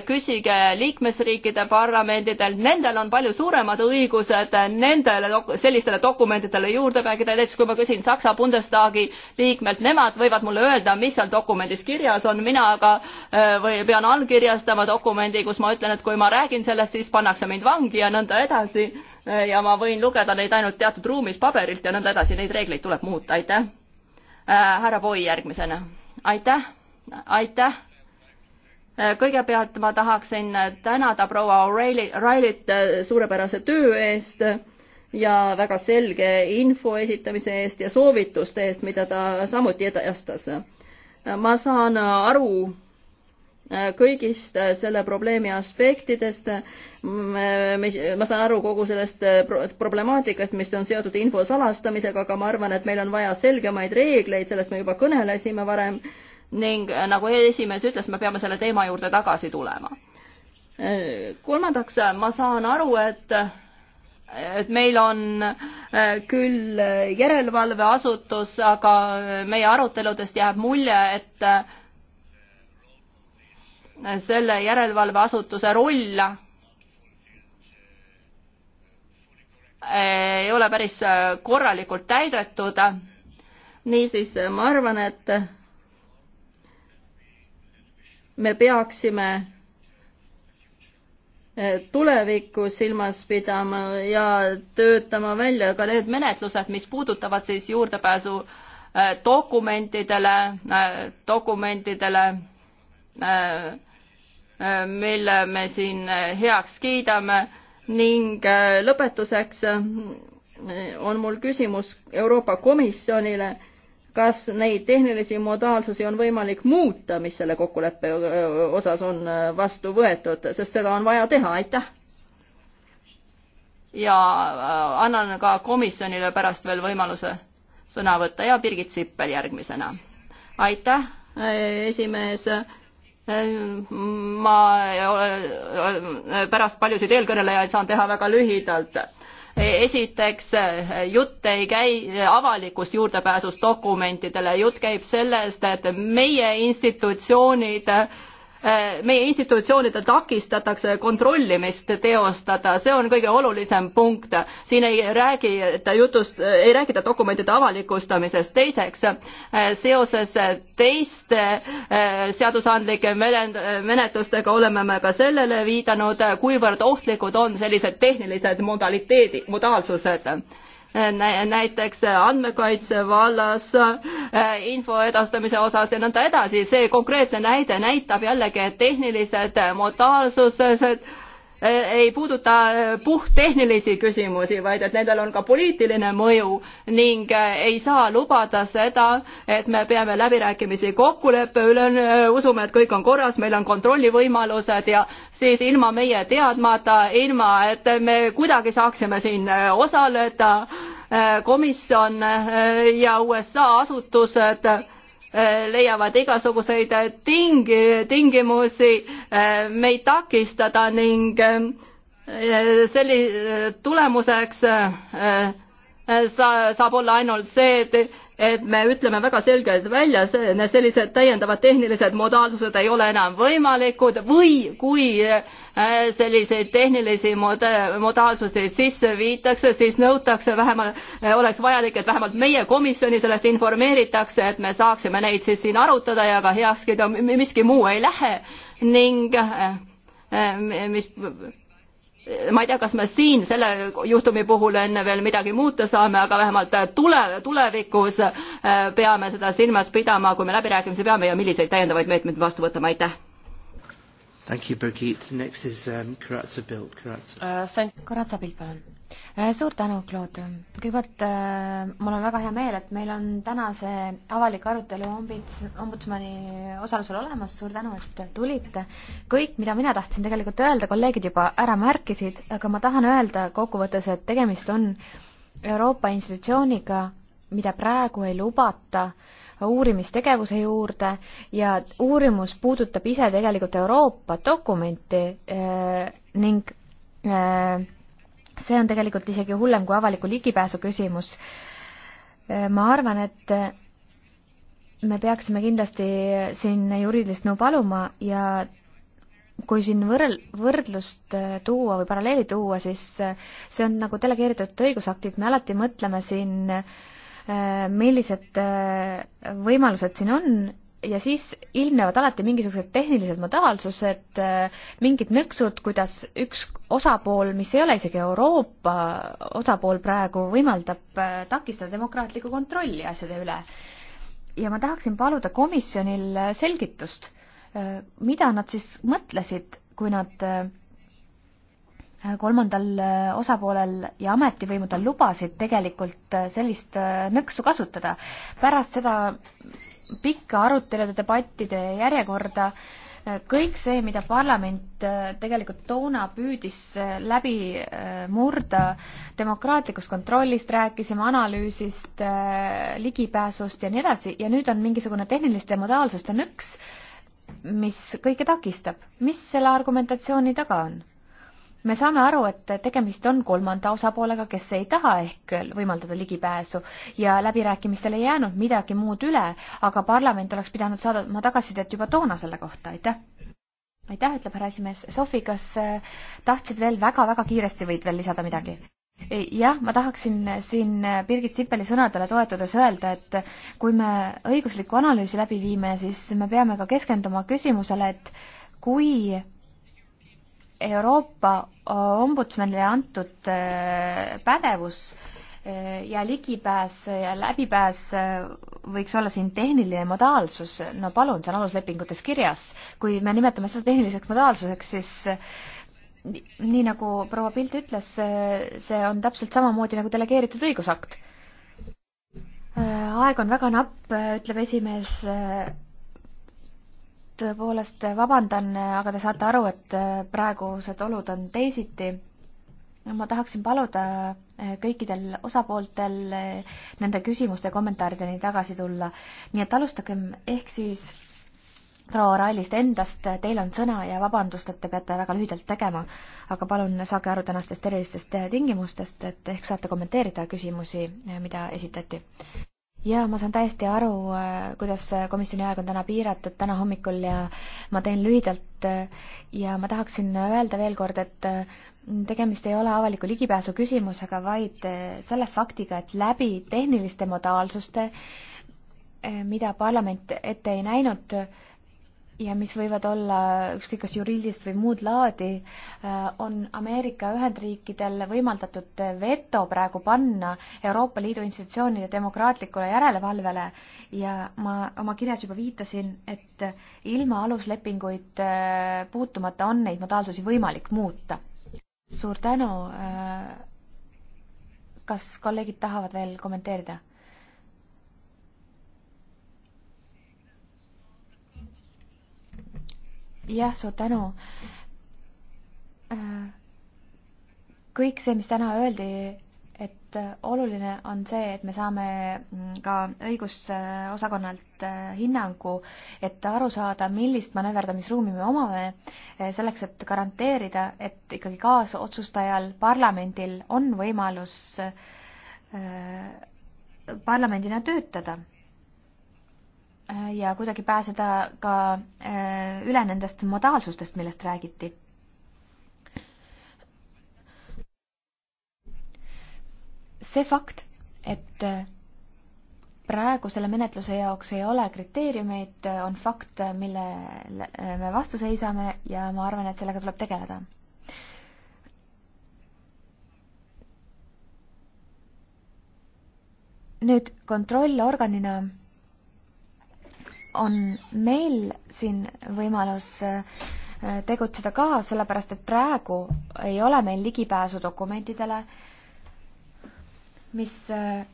[SPEAKER 2] küsige liikmesriikide parlamendidelt, nendel on palju suuremad õigused nendele sellistele dokumentidele juurdepääsida, näiteks kui ma küsin Saksa Bundestagi liikmelt, nemad võivad mulle öelda, mis seal dokumendis kirjas on, mina aga äh, või pean allkirjastama dokumendi, kus ma ütlen, et kui ma räägin sellest, siis pannakse mind vangi ja nõnda edasi äh, ja ma võin lugeda neid ainult teatud ruumis paberilt ja nõnda edasi, neid reegleid tuleb muuta, aitäh Äh, härra Boi järgmisena. aitäh, aitäh. Äh, kõigepealt ma tahaksin tänada proua O'Reillyt äh, suurepärase töö eest ja väga selge info esitamise eest ja soovituste eest, mida ta samuti edastas. ma saan aru Äh, kõigist äh, selle probleemi aspektidest. ma saan aru kogu sellest äh, problemaatikast, mis on seotud info salastamisega, aga ma arvan, et meil on vaja selgemaid reegleid, sellest me juba kõnelesime varem ning nagu esimees ütles, me peame selle teema juurde tagasi tulema. kolmandaks, ma saan aru, et et meil on küll järelevalveasutus, aga meie aruteludest jääb mulje, et selle järelevalveasutuse roll eh, ei ole päris eh, korralikult täidetud. niisiis eh, ma arvan, et me peaksime tulevikku silmas pidama ja töötama välja ka need menetlused, mis puudutavad siis juurdepääsu dokumentidele, dokumentidele mille me siin heaks kiidame ning äh, lõpetuseks äh, on mul küsimus Euroopa Komisjonile, kas neid tehnilisi modaalsusi on võimalik muuta, mis selle kokkuleppe äh, osas on vastu võetud, sest seda on vaja teha, aitäh! ja annan ka komisjonile pärast veel võimaluse sõna võtta ja Birgit Sippel järgmisena. aitäh, esimees ma pärast paljusid eelkõnelejaid saan teha väga lühidalt esiteks jutt ei käi avalikust juurdepääsust dokumentidele jutt käib sellest et meie institutsioonid Äh, meie institutsioonidel takistatakse kontrollimist teostada, see on kõige olulisem punkt. siin ei räägita jutust, äh, ei räägita dokumentide avalikustamisest. teiseks, äh, seoses teiste seadusandlike menetlustega oleme me ka sellele viidanud, kuivõrd ohtlikud on sellised tehnilised modaliteedid, modaalsused näiteks andmekaitse vallas, äh, info edastamise osas ja nõnda edasi. see konkreetne näide näitab jällegi, et tehnilised modaalsused ei puuduta äh, puhttehnilisi küsimusi, vaid et nendel on ka poliitiline mõju ning äh, ei saa lubada seda, et me peame läbirääkimisi kokkuleppe üle, äh, usume, et kõik on korras, meil on kontrollivõimalused ja siis ilma meie teadmata, ilma et me kuidagi saaksime siin osaleda, komisjon ja USA asutused Äh, leiavad igasuguseid äh, tingi, tingimusi äh, meid takistada ning selli-, tulemuseks sa-, saab olla ainult see, et et me ütleme väga selgelt välja, sellised täiendavad tehnilised modaalsused ei ole enam võimalikud või kui äh, selliseid tehnilisi mod-, modaalsusi sisse viitakse, siis nõutakse vähemalt, äh, oleks vajalik, et vähemalt meie komisjoni sellest informeeritakse, et me saaksime neid siis siin arutada ja ka heaks kiida, miski muu ei lähe ning äh, mis ma ei tea, kas me siin selle juhtumi puhul enne veel midagi muuta saame, aga vähemalt tule, tulevikus äh, peame seda silmas pidama, kui me läbirääkimisi peame ja milliseid täiendavaid meetmeid me
[SPEAKER 1] vastu võtame, aitäh.
[SPEAKER 3] Thank you, Birgit. Next is um, Karatsa Bild.
[SPEAKER 1] Karatsa uh, Bild, palun Äh, suur tänu, Claude. kõigepealt äh, mul on väga hea meel, et meil on täna see avalik arutelu ombits, ombudsmani osalusel olemas, suur tänu, et tulite. kõik, mida mina tahtsin tegelikult öelda, kolleegid juba ära märkisid, aga ma tahan öelda kokkuvõttes, et tegemist on Euroopa institutsiooniga, mida praegu ei lubata uurimistegevuse juurde ja uurimus puudutab ise tegelikult Euroopa dokumenti eh, ning eh, see on tegelikult isegi hullem kui avaliku ligipääsu küsimus. Äh, ma arvan, et äh, me peaksime kindlasti siin juriidilist nõu paluma ja kui siin võrl-, võrdlust äh, tuua või paralleeli tuua, siis see on nagu delegeeritud õigusaktid, me alati mõtleme siin, millised võimalused siin on ja siis ilmnevad alati mingisugused tehnilised modaalsused, äh, mingid nõksud, kuidas üks osapool, mis ei ole isegi Euroopa osapool praegu, võimaldab äh, takistada demokraatlikku kontrolli asjade üle. ja ma tahaksin paluda komisjonil äh, selgitust, mida nad siis mõtlesid, kui nad kolmandal osapoolel ja ametivõimudel lubasid tegelikult sellist nõksu kasutada. pärast seda pikka arutelude, debattide järjekorda. Äh, kõik see, mida parlament äh, tegelikult toona püüdis äh, läbi murda, demokraatlikust kontrollist rääkisime, analüüsist, ligipääsust ja nii edasi ja nüüd on mingisugune tehniliste modaalsuste nõks, mis kõike takistab. mis selle argumentatsiooni taga on? me saame aru, et tegemist on kolmanda osapoolega, kes ei taha ehk võimaldada ligipääsu ja läbirääkimistel ei jäänud midagi muud üle, aga parlament oleks pidanud saadama tagasisidet juba toona selle kohta, aitäh. aitäh, ütleb härra esimees. Sofi, kas äh, tahtsid veel väga-väga kiiresti võid veel lisada midagi? jah, ma tahaksin siin Birgit Sipeli sõnadele toetudes öelda, et kui me õigusliku analüüsi läbi viime, siis me peame ka keskenduma küsimusele, et kui Euroopa äh, ombudsmanile antud äh, pädevus äh, ja ligipääs ja läbipääs võiks olla siin tehniline modaalsus, no palun, see on aluslepingutes kirjas. kui me nimetame seda tehniliseks modaalsuseks, siis nii nagu proua Pilt ütles, see on täpselt samamoodi nagu delegeeritud õigusakt. aeg on väga napp, ütleb esimees tõepoolest vabandan, aga te saate aru, et äh, praegused olud on teisiti. ma tahaksin paluda äh, kõikidel osapooltel äh, nende küsimuste ja kommentaarideni tagasi tulla. nii et alustagem ehk siis proua Railist endast, teil on sõna ja vabandust, et te peate väga lühidalt tegema, aga palun saage aru tänastest erilistest tingimustest, et ehk saate kommenteerida küsimusi, mida esitati jaa, ma saan täiesti aru, äh, kuidas komisjoni aeg on täna piiratud täna hommikul ja ma teen lühidalt äh, ja ma tahaksin öelda veel kord, et äh, tegemist ei ole avaliku ligipääsu küsimusega, vaid selle faktiga, et läbi tehniliste modaalsuste, mida parlament ette ei näinud, ja mis võivad olla ükskõik kas juriidilist või muud laadi, äh, on Ameerika Ühendriikidel võimaldatud veto praegu panna Euroopa Liidu institutsioonide demokraatlikule järelevalvele ja ma oma kirjas juba viitasin, et ilma aluslepinguid äh, puutumata on neid modaalsusi võimalik muuta. suur tänu. Äh, kas kolleegid tahavad veel kommenteerida? jah, suur tänu. Äh, kõik see, mis täna öeldi, et äh, oluline on see, et me saame mm, ka õigusosakonnalt äh, hinnangu, et aru saada, millist manööverdamisruumi me omame, selleks et garanteerida, et ikkagi kaasotsustajal, parlamendil on võimalus parlamendina töötada Äh, ja kuidagi pääseda ka äh, üle nendest modaalsustest, millest räägiti. see fakt, et äh, praegu selle menetluse jaoks ei ole kriteeriumeid, on fakt, millele me vastu seisame ja ma arvan, et sellega tuleb tegeleda nüüd kontrollorganina on meil siin võimalus äh, tegutseda ka, sellepärast et praegu ei ole meil ligipääsu dokumentidele, mis äh,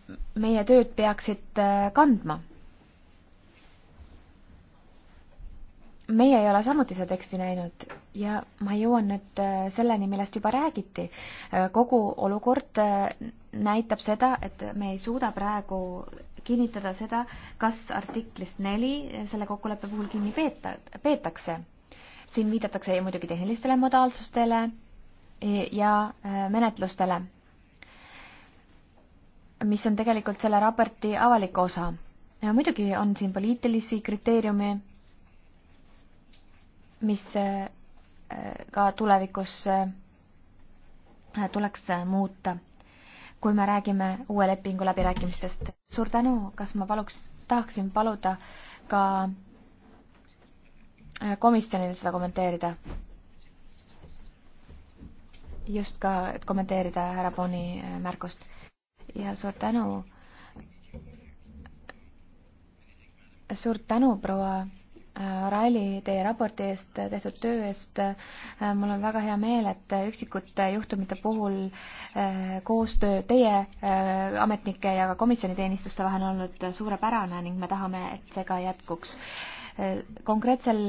[SPEAKER 1] meie tööd peaksid äh, kandma. meie ei ole samuti seda teksti näinud ja ma jõuan nüüd selleni, millest juba räägiti. kogu olukord näitab seda, et me ei suuda praegu kinnitada seda, kas artiklist neli selle kokkuleppe puhul kinni peeta-, peetakse. siin viidatakse muidugi tehnilistele modaalsustele ja äh, menetlustele, mis on tegelikult selle raporti avalik osa. muidugi on siin poliitilisi kriteeriume, mis äh, äh, ka tulevikus tuleks muuta kui me räägime uue lepingu läbirääkimistest. suur tänu, kas ma paluks, tahaksin paluda ka äh, komisjonil seda kommenteerida? just ka, et kommenteerida härra Boni äh, märkust. ja suur tänu. suur tänu, proua Raili, teie raporti eest, tehtud töö eest. mul on väga hea meel, et üksikute juhtumite puhul eh, koostöö teie eh, ametnike ja ka komisjoni teenistuste vahel on olnud suurepärane ning me tahame, et see ka jätkuks. Eh, konkreetsel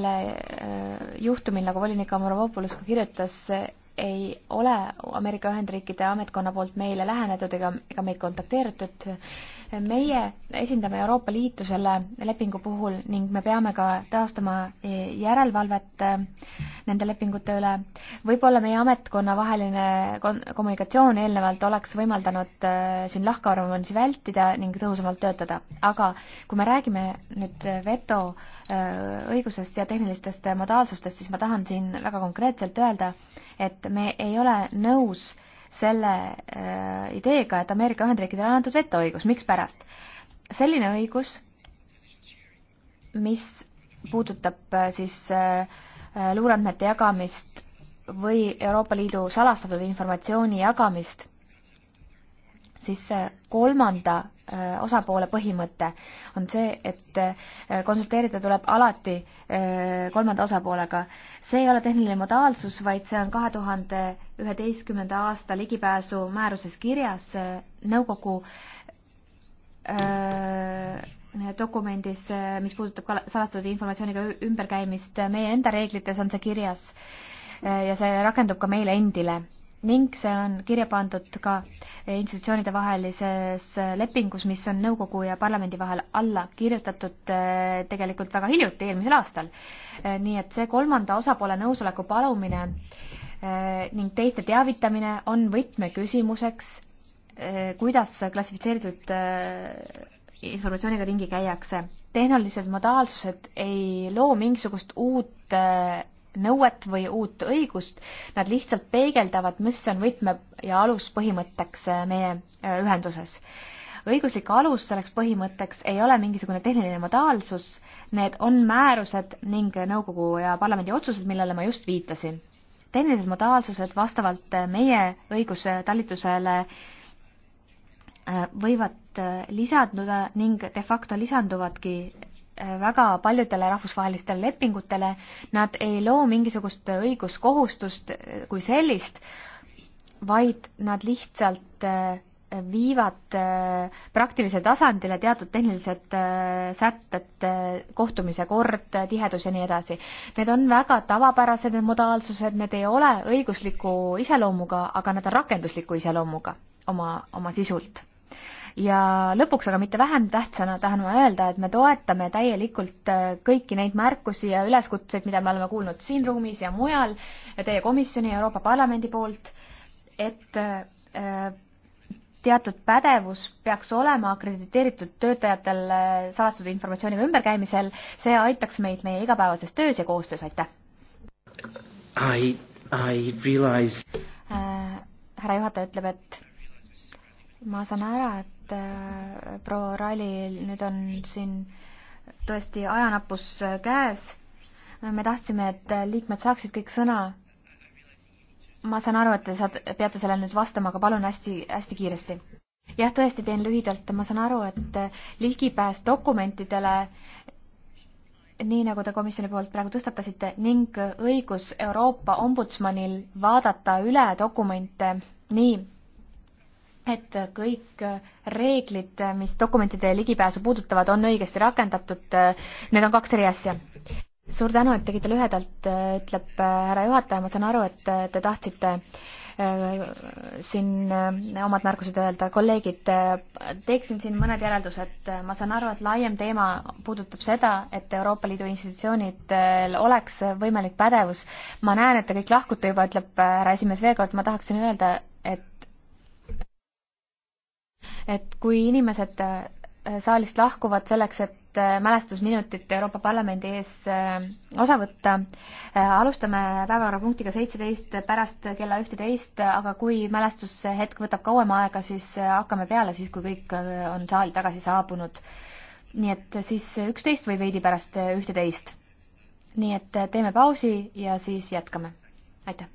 [SPEAKER 1] juhtumil, nagu volinik Amorvopoulos ka kirjutas, ei ole Ameerika Ühendriikide ametkonna poolt meile lähenetud ega, ega meid kontakteeritud meie esindame Euroopa Liitu selle lepingu puhul ning me peame ka taastama järelevalvet äh, nende lepingute üle. võib-olla meie ametkonna vaheline kommunikatsioon eelnevalt oleks võimaldanud äh, siin lahkarvamusi vältida ning tõhusamalt töötada, aga kui me räägime nüüd veto äh, õigusest ja tehnilistest modaalsustest, siis ma tahan siin väga konkreetselt öelda, et me ei ole nõus selle äh, ideega, et Ameerika Ühendriikidele on antud vetoõigus, mikspärast? selline õigus, mis puudutab äh, siis äh, luureandmete jagamist või Euroopa Liidu salastatud informatsiooni jagamist siis kolmanda äh, osapoole põhimõte on see, et äh, konsulteerida tuleb alati äh, kolmanda osapoolega. see ei ole tehniline modaalsus, vaid see on kahe tuhande üheteistkümnenda aasta ligipääsu määruses kirjas nõukogu dokumendis, mis puudutab salastatud informatsiooniga ümberkäimist, meie enda reeglites on see kirjas ja see rakendub ka meile endile ning see on kirja pandud ka institutsioonide vahelises lepingus, mis on nõukogu ja parlamendi vahel alla kirjutatud eh, tegelikult väga hiljuti, eelmisel aastal. Eh, nii et see kolmanda osapoole nõusoleku palumine eh, ning teiste teavitamine on võtmeküsimuseks, kuidas klassifitseeritud informatsiooniga ringi käiakse. tehnilised modaalsused ei loo mingisugust uut nõuet või uut õigust, nad lihtsalt peegeldavad, mis on võtme- ja aluspõhimõtteks äh, meie äh, ühenduses. õiguslik alus selleks põhimõtteks ei ole mingisugune tehniline modaalsus, need on määrused ning nõukogu ja parlamendi otsused, millele ma just viitasin. tehnilised modaalsused vastavalt äh, meie õigustalitusele võivad lisanduda ning de facto lisanduvadki Äh, väga paljudele rahvusvahelistele lepingutele, nad ei loo mingisugust õiguskohustust äh, kui sellist, vaid nad lihtsalt äh, viivad praktilise tasandile teatud tehnilised sätted, kohtumise kord, tihedus ja nii edasi. Need on väga tavapärased, need modaalsused, need ei ole õigusliku iseloomuga, aga nad on rakendusliku iseloomuga oma, oma sisult ja lõpuks, aga mitte vähem tähtsana tahan ma öelda, et me toetame täielikult äh, kõiki neid märkusi ja üleskutseid, mida me oleme kuulnud siin ruumis ja mujal teie komisjoni ja Euroopa Parlamendi poolt, et äh, teatud pädevus peaks olema akrediteeritud töötajatel äh, salastatud informatsiooniga ümberkäimisel, see aitaks meid meie igapäevases töös ja koostöös, aitäh! I, I realize äh, härra juhataja ütleb, et ma saan ära, et et äh, proua Ralil nüüd on siin tõesti ajanappus äh, käes. me tahtsime, et äh, liikmed saaksid kõik sõna. ma saan aru, et te saate, peate sellele nüüd vastama, aga palun hästi-hästi kiiresti. jah, tõesti, teen lühidalt, ma saan aru, et äh, ligipääs dokumentidele nii nagu te komisjoni poolt praegu tõstatasite, ning õigus Euroopa ombudsmanil vaadata üle dokumente nii, et kõik reeglid, mis dokumentide ligipääsu puudutavad, on õigesti rakendatud. Need on kaks eri asja. suur tänu, et tegite lühedalt, ütleb härra juhataja, ma saan aru, et te tahtsite äh, siin äh, omad märkused öelda. kolleegid, äh, teeksin siin mõned järeldused. ma saan aru, et laiem teema puudutab seda, et Euroopa Liidu institutsioonidel oleks võimalik pädevus. ma näen, et te kõik lahkute juba, ütleb härra esimees veel kord, ma tahaksin öelda, et et kui inimesed äh, saalist lahkuvad selleks, et äh, mälestusminutit Euroopa Parlamendi ees äh, osa võtta. alustame päevakorrapunktiga seitseteist pärast kella ühteteist, aga kui mälestushetk võtab kauem aega, siis hakkame peale siis, kui kõik on saali tagasi saabunud. nii et siis üksteist või veidi pärast ühteteist. nii et teeme pausi ja siis jätkame. aitäh!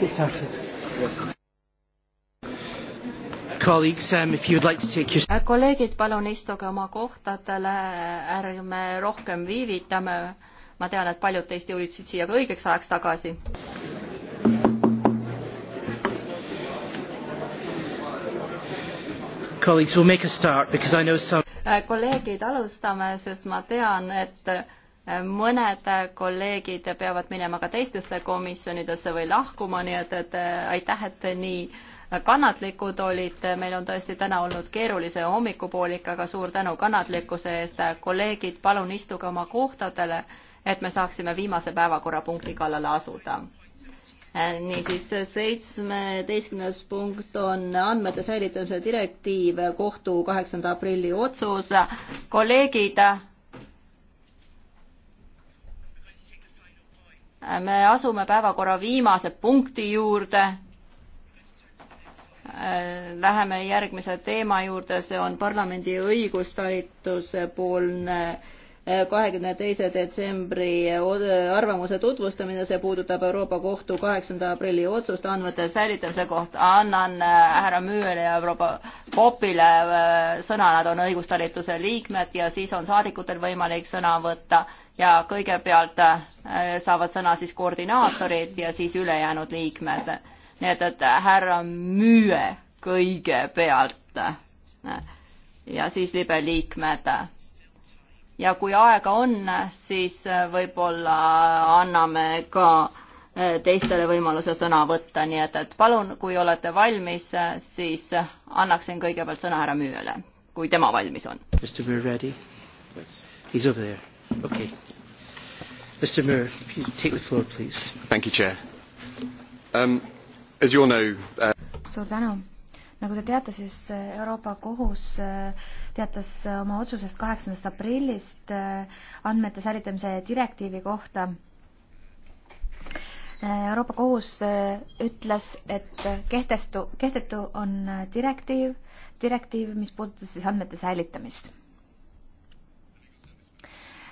[SPEAKER 3] let's get started. Colleagues, um, if you would like to take your...
[SPEAKER 2] kolleegid, palun istuge oma kohtadele, ärme rohkem viivitame. ma tean, et paljud teist jõudsid siia ka õigeks ajaks tagasi.
[SPEAKER 1] Colleagues, we'll make a start because I know some
[SPEAKER 2] kolleegid, alustame, sest ma tean, et mõned kolleegid peavad minema ka teistesse komisjonidesse või lahkuma, nii et, et aitäh, et te nii kannatlikud olite, meil on tõesti täna olnud keerulise hommikupoolika, aga suur tänu kannatlikkuse eest. kolleegid, palun istuge oma kohtadele, et me saaksime viimase päevakorrapunkti kallale asuda niisiis, seitsmeteistkümnes punkt on andmete säilitamise direktiiv, kohtu kaheksanda aprilli otsus. kolleegid me asume päevakorra viimase punkti juurde. Läheme järgmise teema juurde, see on parlamendi õigustalituse poolne kahekümne teise detsembri arvamuse tutvustamine, see puudutab Euroopa Kohtu kaheksanda aprilli otsust andmete säilitamise kohta. annan äh, härra Müürile ja proua Popile äh, sõna, nad on õigustalituse liikmed ja siis on saadikutel võimalik sõna võtta ja kõigepealt äh, saavad sõna siis koordinaatorid ja siis ülejäänud liikmed. nii et, et härra Müüe kõigepealt ja siis libe liikmed ja kui aega on, siis äh, võib-olla anname ka äh, teistele võimaluse sõna võtta, nii et, et palun, kui olete valmis, äh, siis annaksin kõigepealt sõna härra Müüjale, kui tema valmis on.
[SPEAKER 1] Mr Müür ready? He is over there, okei okay.. Mr Müür, take the floor please. Thank you, chair
[SPEAKER 3] um,. As you all know uh....
[SPEAKER 1] suur tänu nagu te teate, siis eh, Euroopa Kohus eh, teatas eh, oma otsusest kaheksandast aprillist andmete säilitamise direktiivi kohta. Euroopa Kohus ütles, et kehtestu, kehtetu on direktiiv, direktiiv, mis puudutas siis andmete säilitamist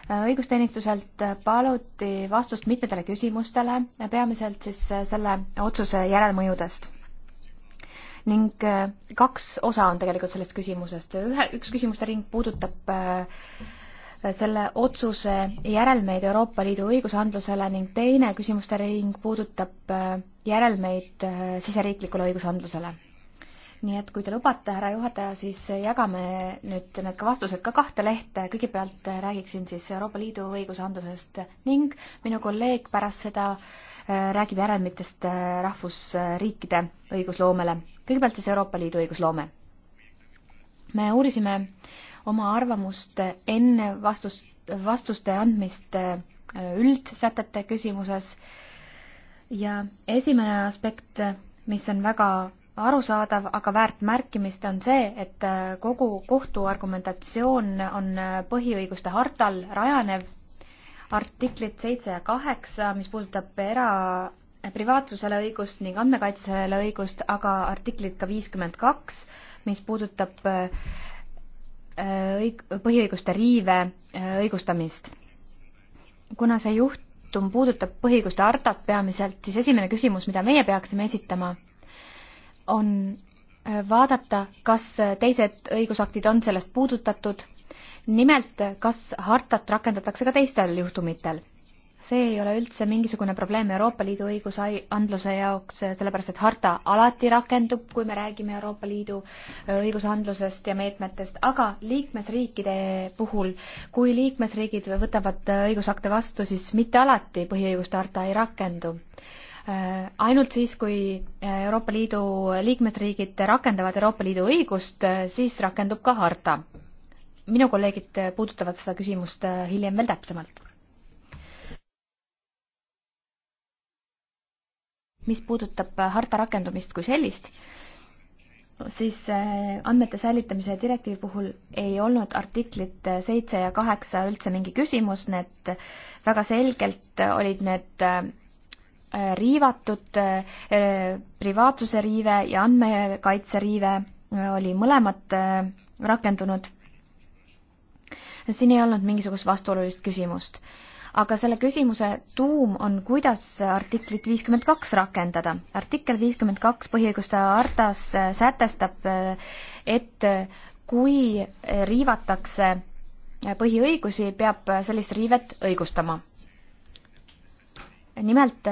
[SPEAKER 1] õigusteenistuselt paluti vastust mitmetele küsimustele, peamiselt siis selle otsuse järelmõjudest ning äh, kaks osa on tegelikult sellest küsimusest. ühe, üks küsimuste ring puudutab äh, selle otsuse järelmeid Euroopa Liidu õigusandlusele ning teine küsimuste ring puudutab äh, järelmeid siseriiklikule õigusandlusele. nii et kui te lubate, härra juhataja, siis jagame nüüd need ka vastused ka kahte lehte. kõigepealt räägiksin siis Euroopa Liidu õigusandlusest ning minu kolleeg pärast seda äh, Äh, räägib järelmitest äh, rahvusriikide õigusloomele. kõigepealt siis Euroopa Liidu õigusloome. me uurisime oma arvamust enne vastust, vastuste andmist äh, üldsätete küsimuses ja esimene aspekt, mis on väga arusaadav, aga väärt märkimist, on see, et kogu kohtu argumentatsioon on põhiõiguste hartal rajanev artiklit seitse ja kaheksa, mis puudutab era, privaatsusele õigust ning andmekaitsele õigust, aga artiklit ka viiskümmend kaks, mis puudutab õig-, põhiõiguste riive õigustamist. kuna see juhtum puudutab põhiõiguste hartat peamiselt, siis esimene küsimus, mida meie peaksime esitama, on vaadata, kas teised õigusaktid on sellest puudutatud nimelt, kas hartat rakendatakse ka teistel juhtumitel? see ei ole üldse mingisugune probleem Euroopa Liidu õigusandluse jaoks, sellepärast et harta alati rakendub, kui me räägime Euroopa Liidu äh, õigusandlusest ja meetmetest, aga liikmesriikide puhul, kui liikmesriigid võtavad äh, õigusakte vastu, siis mitte alati põhiõiguste harta ei rakendu äh, ainult siis, kui Euroopa Liidu liikmesriigid rakendavad Euroopa Liidu õigust, siis rakendub ka harta minu kolleegid puudutavad seda küsimust äh, hiljem veel täpsemalt. mis puudutab äh, harta rakendumist kui sellist, siis äh, andmete säilitamise direktiivi puhul ei olnud artiklit seitse ja kaheksa üldse mingi küsimus, need väga selgelt olid need riivatud, privaatsuse riive ja andmekaitse riive oli mõlemad rakendunud siin ei olnud mingisugust vastuolulist küsimust. aga selle küsimuse tuum on, kuidas artiklit viiskümmend kaks rakendada. artikkel viiskümmend kaks põhiõiguste hartas sätestab, et kui riivatakse põhiõigusi, peab sellist riivet õigustama. nimelt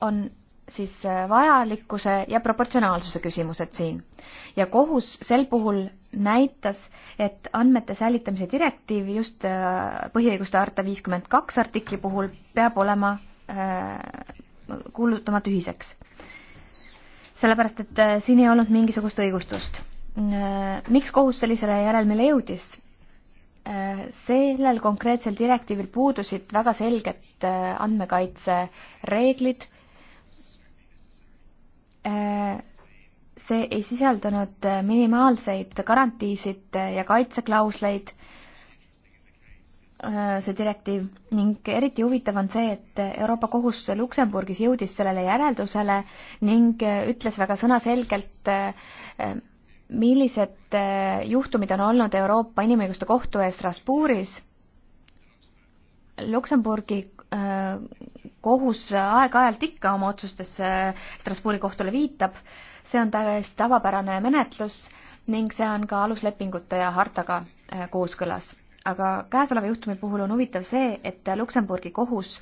[SPEAKER 1] on siis äh, vajalikkuse ja proportsionaalsuse küsimused siin. ja kohus sel puhul näitas, et andmete säilitamise direktiiv just äh, põhiõiguste harta viiskümmend kaks artikli puhul peab olema äh, kuulutama tühiseks. sellepärast, et siin ei olnud mingisugust õigustust. miks kohus sellisele järelmile jõudis? sellel konkreetsel direktiivil puudusid väga selged andmekaitsereeglid Äh, see ei sisaldanud äh, minimaalseid garantiisid äh, ja kaitseklausleid, see direktiiv ning eriti huvitav on see, et Euroopa Kohus Luksemburgis jõudis sellele järeldusele ning ütles väga sõnaselgelt, millised juhtumid on olnud Euroopa Inimõiguste Kohtu ees Strasbourgis. Luksemburgi Äh, kohus aeg-ajalt ikka oma otsustesse Strasbourgi kohtule viitab. see on täiesti tavapärane menetlus ning see on ka aluslepingute ja hartaga äh, kooskõlas. aga käesoleva juhtumi puhul on huvitav see, et Luksemburgi kohus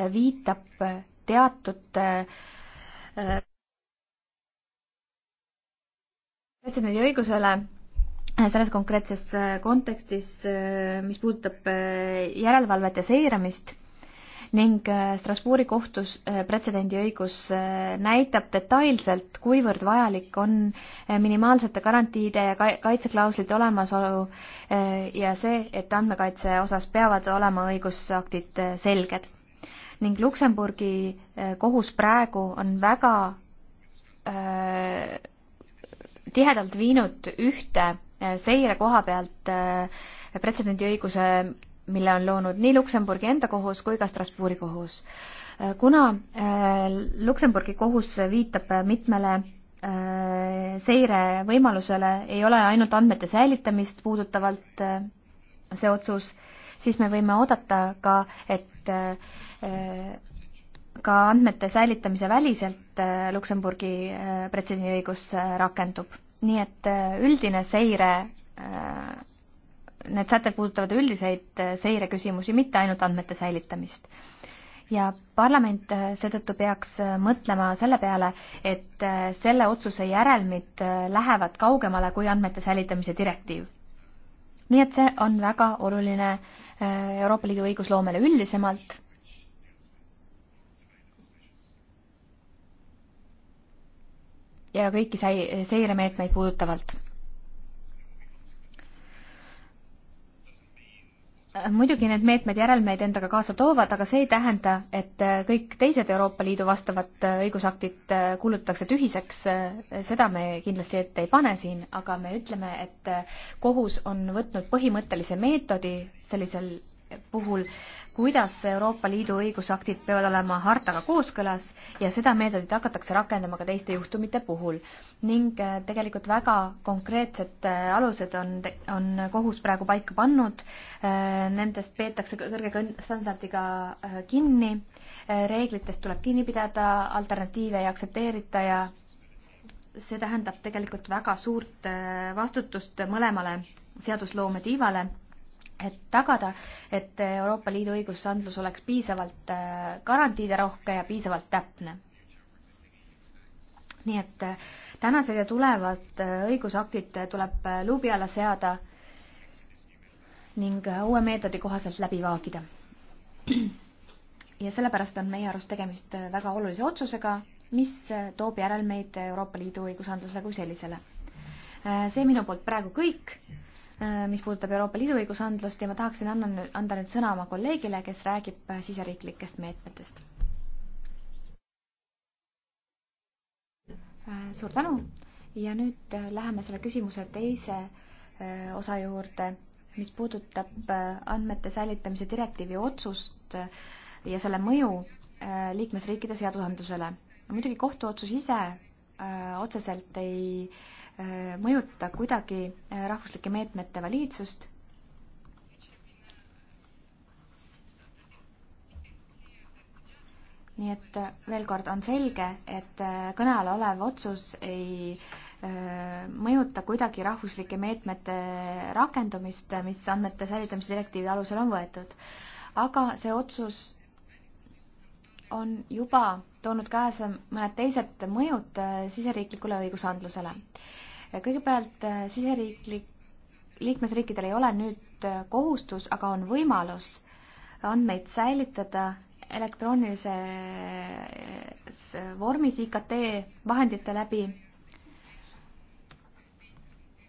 [SPEAKER 1] äh, viitab teatud pretsedendi õigusele selles konkreetses kontekstis, mis puudutab järelevalvet ja seiramist ning äh, Strasbourgi kohtus äh, pretsedendiõigus äh, näitab detailselt, kuivõrd vajalik on minimaalsete garantiide ja kaitseklauslite olemasolu ja see, et andmekaitse osas peavad olema õigusaktid selged. ning Luksemburgi kohus praegu on väga äh, tihedalt viinud ühte seire koha pealt äh, pretsedendiõiguse mille on loonud nii Luksemburgi enda kohus kui ka Strasbourgi kohus. Äh, kuna äh, Luksemburgi kohus viitab mitmele äh, seire võimalusele, ei ole ainult andmete säilitamist puudutavalt see otsus, siis me võime oodata ka, et ka andmete säilitamise väliselt Luksemburgi pretsedendiõigus rakendub. nii et üldine seire need sätted puudutavad üldiseid äh, seireküsimusi, mitte ainult andmete säilitamist. ja parlament äh, seetõttu peaks äh, mõtlema selle peale, et selle otsuse järelmid lähevad kaugemale kui andmete säilitamise direktiiv. nii et see on väga oluline Euroopa Liidu õigusloomele üldisemalt ja kõiki sai-, seiremeetmeid puudutavalt muidugi need meetmed järelmeid endaga kaasa toovad, aga see ei tähenda, et äh, kõik teised Euroopa Liidu vastavad äh, õigusaktid äh, kuulutatakse tühiseks, seda me kindlasti ette ei pane siin, aga me ütleme, et kohus on võtnud põhimõttelise meetodi sellisel puhul kuidas Euroopa Liidu õigusaktid peavad olema hartaga kooskõlas ja seda meetodit hakatakse rakendama ka teiste juhtumite puhul. ning äh, tegelikult väga konkreetsed äh, alused on, on kohus praegu paika pannud, äh, nendest peetakse kõrge standardiga kinni, reeglitest tuleb kinni pidada, alternatiive ei aktsepteerita ja see tähendab tegelikult väga suurt vastutust mõlemale seadusloome tiivale et tagada, et Euroopa Liidu õigusandlus oleks piisavalt äh, garantiiderohke ja piisavalt täpne. nii et äh, tänased ja tulevad äh, õigusaktid tuleb luubi alla seada ning uue meetodi kohaselt läbi vaagida. ja sellepärast on meie arust tegemist väga olulise otsusega, mis toob järelmeid Euroopa Liidu õigusandlusele kui sellisele. see minu poolt praegu kõik Äh, mis puudutab Euroopa Liidu õigusandlust ja ma tahaksin anna, anda nüüd sõna oma kolleegile, kes räägib äh, siseriiklikest meetmetest. Äh, suur tänu ja nüüd läheme selle küsimuse teise osa juurde, mis puudutab andmete säilitamise direktiivi otsust ja selle mõju liikmesriikide seadusandlusele. muidugi kohtuotsus ise otseselt ei äh, mõjuta kuidagi äh, rahvuslike meetmete valiidsust. nii et äh, veel kord on selge, et äh, kõne all olev otsus ei mõjuta kuidagi rahvuslike meetmete rakendumist, mis andmete säilitamise direktiivi alusel on võetud. aga see otsus on juba toonud kaasa mõned teised mõjud siseriiklikule õigusandlusele kõigepealt äh, siseriiklik, liikmesriikidel ei ole nüüd äh, kohustus, aga on võimalus andmeid säilitada elektroonilises äh, vormis IKT vahendite läbi.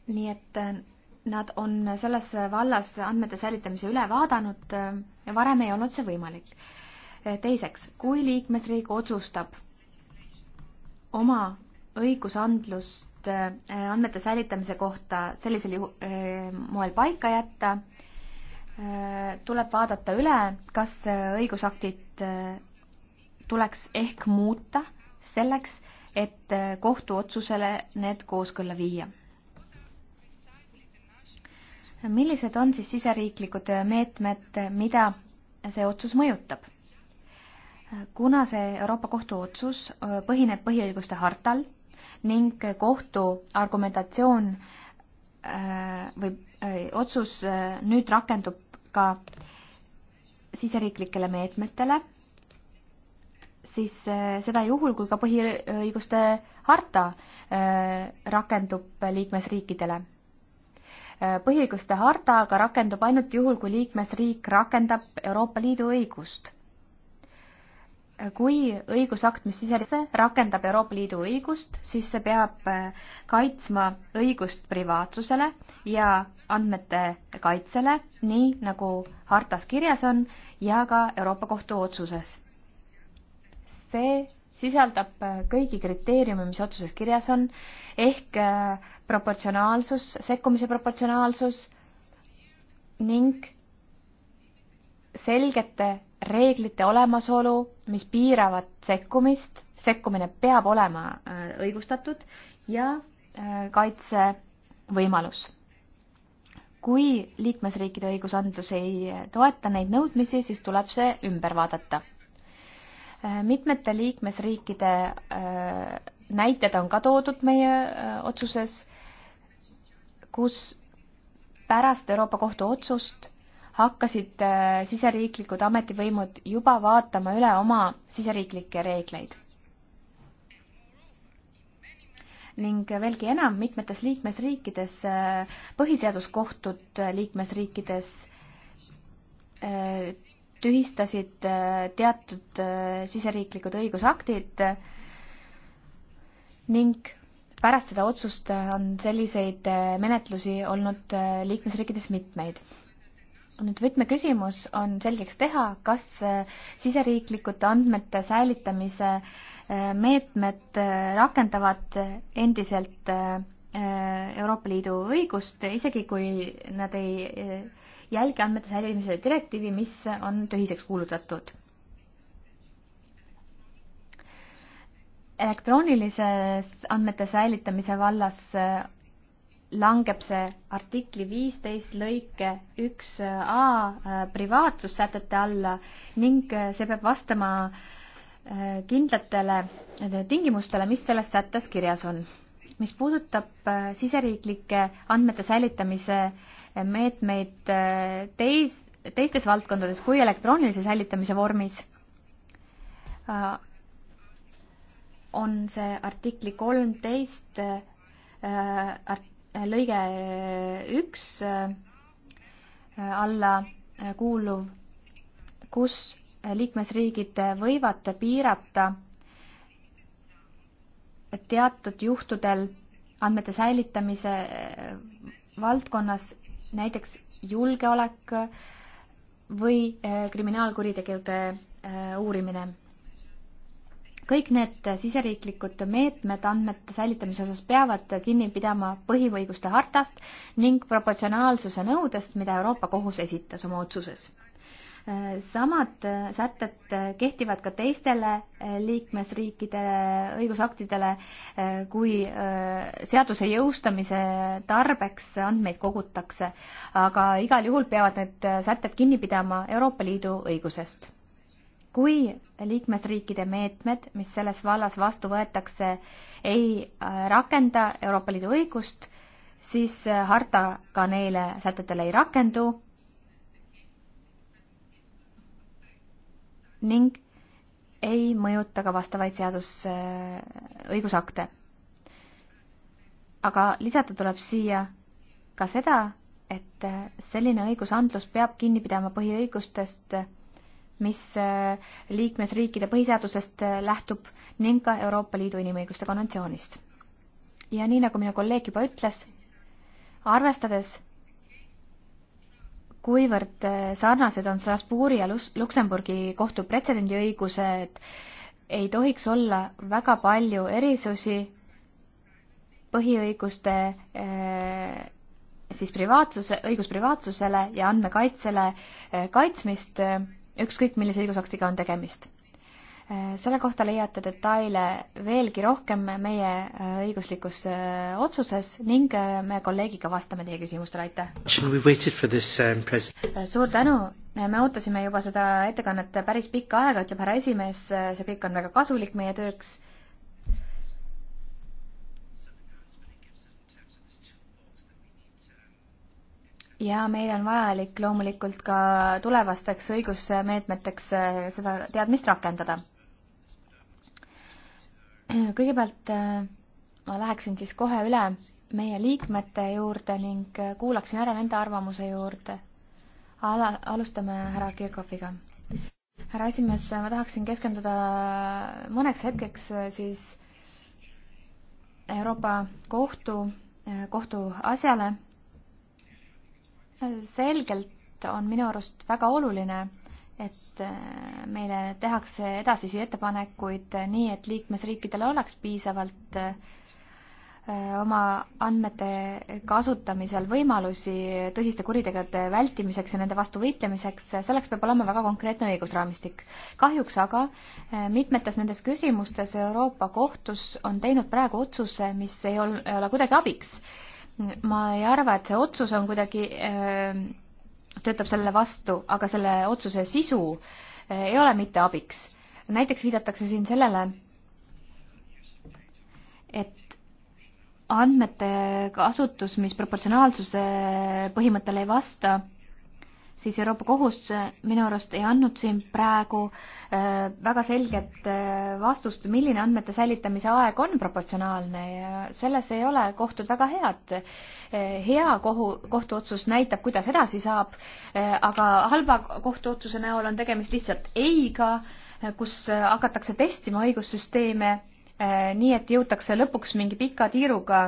[SPEAKER 1] nii et nad on selles vallas andmete säilitamise üle vaadanud, varem ei olnud see võimalik. teiseks, kui liikmesriik otsustab oma õigusandlust kohustust äh, andmete säilitamise kohta sellisel juhul äh, moel paika jätta, äh, tuleb vaadata üle, kas õigusaktid tuleks ehk muuta selleks, et kohtuotsusele need kooskõlla viia. millised on siis siseriiklikud meetmed, mida see otsus mõjutab? kuna see Euroopa Kohtu otsus põhineb põhiõiguste hartal ning kohtu argumentatsioon äh, või äh, otsus äh, nüüd rakendub ka siseriiklikele meetmetele, siis seda juhul, kui ka põhiõiguste harta rakendub liikmesriikidele. põhiõiguste harta aga rakendub ainult juhul, kui liikmesriik rakendab Euroopa Liidu õigust kui õigusakt, mis siseneb, rakendab Euroopa Liidu õigust, siis see peab äh, kaitsma õigust privaatsusele ja andmete kaitsele, nii nagu hartas kirjas on ja ka Euroopa Kohtu otsuses. see sisaldab äh, kõigi kriteeriume, mis otsuses kirjas on, ehk äh, proportsionaalsus, sekkumise proportsionaalsus ning selgete reeglite olemasolu, mis piiravad sekkumist, sekkumine peab olema äh, õigustatud ja äh, kaitsevõimalus. kui liikmesriikide õigusandlus ei toeta neid nõudmisi, siis tuleb see ümber vaadata. Äh, mitmete liikmesriikide näited on ka toodud meie otsuses, kus pärast Euroopa Kohtu otsust hakkasid äh, siseriiklikud ametivõimud juba vaatama üle oma siseriiklikke reegleid. ning veelgi enam, mitmetes liikmesriikides, äh, põhiseaduskohtud äh, liikmesriikides tühistasid teatud siseriiklikud õigusaktid ning pärast seda otsust on selliseid menetlusi olnud liikmesriikides mitmeid nüüd võtmeküsimus on selgeks teha, kas äh, siseriiklikute andmete säilitamise äh, meetmed äh, rakendavad endiselt Euroopa Liidu õigust, isegi kui nad ei jälgi andmete säilitamise direktiivi, mis on tühiseks kuulutatud. elektroonilises andmete säilitamise vallas langeb see artikli viisteist lõike üks A äh, privaatsussätete alla ning äh, see peab vastama äh, kindlatele tingimustele, mis selles sättes kirjas on. mis puudutab siseriiklike andmete säilitamise meetmeid teis, teistes valdkondades kui elektroonilise säilitamise vormis, on see artikli kolmteist art-, lõige üks äh, alla äh, kuuluv, kus liikmesriigid võivad piirata teatud juhtudel andmete säilitamise äh, valdkonnas näiteks julgeolek või kriminaalkuritegude uurimine kõik need siseriiklikud meetmed andmete säilitamise osas peavad kinni pidama põhiõiguste hartast ning proportsionaalsuse nõudest, mida Euroopa Kohus esitas oma otsuses. samad sätted kehtivad ka teistele liikmesriikide õigusaktidele, kui äh, seaduse jõustamise tarbeks andmeid kogutakse, aga igal juhul peavad need sätted kinni pidama Euroopa Liidu õigusest kui liikmesriikide meetmed, mis selles vallas vastu võetakse, ei äh, rakenda Euroopa Liidu õigust, siis äh, harta ka neile sätetele ei rakendu ning ei mõjuta ka vastavaid seadus, äh, õigusakte. aga lisada tuleb siia ka seda, et selline õigusandlus peab kinni pidama põhiõigustest mis äh, liikmesriikide põhiseadusest äh, lähtub ning ka Euroopa Liidu inimõiguste konventsioonist. ja nii, nagu minu kolleeg juba ütles, arvestades, kuivõrd äh, sarnased on Strasbourgi ja Luksemburgi kohtu pretsedendiõigused, ei tohiks olla väga palju erisusi põhiõiguste siis privaatsuse, õigus privaatsusele ja andmekaitsele kaitsmist ükskõik millise õigusaktiga on tegemist. Äh, selle kohta leiate detaile veelgi rohkem meie äh, õiguslikus äh, otsuses ning me kolleegiga vastame teie küsimustele, aitäh! Um, suur tänu, me ootasime juba seda ettekannet päris pikka aega, ütleb härra esimees, see kõik on väga kasulik meie tööks ja meil on vajalik loomulikult ka tulevasteks õigusmeetmeteks äh, seda teadmist rakendada. kõigepealt äh, ma läheksin siis kohe üle meie liikmete juurde ning äh, kuulaksin ära nende arvamuse juurde. Ala-, alustame härra Kirkoviga. härra esimees, ma tahaksin keskenduda mõneks hetkeks siis Euroopa Kohtu, kohtuasjale selgelt on minu arust väga oluline, et äh, meile tehakse edasisi ettepanekuid nii, et liikmesriikidel oleks piisavalt äh, oma andmete kasutamisel võimalusi tõsiste kuritegude vältimiseks ja nende vastu võitlemiseks, selleks peab olema väga konkreetne õigusraamistik. kahjuks aga äh, mitmetes nendes küsimustes Euroopa Kohtus on teinud praegu otsuse, mis ei ole kuidagi abiks ma ei arva, et see otsus on kuidagi, äh, töötab sellele vastu, aga selle otsuse sisu äh, ei ole mitte abiks. näiteks viidatakse siin sellele, et andmete kasutus, mis proportsionaalsuse põhimõttele ei vasta, siis Euroopa Kohus äh, minu arust ei andnud siin praegu äh, väga selget äh, vastust, milline andmete säilitamise aeg on proportsionaalne ja selles ei ole kohtud väga head. hea kohu, kohtuotsus näitab, kuidas edasi saab, aga halba kohtuotsuse näol on tegemist lihtsalt ei-ga, kus hakatakse testima õigussüsteeme nii et jõutakse lõpuks mingi pika tiiruga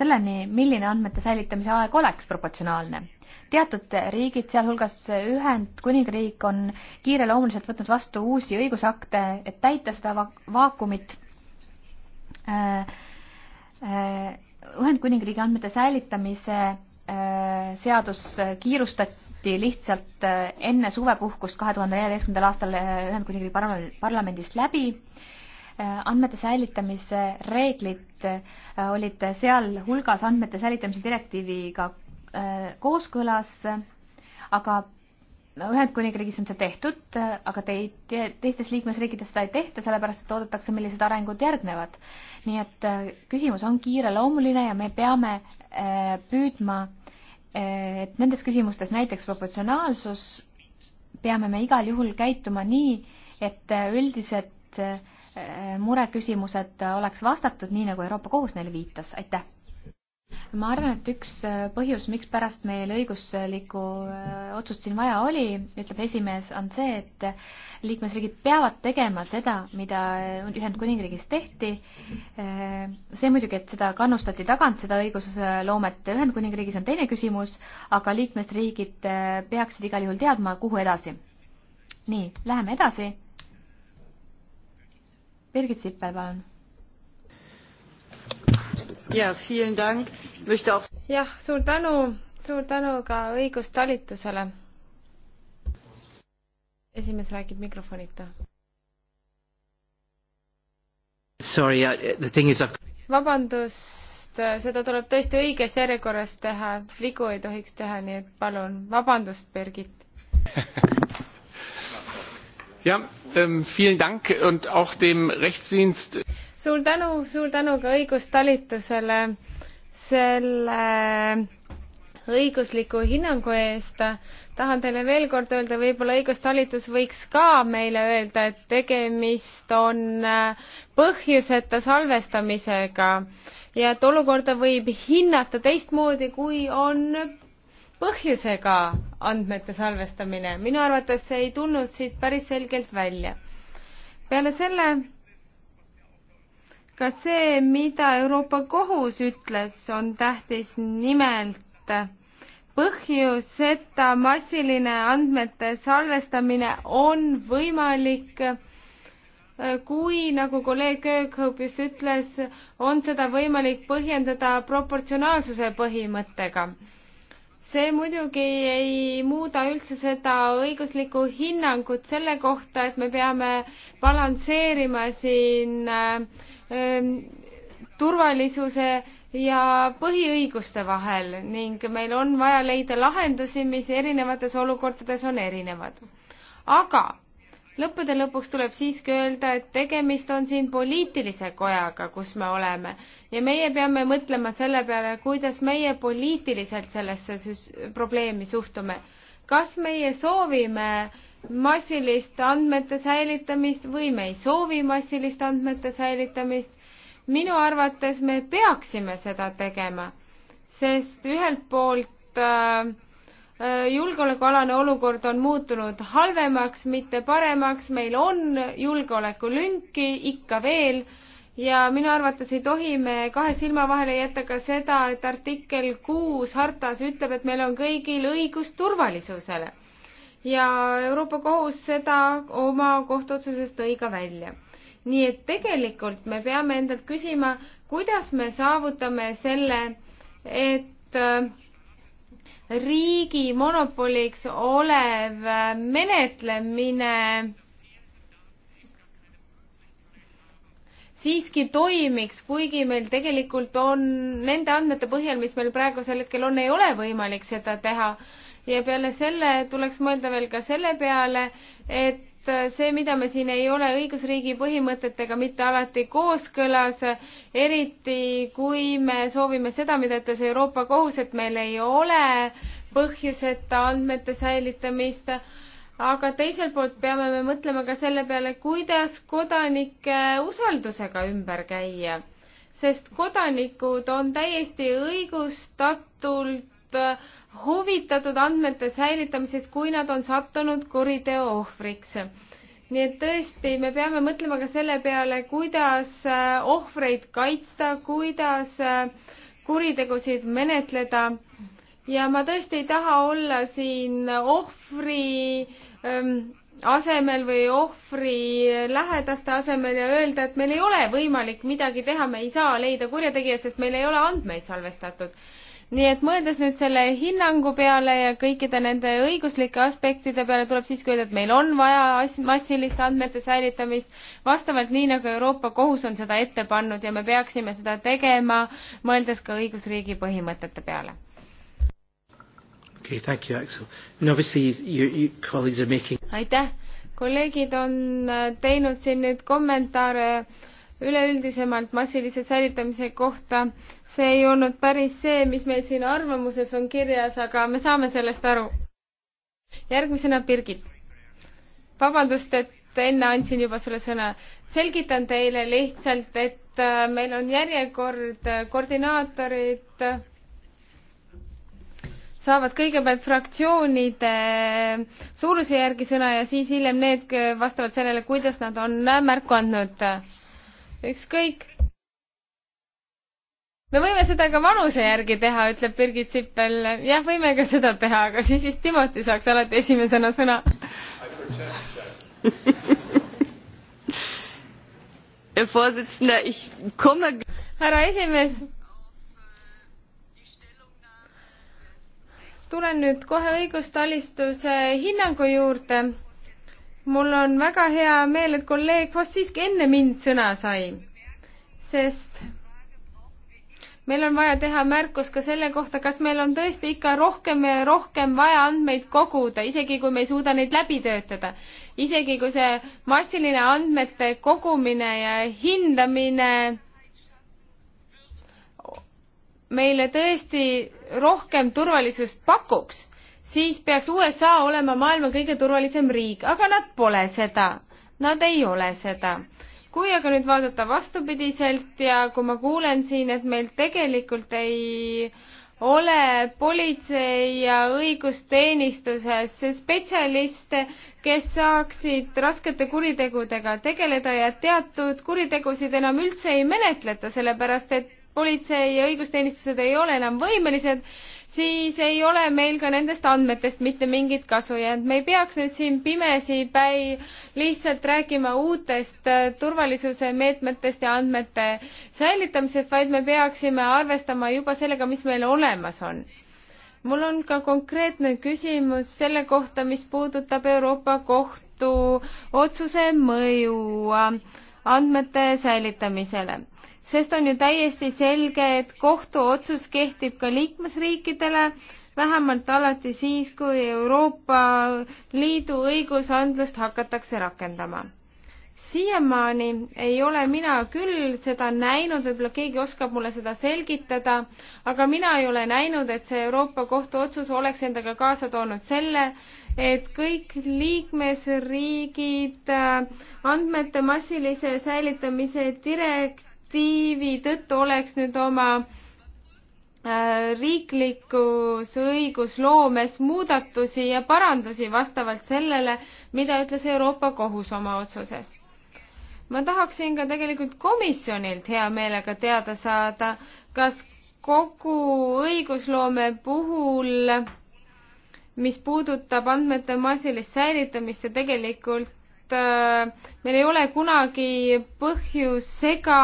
[SPEAKER 1] selleni, milline andmete säilitamise aeg oleks proportsionaalne teatud riigid, sealhulgas Ühendkuningriik, on kiireloomuliselt võtnud vastu uusi õigusakte, et täita seda va vaakumit. Äh, äh, Ühendkuningriigi andmete säilitamise äh, seadus kiirustati lihtsalt enne suvepuhkust kahe tuhande neljateistkümnendal aastal Ühendkuningriigi parlamendist läbi andmete säilitamise reeglid olid sealhulgas andmete säilitamise direktiiviga Äh, kooskõlas, aga Ühendkuningriigis on see tehtud, aga te ei tee, teistes liikmesriikides seda ei tehta, sellepärast et oodatakse, millised arengud järgnevad. nii et äh, küsimus on kiireloomuline ja me peame äh, püüdma, et nendes küsimustes näiteks proportsionaalsus, peame me igal juhul käituma nii, et üldised mureküsimused oleks vastatud, nii nagu Euroopa Kohus neile viitas, aitäh ma arvan, et üks äh, põhjus, mikspärast meil õiguslikku äh, otsust siin vaja oli, ütleb esimees, on see, et äh, liikmesriigid peavad tegema seda, mida Ühendkuningriigis tehti. see muidugi, et seda kannustati tagant, seda õigusloomet Ühendkuningriigis on teine küsimus, aga liikmesriigid peaksid igal juhul teadma, kuhu edasi. nii, läheme edasi. Birgit Sippel, palun
[SPEAKER 3] ja vielen Dank jah, suur tänu, suur tänu ka õigustalitusele. esimees räägib mikrofonita. vabandust, seda tuleb tõesti õiges järjekorras teha, vigu ei tohiks teha, nii et palun, vabandust, Birgit Ja, ähm, vielen Dank und auch dem Rechtsdienst. suur tänu, suur tänu ka õigustalitusele selle õigusliku hinnangu eest. tahan teile veel kord öelda, võib-olla õigustalitus võiks ka meile öelda, et tegemist on äh, põhjuseta salvestamisega ja et olukorda võib hinnata teistmoodi, kui on põhjusega andmete salvestamine. minu arvates see ei tulnud siit päris selgelt välja. peale selle ka see, mida Euroopa Kohus ütles, on tähtis nimelt põhjus, et massiline andmete salvestamine on võimalik, kui, nagu kolleeg Kööghoop just ütles, on seda võimalik põhjendada proportsionaalsuse põhimõttega. see muidugi ei muuda üldse seda õiguslikku hinnangut selle kohta, et me peame balansseerima siin äh, Ehm, turvalisuse ja põhiõiguste vahel ning meil on vaja leida lahendusi, mis erinevates olukordades on erinevad. aga lõppude lõpuks tuleb siiski öelda, et tegemist on siin poliitilise kojaga, kus me oleme ja meie peame mõtlema selle peale, kuidas meie poliitiliselt sellesse süs-, probleemi suhtume. kas meie soovime äh, massilist andmete säilitamist või me ei soovi massilist andmete säilitamist. minu arvates me peaksime seda tegema, sest ühelt poolt äh, äh, julgeolekualane olukord on muutunud halvemaks, mitte paremaks, meil on julgeolekulünki ikka veel ja minu arvates ei tohi me kahe silma vahele jätta ka seda, et artikkel kuus hartas ütleb, et meil on kõigil õigus turvalisusele ja Euroopa Kohus seda oma kohtuotsuses tõi ka välja. nii et tegelikult me peame endalt küsima, kuidas me saavutame selle, et äh, riigi monopoliks olev menetlemine siiski toimiks, kuigi meil tegelikult on nende andmete põhjal, mis meil praegusel hetkel on, ei ole võimalik seda teha ja peale selle tuleks mõelda veel ka selle peale, et see, mida me siin ei ole õigusriigi põhimõtetega mitte alati kooskõlas, eriti kui me soovime seda, mida ütles Euroopa Kohus, et meil ei ole põhjuseta andmete säilitamist, aga teiselt poolt peame me mõtlema ka selle peale, kuidas kodanike usaldusega ümber käia, sest kodanikud on täiesti õigustatult äh, huvitatud andmete säilitamisest, kui nad on sattunud kuriteo ohvriks. nii et tõesti, me peame mõtlema ka selle peale, kuidas äh, ohvreid kaitsta, kuidas äh, kuritegusid menetleda ja ma tõesti ei taha olla siin ohvri ähm, asemel või ohvri lähedaste asemel ja öelda, et meil ei ole võimalik midagi teha, me ei saa leida kurjategijat, sest meil ei ole andmeid salvestatud nii et mõeldes nüüd selle hinnangu peale ja kõikide nende õiguslike aspektide peale, tuleb siiski öelda, et meil on vaja massilist andmete säilitamist vastavalt nii, nagu Euroopa Kohus on seda ette pannud ja me peaksime seda tegema, mõeldes ka õigusriigi põhimõtete peale.
[SPEAKER 1] Okay, thank you, Axel. And obviously, your, your colleagues are making.
[SPEAKER 3] aitäh, kolleegid on äh, teinud siin nüüd kommentaare äh, üleüldisemalt massilise säilitamise kohta. see ei olnud päris see, mis meil siin arvamuses on kirjas, aga me saame sellest aru. järgmisena Birgit. vabandust, et enne andsin juba sulle sõna. selgitan teile lihtsalt, et äh, meil on järjekord, äh, koordinaatorid äh, saavad kõigepealt fraktsioonide suuruse järgi sõna ja siis hiljem need vastavalt sellele, kuidas nad on märku andnud ükskõik. me võime seda ka vanuse järgi teha, ütleb Birgit Sippel. jah, võime ka seda teha, aga siis vist Timoti saaks alati esimesena sõna. härra esimees tulen nüüd kohe õigustalistuse hinnangu juurde mul on väga hea meel, et kolleeg vast siiski enne mind sõna sai, sest meil on vaja teha märkus ka selle kohta, kas meil on tõesti ikka rohkem ja rohkem vaja andmeid koguda, isegi kui me ei suuda neid läbi töötada. isegi kui see massiline andmete kogumine ja hindamine meile tõesti rohkem turvalisust pakuks, siis peaks USA olema maailma kõige turvalisem riik, aga nad pole seda. Nad ei ole seda. kui aga nüüd vaadata vastupidiselt ja kui ma kuulen siin, et meil tegelikult ei ole politsei ja õigusteenistuses spetsialiste, kes saaksid raskete kuritegudega tegeleda ja teatud kuritegusid enam üldse ei menetleta, sellepärast et politsei ja õigusteenistused ei ole enam võimelised siis ei ole meil ka nendest andmetest mitte mingit kasu jäänud. me ei peaks nüüd siin pimesipäi lihtsalt rääkima uutest äh, turvalisuse meetmetest ja andmete säilitamisest, vaid me peaksime arvestama juba sellega, mis meil olemas on mul on ka konkreetne küsimus selle kohta, mis puudutab Euroopa Kohtu otsuse mõju andmete säilitamisele sest on ju täiesti selge, et kohtuotsus kehtib ka liikmesriikidele, vähemalt alati siis, kui Euroopa Liidu õigusandlust hakatakse rakendama. siiamaani ei ole mina küll seda näinud, võib-olla keegi oskab mulle seda selgitada, aga mina ei ole näinud, et see Euroopa Kohtu otsus oleks endaga kaasa toonud selle, et kõik liikmesriigid äh, andmete massilise säilitamise direkt-, direktiivi tõttu oleks nüüd oma äh, riiklikus õigusloomes muudatusi ja parandusi vastavalt sellele, mida ütles Euroopa Kohus oma otsuses. ma tahaksin ka tegelikult komisjonilt hea meelega teada saada, kas kogu õigusloome puhul mis puudutab andmete massilist säilitamist ja tegelikult et äh, meil ei ole kunagi põhjust sega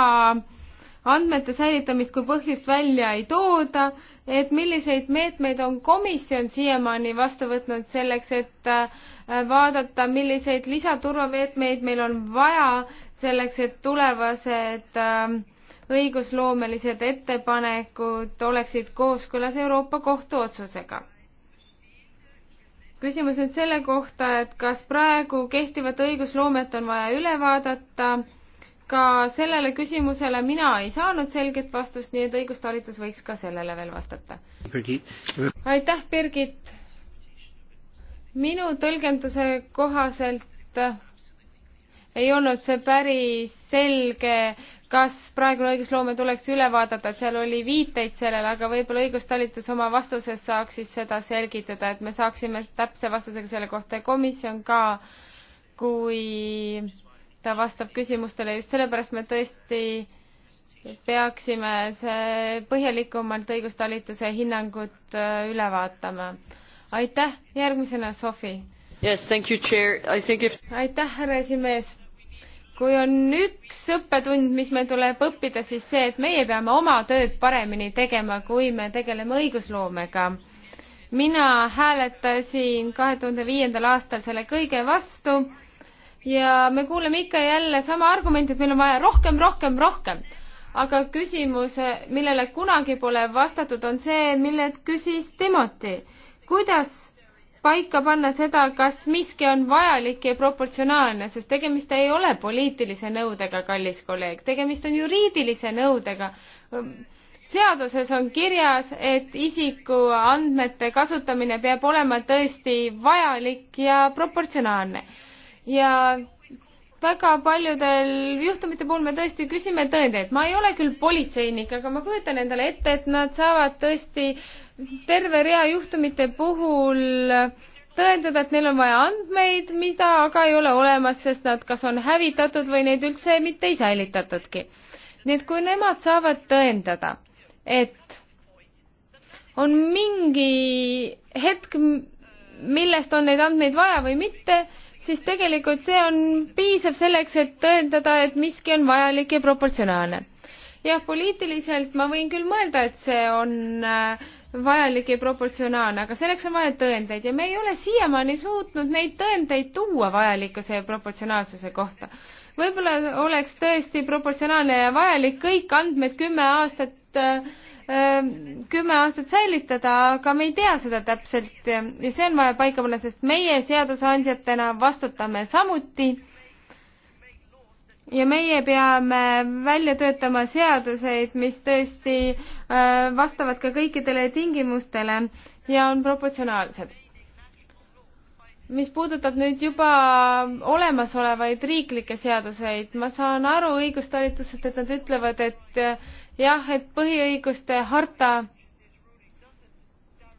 [SPEAKER 3] andmete säilitamist kui põhjust välja ei tooda, et milliseid meetmeid on komisjon siiamaani vastu võtnud selleks, et äh, vaadata, milliseid lisaturvameetmeid meil on vaja selleks, et tulevased äh, õigusloomelised ettepanekud oleksid kooskõlas Euroopa Kohtu otsusega küsimus nüüd selle kohta, et kas praegu kehtivat õigusloomet on vaja üle vaadata. ka sellele küsimusele mina ei saanud selget vastust, nii et õigustalitus võiks ka sellele veel vastata. aitäh, Birgit. minu tõlgenduse kohaselt ei olnud see päris selge kas praegune õigusloome tuleks üle vaadata, et seal oli viiteid sellele, aga võib-olla õigustalitus oma vastuses saaks siis seda selgitada, et me saaksime täpse vastusega selle kohta ja komisjon ka, kui ta vastab küsimustele, just sellepärast me tõesti peaksime see põhjalikumalt õigustalituse hinnangut äh, üle vaatama. aitäh, järgmisena Sofi.
[SPEAKER 2] Yes, thank you, chair. I think if...
[SPEAKER 3] aitäh, härra esimees kui on üks õppetund, mis meil tuleb õppida, siis see, et meie peame oma tööd paremini tegema, kui me tegeleme õigusloomega. mina hääletasin kahe tuhande viiendal aastal selle kõige vastu ja me kuuleme ikka ja jälle sama argumenti, et meil on vaja rohkem, rohkem, rohkem. aga küsimus, millele kunagi pole vastatud, on see, mille küsis Timoti. kuidas paika panna seda, kas miski on vajalik ja proportsionaalne, sest tegemist ei ole poliitilise nõudega, kallis kolleeg, tegemist on juriidilise nõudega. seaduses on kirjas, et isikuandmete kasutamine peab olema tõesti vajalik ja proportsionaalne. ja väga paljudel juhtumite puhul me tõesti küsime tõendeid. ma ei ole küll politseinik, aga ma kujutan endale ette, et nad saavad tõesti äh, terve rea juhtumite puhul tõendada, et neil on vaja andmeid, mida aga ei ole olemas, sest nad kas on hävitatud või neid üldse mitte ei säilitatudki. nii et kui nemad saavad tõendada, et on mingi hetk, millest on neid andmeid vaja või mitte, siis tegelikult see on piisav selleks, et tõendada, et miski on vajalik ja proportsionaalne. jah, poliitiliselt ma võin küll mõelda, et see on äh, vajalik ja proportsionaalne, aga selleks on vaja tõendeid ja me ei ole siiamaani suutnud neid tõendeid tuua vajalikkuse ja proportsionaalsuse kohta. võib-olla oleks tõesti proportsionaalne ja vajalik kõik andmed kümme aastat äh, äh kümme aastat säilitada, aga me ei tea seda täpselt ja see on vaja paika panna, sest meie seadusandjatena vastutame samuti ja meie peame välja töötama seaduseid, mis tõesti äh, vastavad ka kõikidele tingimustele ja on proportsionaalsed. mis puudutab nüüd juba olemasolevaid riiklikke seaduseid, ma saan aru õigustalitusest, et nad ütlevad, et äh, jah, et põhiõiguste harta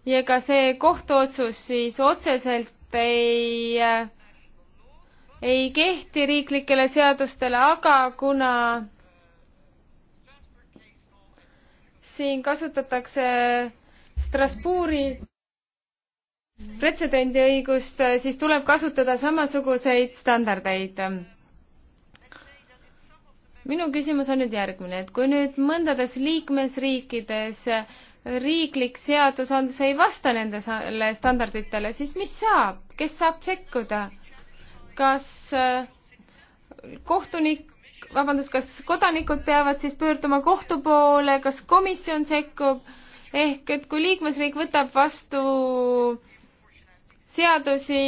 [SPEAKER 3] ja ka see kohtuotsus siis otseselt ei äh, ei kehti riiklikele seadustele, aga kuna siin kasutatakse Strasbourgi pretsedendiõigust, siis tuleb kasutada samasuguseid standardeid. minu küsimus on nüüd järgmine, et kui nüüd mõndades liikmesriikides riiklik seadusandlus ei vasta nendele standarditele, siis mis saab, kes saab sekkuda? kas äh, kohtunik, vabandust, kas kodanikud peavad siis pöörduma kohtu poole, kas komisjon sekkub, ehk et kui liikmesriik võtab vastu seadusi,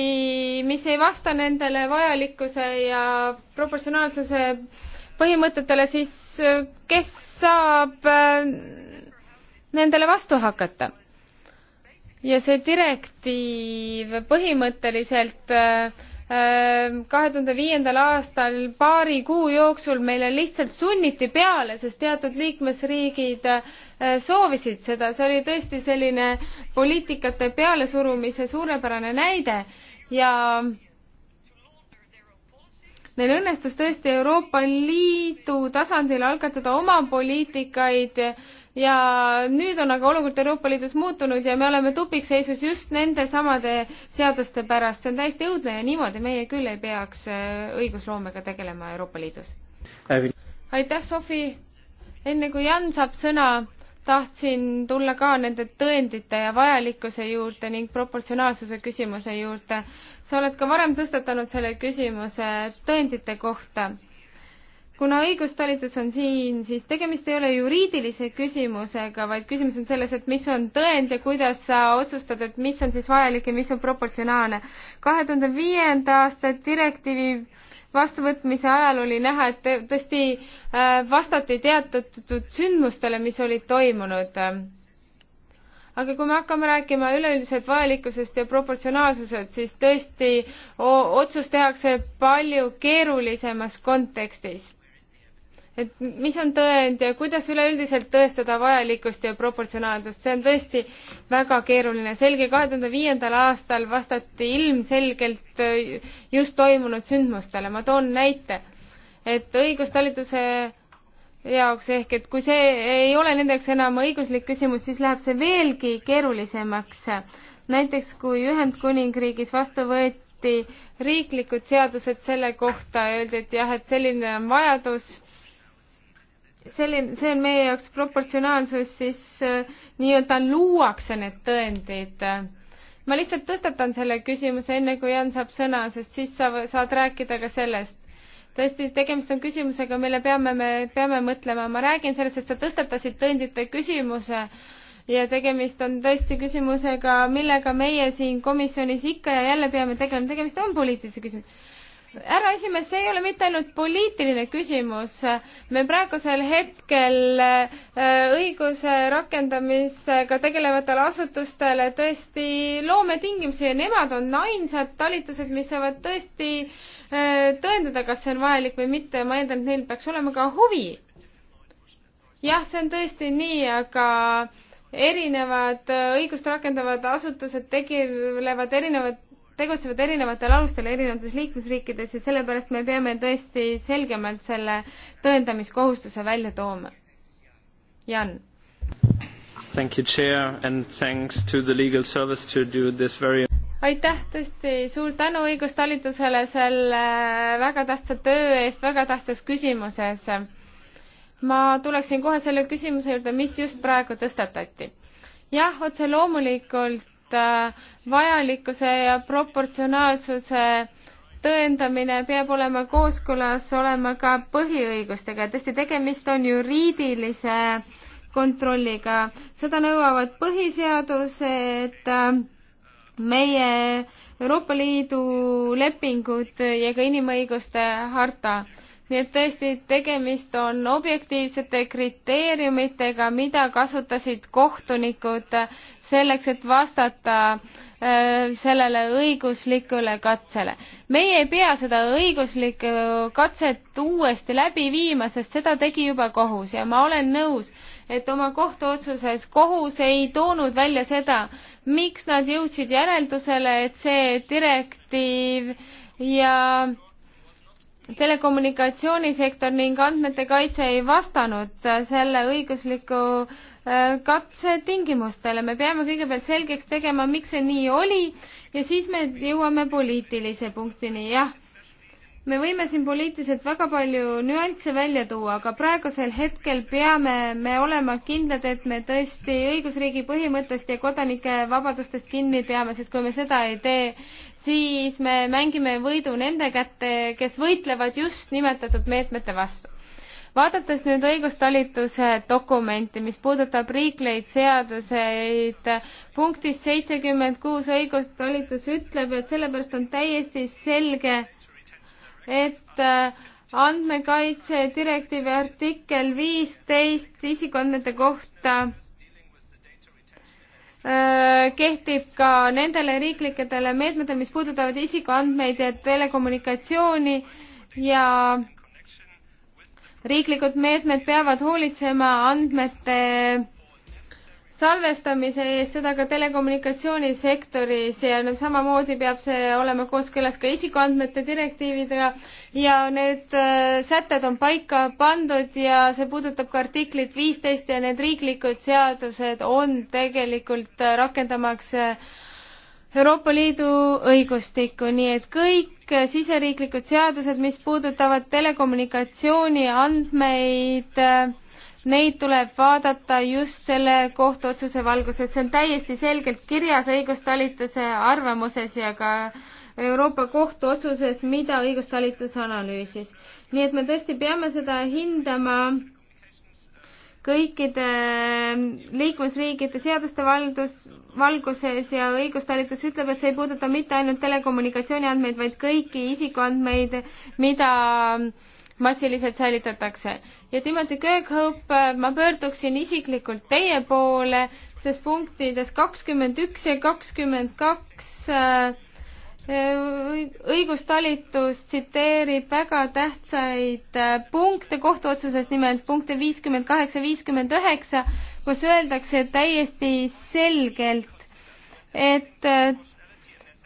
[SPEAKER 3] mis ei vasta nendele vajalikkuse ja proportsionaalsuse põhimõtetele, siis äh, kes saab äh, nendele vastu hakata? ja see direktiiv põhimõtteliselt äh, kahe tuhande viiendal aastal paari kuu jooksul meile lihtsalt sunniti peale, sest teatud liikmesriigid äh, soovisid seda, see oli tõesti selline poliitikate pealesurumise suurepärane näide ja neil õnnestus tõesti Euroopa Liidu tasandil algatada oma poliitikaid ja nüüd on aga olukord Euroopa Liidus muutunud ja me oleme tupikseisus just nende samade seaduste pärast, see on täiesti õudne ja niimoodi meie küll ei peaks äh, õigusloomega tegelema Euroopa Liidus. aitäh, Sofi! enne kui Jan saab sõna, tahtsin tulla ka nende tõendite ja vajalikkuse juurde ning proportsionaalsuse küsimuse juurde. sa oled ka varem tõstatanud selle küsimuse tõendite kohta kuna õigustalitus on siin, siis tegemist ei ole juriidilise küsimusega, vaid küsimus on selles, et mis on tõend ja kuidas sa otsustad, et mis on siis vajalik ja mis on proportsionaalne. kahe tuhande viienda aasta direktiivi vastuvõtmise ajal oli näha, et tõesti äh, vastati teatud sündmustele, mis olid toimunud aga kui me hakkame rääkima üleüldiselt vajalikkusest ja proportsionaalsusest, siis tõesti otsus tehakse palju keerulisemas kontekstis et mis on tõend ja kuidas üleüldiselt tõestada vajalikkust ja proportsionaalsust, see on tõesti väga keeruline. selge, kahe tuhande viiendal aastal vastati ilmselgelt äh, just toimunud sündmustele. ma toon näite, et õigustalituse jaoks ehk et kui see ei ole nendeks enam õiguslik küsimus, siis läheb see veelgi keerulisemaks. näiteks kui Ühendkuningriigis vastu võeti riiklikud seadused selle kohta ja öeldi, et jah, et selline on vajadus selline, see on meie jaoks proportsionaalsus, siis äh, nii-öelda luuakse need tõendid. ma lihtsalt tõstatan selle küsimuse enne, kui Jan saab sõna, sest siis sa saad rääkida ka sellest. tõesti, tegemist on küsimusega, mille peame me, peame mõtlema, ma räägin sellest, sest sa tõstatasid tõendite küsimuse ja tegemist on tõesti küsimusega, millega meie siin komisjonis ikka ja jälle peame tegelema, tegemist on poliitilise küsimusega härra esimees, see ei ole mitte ainult poliitiline küsimus, me praegusel hetkel äh, õiguse rakendamisega tegelevatele asutustele tõesti loome tingimusi ja nemad on ainsad talitused, mis saavad tõesti äh, tõendada, kas see on vajalik või mitte ja ma eeldan, et neil peaks olema ka huvi. jah, see on tõesti nii, aga erinevad äh, õigust rakendavad asutused tegelevad erinevat tegutsevad erinevatel alustel erinevates liikmesriikides ja sellepärast me peame tõesti selgemalt selle tõendamiskohustuse välja tooma. Jan.
[SPEAKER 1] Thank you, Chair, and thanks to the legal service to do this very
[SPEAKER 3] aitäh tõesti, suur tänu õigustalitusele selle väga tähtsa töö eest väga tähtsas küsimuses. ma tuleksin kohe selle küsimuse juurde, mis just praegu tõstatati. jah, otse loomulikult Äh, vajalikkuse ja proportsionaalsuse tõendamine peab olema kooskõlas olema ka põhiõigustega, tõesti tegemist on juriidilise kontrolliga, seda nõuavad põhiseadused, meie Euroopa Liidu lepingud ja ka inimõiguste harta nii et tõesti, tegemist on objektiivsete kriteeriumitega, mida kasutasid kohtunikud selleks, et vastata äh, sellele õiguslikule katsele. meie ei pea seda õiguslikku katset uuesti läbi viima, sest seda tegi juba kohus ja ma olen nõus, et oma kohtuotsuses kohus ei toonud välja seda, miks nad jõudsid järeldusele, et see direktiiv ja äh, telekommunikatsioonisektor ning andmete kaitse ei vastanud äh, selle õigusliku äh, katse tingimustele. me peame kõigepealt selgeks tegema, miks see nii oli ja siis me jõuame poliitilise punktini, jah. me võime siin poliitiliselt väga palju nüansse välja tuua, aga praegusel hetkel peame me olema kindlad, et me tõesti õigusriigi põhimõttest ja kodanike vabadustest kinni peame, sest kui me seda ei tee, siis me mängime võidu nende kätte, kes võitlevad just nimetatud meetmete vastu. vaadates nüüd õigustalituse dokumenti, mis puudutab riikleid seaduseid, punktis seitsekümmend kuus õigustalitus ütleb, et sellepärast on täiesti selge, et äh, andmekaitse direktiivi artikkel viisteist isikuandmete kohta Äh, kehtib ka nendele riiklikele meetmetele, mis puudutavad isikuandmeid ja telekommunikatsiooni ja riiklikud meetmed peavad hoolitsema andmete salvestamise eest, seda ka telekommunikatsioonisektoris ja nüüd samamoodi peab see olema kooskõlas ka isikuandmete direktiividega ja need äh, sätted on paika pandud ja see puudutab ka artiklit viisteist ja need riiklikud seadused on tegelikult äh, rakendamaks äh, Euroopa Liidu õigustikku, nii et kõik siseriiklikud seadused, mis puudutavad telekommunikatsiooni andmeid, Neid tuleb vaadata just selle kohtuotsuse valguses, see on täiesti selgelt kirjas õigustalituse arvamuses ja ka Euroopa Kohtu otsuses, mida õigustalitus analüüsis. nii et me tõesti peame seda hindama kõikide liikmesriikide seaduste valdus, valguses ja õigustalitus ütleb, et see ei puuduta mitte ainult telekommunikatsiooni andmeid, vaid kõiki isikuandmeid, mida äh, massiliselt säilitatakse. ja Timothy Kirkhope, äh, ma pöörduksin isiklikult teie poole, sest punktides kakskümmend üks ja kakskümmend kaks äh, õigustalitus tsiteerib väga tähtsaid äh, punkte kohtuotsusest, nimelt punkte viiskümmend kaheksa, viiskümmend üheksa, kus öeldakse täiesti selgelt, et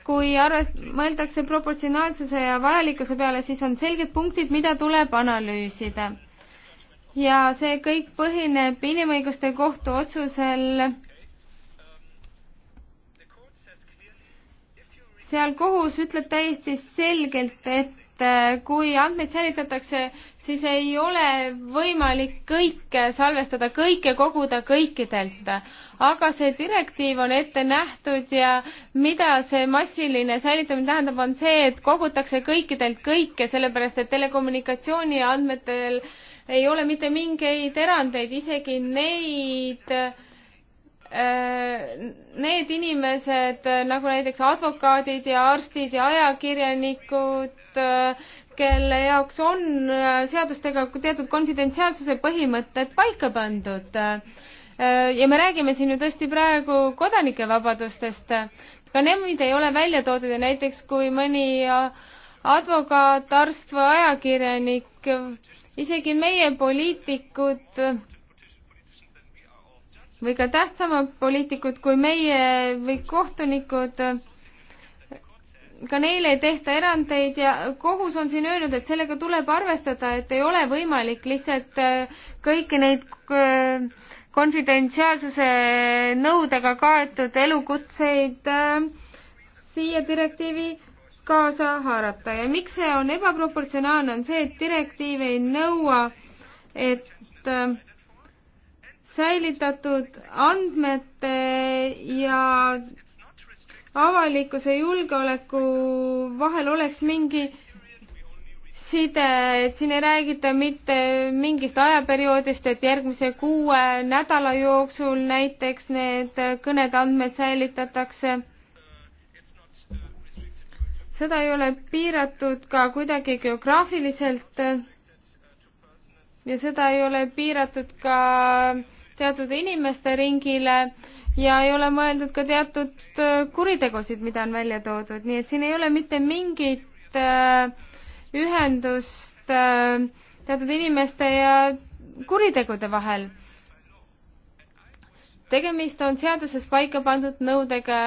[SPEAKER 3] kui arvest-, mõeldakse proportsionaalsuse ja vajalikkuse peale, siis on selged punktid, mida tuleb analüüsida. ja see kõik põhineb Inimõiguste Kohtu otsusel. seal kohus ütleb täiesti selgelt, et äh, kui andmeid säilitatakse siis ei ole võimalik kõike salvestada, kõike koguda kõikidelt. aga see direktiiv on ette nähtud ja mida see massiline säilitamine tähendab, on see, et kogutakse kõikidelt kõike, sellepärast et telekommunikatsiooni andmetel ei ole mitte mingeid erandeid, isegi neid äh, Need inimesed nagu näiteks advokaadid ja arstid ja ajakirjanikud, äh, kelle jaoks on äh, seadustega teatud konfidentsiaalsuse põhimõtted paika pandud. Äh, ja me räägime siin ju tõesti praegu kodanike vabadustest. ka nemad ei ole välja toodud ja näiteks kui mõni äh, advokaat, arst või ajakirjanik, isegi meie poliitikud või ka tähtsamad poliitikud kui meie või kohtunikud ka neile ei tehta erandeid ja kohus on siin öelnud, et sellega tuleb arvestada, et ei ole võimalik lihtsalt äh, kõiki neid äh, konfidentsiaalsuse nõudega kaetud elukutseid äh, siia direktiivi kaasa haarata ja miks see on ebaproportsionaalne, on see, et direktiiv ei nõua, et säilitatud andmete ja avalikkuse julgeoleku vahel oleks mingi side, et siin ei räägita mitte mingist ajaperioodist, et järgmise kuue nädala jooksul näiteks need kõnede andmed säilitatakse. seda ei ole piiratud ka kuidagi geograafiliselt ja seda ei ole piiratud ka teatud inimeste ringile ja ei ole mõeldud ka teatud äh, kuritegusid, mida on välja toodud, nii et siin ei ole mitte mingit äh, ühendust äh, teatud inimeste ja kuritegude vahel. tegemist on seaduses paika pandud nõudega.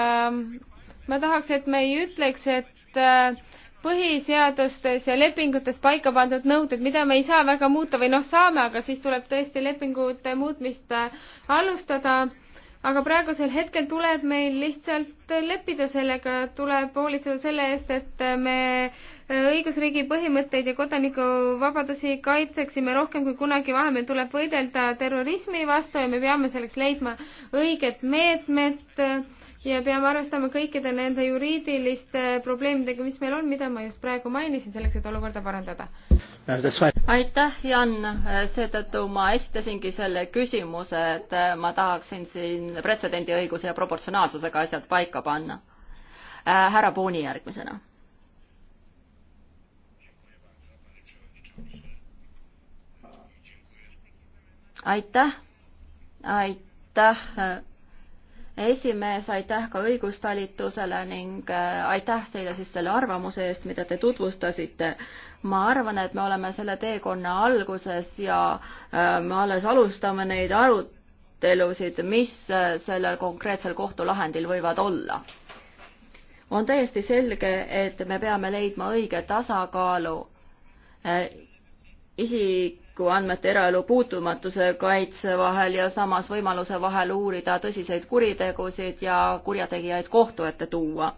[SPEAKER 3] ma tahaks, et me ei ütleks, et äh, põhiseadustes ja lepingutes paika pandud nõuded, mida me ei saa väga muuta või noh, saame, aga siis tuleb tõesti lepingute muutmist äh, alustada aga praegusel hetkel tuleb meil lihtsalt leppida sellega, tuleb hoolitseda selle eest, et me õigusriigi põhimõtteid ja kodanikuvabadusi kaitseksime rohkem kui kunagi varem. meil tuleb võidelda terrorismi vastu ja me peame selleks leidma õiged meetmed meet, ja peame arvestama kõikide nende juriidiliste probleemidega, mis meil on, mida ma just praegu mainisin, selleks, et olukorda parandada. aitäh, Jan, seetõttu ma esitasingi selle
[SPEAKER 2] küsimuse, et ma tahaksin siin pretsedendiõiguse ja proportsionaalsusega asjad paika panna. Äh, härra Puuni järgmisena. aitäh, aitäh esimees, aitäh ka õigustalitusele ning äh, aitäh teile siis selle arvamuse eest, mida te tutvustasite. ma arvan, et me oleme selle teekonna alguses ja äh, me alles alustame neid arutelusid, mis äh, sellel konkreetsel kohtulahendil võivad olla. on täiesti selge, et me peame leidma õige tasakaalu isik isikuandmete eraelu puutumatuse kaitse vahel ja samas võimaluse vahel uurida tõsiseid kuritegusid ja kurjategijaid kohtu ette tuua.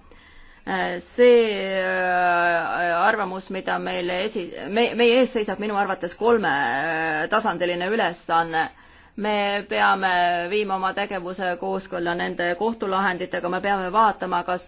[SPEAKER 2] see äh, arvamus, mida meile esi-, me, meie ees seisab minu arvates kolmetasandiline ülesanne me peame viima oma tegevuse kooskõlla nende kohtulahenditega, me peame vaatama, kas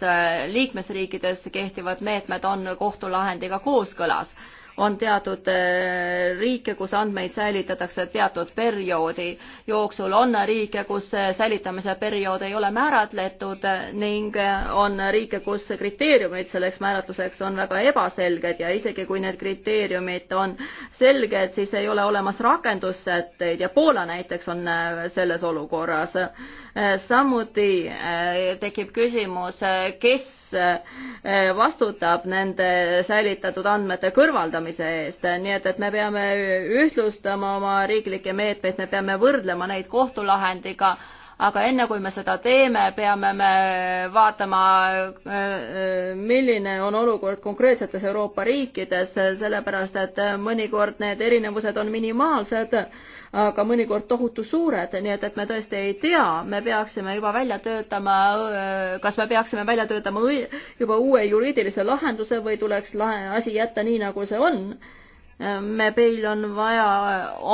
[SPEAKER 2] liikmesriikides kehtivad meetmed on kohtulahendiga kooskõlas on teatud eh, riike, kus andmeid säilitatakse teatud perioodi jooksul, on riike, kus säilitamise periood ei ole määratletud ning on riike, kus kriteeriumid selleks määratluseks on väga ebaselged ja isegi kui need kriteeriumid on selged, siis ei ole olemas rakendussätteid ja Poola näiteks on eh, selles olukorras Äh, samuti äh, tekib küsimus, äh, kes vastutab nende säilitatud andmete kõrvaldamise eest, nii et, et me peame ühtlustama oma riiklikke meetmeid, me peame võrdlema neid kohtulahendiga, aga enne kui me seda teeme, peame me vaatama, milline on olukord konkreetsetes Euroopa riikides, sellepärast et mõnikord need erinevused on minimaalsed aga mõnikord tohutu suured, nii et, et me tõesti ei tea, me peaksime juba välja töötama, kas me peaksime välja töötama juba uue juriidilise lahenduse või tuleks asi jätta nii, nagu see on. me, meil on vaja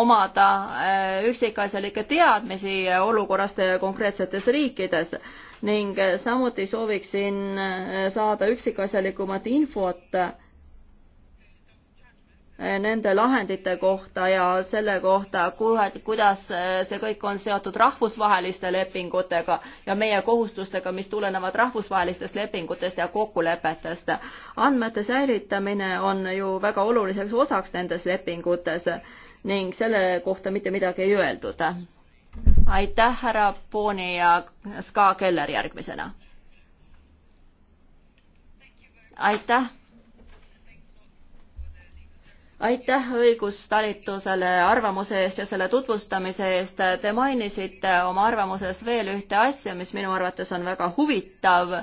[SPEAKER 2] omada äh, üksikasjalikke teadmisi olukorrast äh, konkreetsetes riikides ning samuti sooviksin äh, saada üksikasjalikumat infot nende lahendite kohta ja selle kohta, kuidas äh, see kõik on seotud rahvusvaheliste lepingutega ja meie kohustustega, mis tulenevad rahvusvahelistest lepingutest ja kokkulepetest. andmete säilitamine on ju väga oluliseks osaks nendes lepingutes ning selle kohta mitte midagi ei öeldud. aitäh, härra Pooni ja Ska Keller järgmisena. aitäh aitäh õigustalitusele arvamuse eest ja selle tutvustamise eest. Te mainisite oma arvamuses veel ühte asja, mis minu arvates on väga huvitav,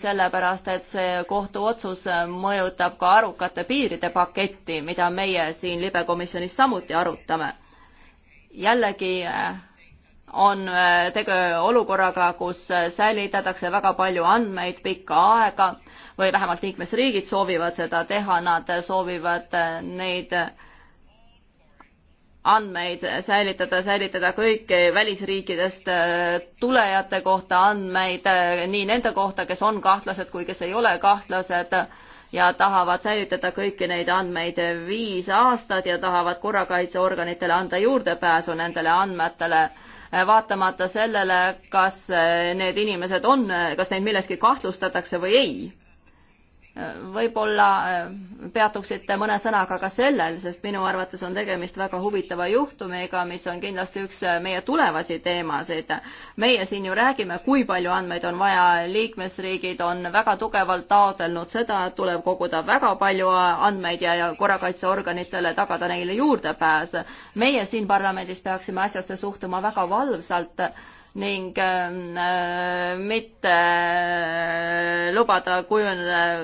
[SPEAKER 2] sellepärast et see kohtuotsus mõjutab ka arukate piiride paketti, mida meie siin libekomisjonis samuti arutame. jällegi on äh, tegu olukorraga, kus äh, säilitatakse väga palju andmeid pikka aega või vähemalt liikmesriigid soovivad seda teha, nad soovivad äh, neid andmeid säilitada, säilitada kõiki välisriikidest tulejate kohta andmeid, nii nende kohta, kes on kahtlased kui kes ei ole kahtlased ja tahavad säilitada kõiki neid andmeid viis aastat ja tahavad korrakaitseorganitele anda juurdepääsu nendele andmetele vaatamata sellele, kas need inimesed on, kas neid milleski kahtlustatakse või ei võib-olla äh, peatuksite mõne sõnaga ka sellel, sest minu arvates on tegemist väga huvitava juhtumiga, mis on kindlasti üks äh, meie tulevasi teemasid. meie siin ju räägime, kui palju andmeid on vaja, liikmesriigid on väga tugevalt taotlenud seda, et tuleb koguda väga palju äh, andmeid ja, ja korrakaitseorganitele tagada neile juurdepääs. meie siin parlamendis peaksime asjasse suhtuma väga valvsalt ning ähm, äh, mitte äh, lubada kujuneda,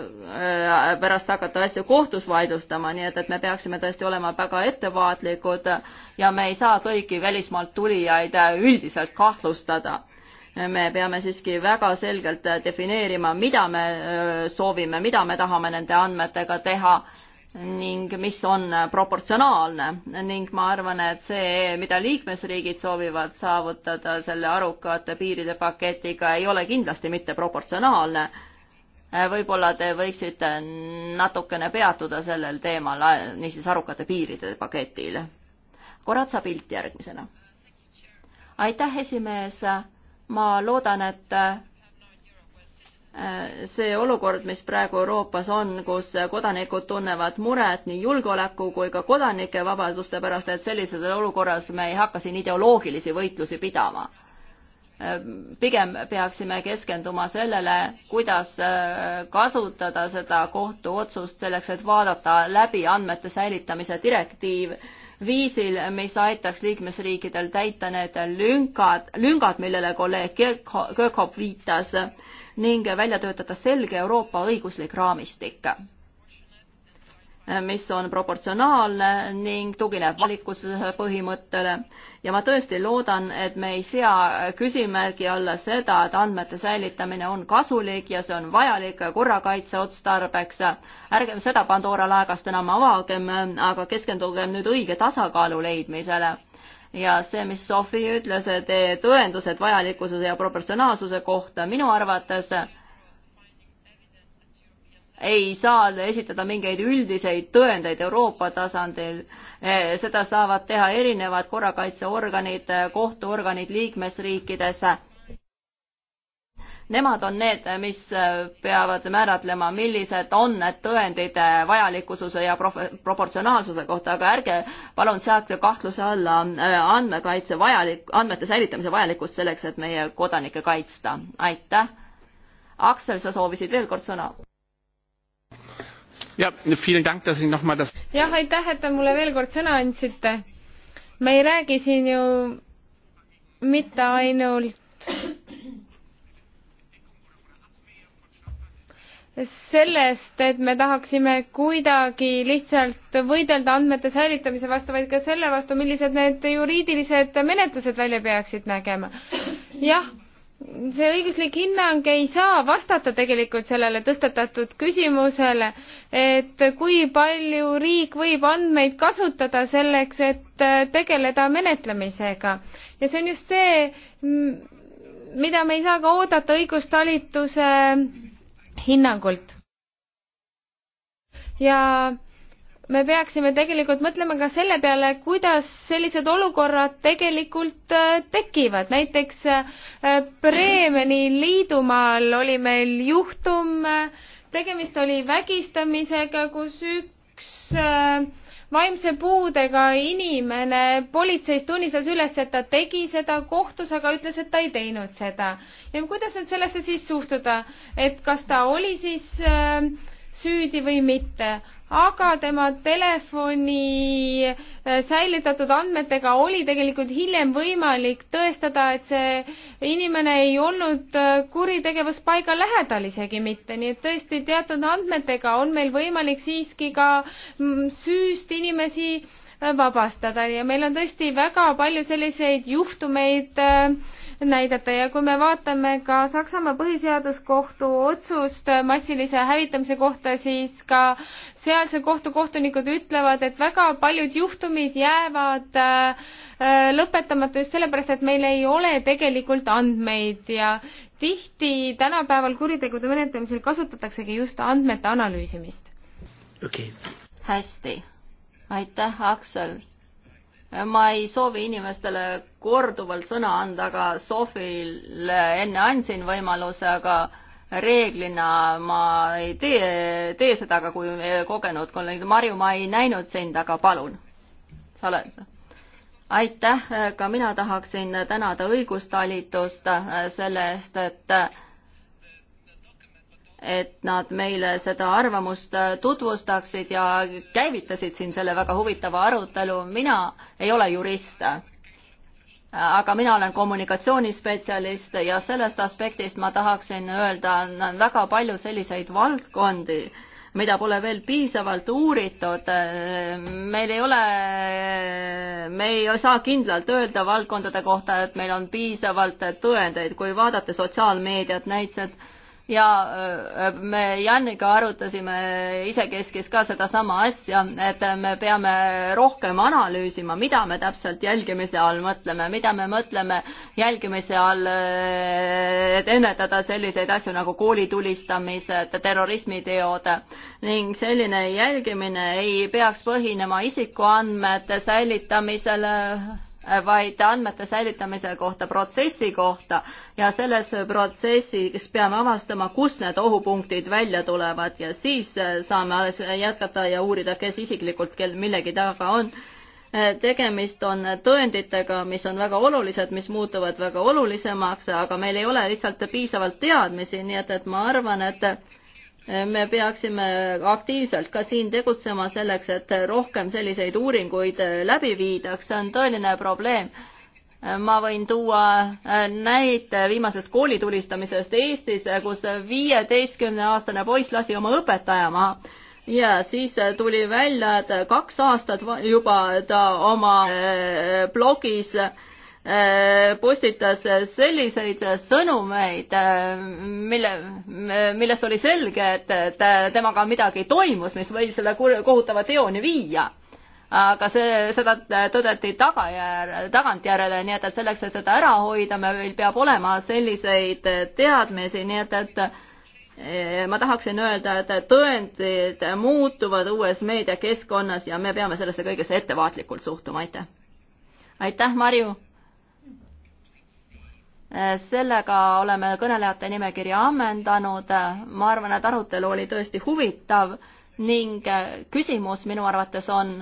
[SPEAKER 2] äh, pärast hakata asju kohtus vaidlustama, nii et, et me peaksime tõesti olema väga ettevaatlikud ja me ei saa kõiki välismaalt tulijaid üldiselt kahtlustada me peame siiski väga selgelt defineerima, mida me soovime, mida me tahame nende andmetega teha ning mis on proportsionaalne ning ma arvan, et see, mida liikmesriigid soovivad saavutada selle arukate piiride paketiga, ei ole kindlasti mitte proportsionaalne. võib-olla te võiksite natukene peatuda sellel teemal, äh, niisiis arukate piiride paketil. Koratsa pilt järgmisena. aitäh, esimees. ma loodan, et Äh, see olukord, mis praegu Euroopas on, kus kodanikud tunnevad muret nii julgeoleku kui ka kodanike vabaduste pärast, et sellises olukorras me ei hakka siin ideoloogilisi võitlusi pidama. Äh, pigem peaksime keskenduma sellele, kuidas äh, kasutada seda kohtuotsust selleks, et vaadata läbi andmete säilitamise direktiiv viisil, mis aitaks liikmesriikidel täita need lünkad, lüngad, millele kolleeg Kirk-, Kirkhoff viitas ning välja töötada selge Euroopa õiguslik raamistik, mis on proportsionaalne ning tugineb valikuspõhimõttele ja ma tõesti loodan, et me ei sea küsimärgi alla seda, et andmete säilitamine on kasulik ja see on vajalik korrakaitse otstarbeks. ärgem seda Pandora laegast enam avagem, aga keskendugem nüüd õige tasakaalu leidmisele ja see, mis Sofi ütles, et tõendused vajalikkuse ja proportsionaalsuse kohta, minu arvates ei saa esitada mingeid üldiseid tõendeid Euroopa tasandil. Eh, seda saavad teha erinevad korrakaitseorganid, kohtuorganid liikmesriikides Nemad on need, mis äh, peavad määratlema, millised on need tõendid äh, vajalikkususe ja proportsionaalsuse kohta, aga ärge palun seake kahtluse alla äh, andmekaitse vajalik, andmete säilitamise vajalikkust selleks, et meie kodanikke kaitsta. aitäh. Aksel,
[SPEAKER 3] sa soovisid veel kord sõna? jah, aitäh, et te mulle veel kord sõna andsite. me ei räägi siin ju mitte ainult sellest, et me tahaksime kuidagi lihtsalt võidelda andmete säilitamise vastu, vaid ka selle vastu, millised need juriidilised menetlused välja peaksid nägema. jah, see õiguslik hinnang ei saa vastata tegelikult sellele tõstatatud küsimusele, et kui palju riik võib andmeid kasutada selleks, et tegeleda menetlemisega. ja see on just see, mida me ei saa ka oodata õigustalituse hinnangult. ja me peaksime tegelikult mõtlema ka selle peale, kuidas sellised olukorrad tegelikult äh, tekivad. näiteks äh, Bremeni liidumaal oli meil juhtum, äh, tegemist oli vägistamisega, kus üks vaimse puudega inimene politseis tunnistas üles, et ta tegi seda, kohtus aga ütles, et ta ei teinud seda. ja kuidas nüüd sellesse siis suhtuda, et kas ta oli siis äh, süüdi või mitte, aga tema telefoni äh, säilitatud andmetega oli tegelikult hiljem võimalik tõestada, et see inimene ei olnud äh, kuritegevuspaiga lähedal isegi mitte, nii et tõesti teatud andmetega on meil võimalik siiski ka mm, süüst inimesi äh, vabastada ja meil on tõesti väga palju selliseid juhtumeid äh, näidata ja kui me vaatame ka Saksamaa põhiseaduskohtu otsust massilise hävitamise kohta, siis ka sealse kohtu kohtunikud ütlevad, et väga paljud juhtumid jäävad äh, lõpetamata just sellepärast, et meil ei ole tegelikult andmeid ja tihti tänapäeval kuritegude menetlemisel kasutataksegi just andmete analüüsimist. okei okay.. hästi,
[SPEAKER 2] aitäh, Aksel ma ei soovi inimestele korduvalt sõna anda, aga Sofile enne andsin võimaluse, aga reeglina ma ei tee, tee seda, aga kui kogenud kolleeg Marju, ma ei näinud sind, aga palun, sa oled aitäh, ka mina tahaksin tänada õigustalitust selle eest, et et nad meile seda arvamust äh, tutvustaksid ja käivitasid siin selle väga huvitava arutelu. mina ei ole jurist, äh, aga mina olen kommunikatsioonispetsialist ja sellest aspektist ma tahaksin öelda, on väga palju selliseid valdkondi, mida pole veel piisavalt uuritud. meil ei ole, me ei saa kindlalt öelda valdkondade kohta, et meil on piisavalt tõendeid, kui vaadata sotsiaalmeediat näiteks, et ja äh, äh, me Janiga arutasime isekeskis ka sedasama asja, et me peame rohkem analüüsima, mida me täpselt jälgimise all mõtleme, mida me mõtleme jälgimise all, äh, et ennetada selliseid asju nagu koolitulistamised, terrorismiteod ning selline jälgimine ei peaks põhinema isikuandmete säilitamisele Äh, vaid andmete säilitamise kohta, protsessi kohta ja selles protsessis peame avastama, kus need ohupunktid välja tulevad ja siis äh, saame alles jätkata ja uurida, kes isiklikult kel millegi taga on. Äh, tegemist on tõenditega, mis on väga olulised, mis muutuvad väga olulisemaks, aga meil ei ole lihtsalt piisavalt teadmisi, nii et, et ma arvan, et me peaksime aktiivselt ka siin tegutsema selleks, et rohkem selliseid uuringuid äh, läbi viidaks, see on tõeline probleem. ma võin tuua äh, näite viimasest koolitulistamisest Eestis, äh, kus viieteistkümneaastane poiss lasi oma õpetaja maha ja siis tuli välja, et kaks aastat juba ta oma blogis äh, Äh, postitas selliseid sõnumeid, äh, mille, millest oli selge, et äh, temaga midagi toimus, mis võis selle kohutava teoni viia. aga see, seda tõdeti tagajärg, tagantjärele, nii et, et selleks, et seda ära hoida, meil peab olema selliseid teadmisi, nii et, et ma tahaksin öelda, et tõendid muutuvad uues meediakeskkonnas ja me peame sellesse kõigesse ettevaatlikult suhtuma, aitäh. aitäh, Marju Eh, sellega oleme kõnelejate nimekirja ammendanud. ma arvan, et arutelu oli tõesti huvitav ning eh, küsimus minu arvates on,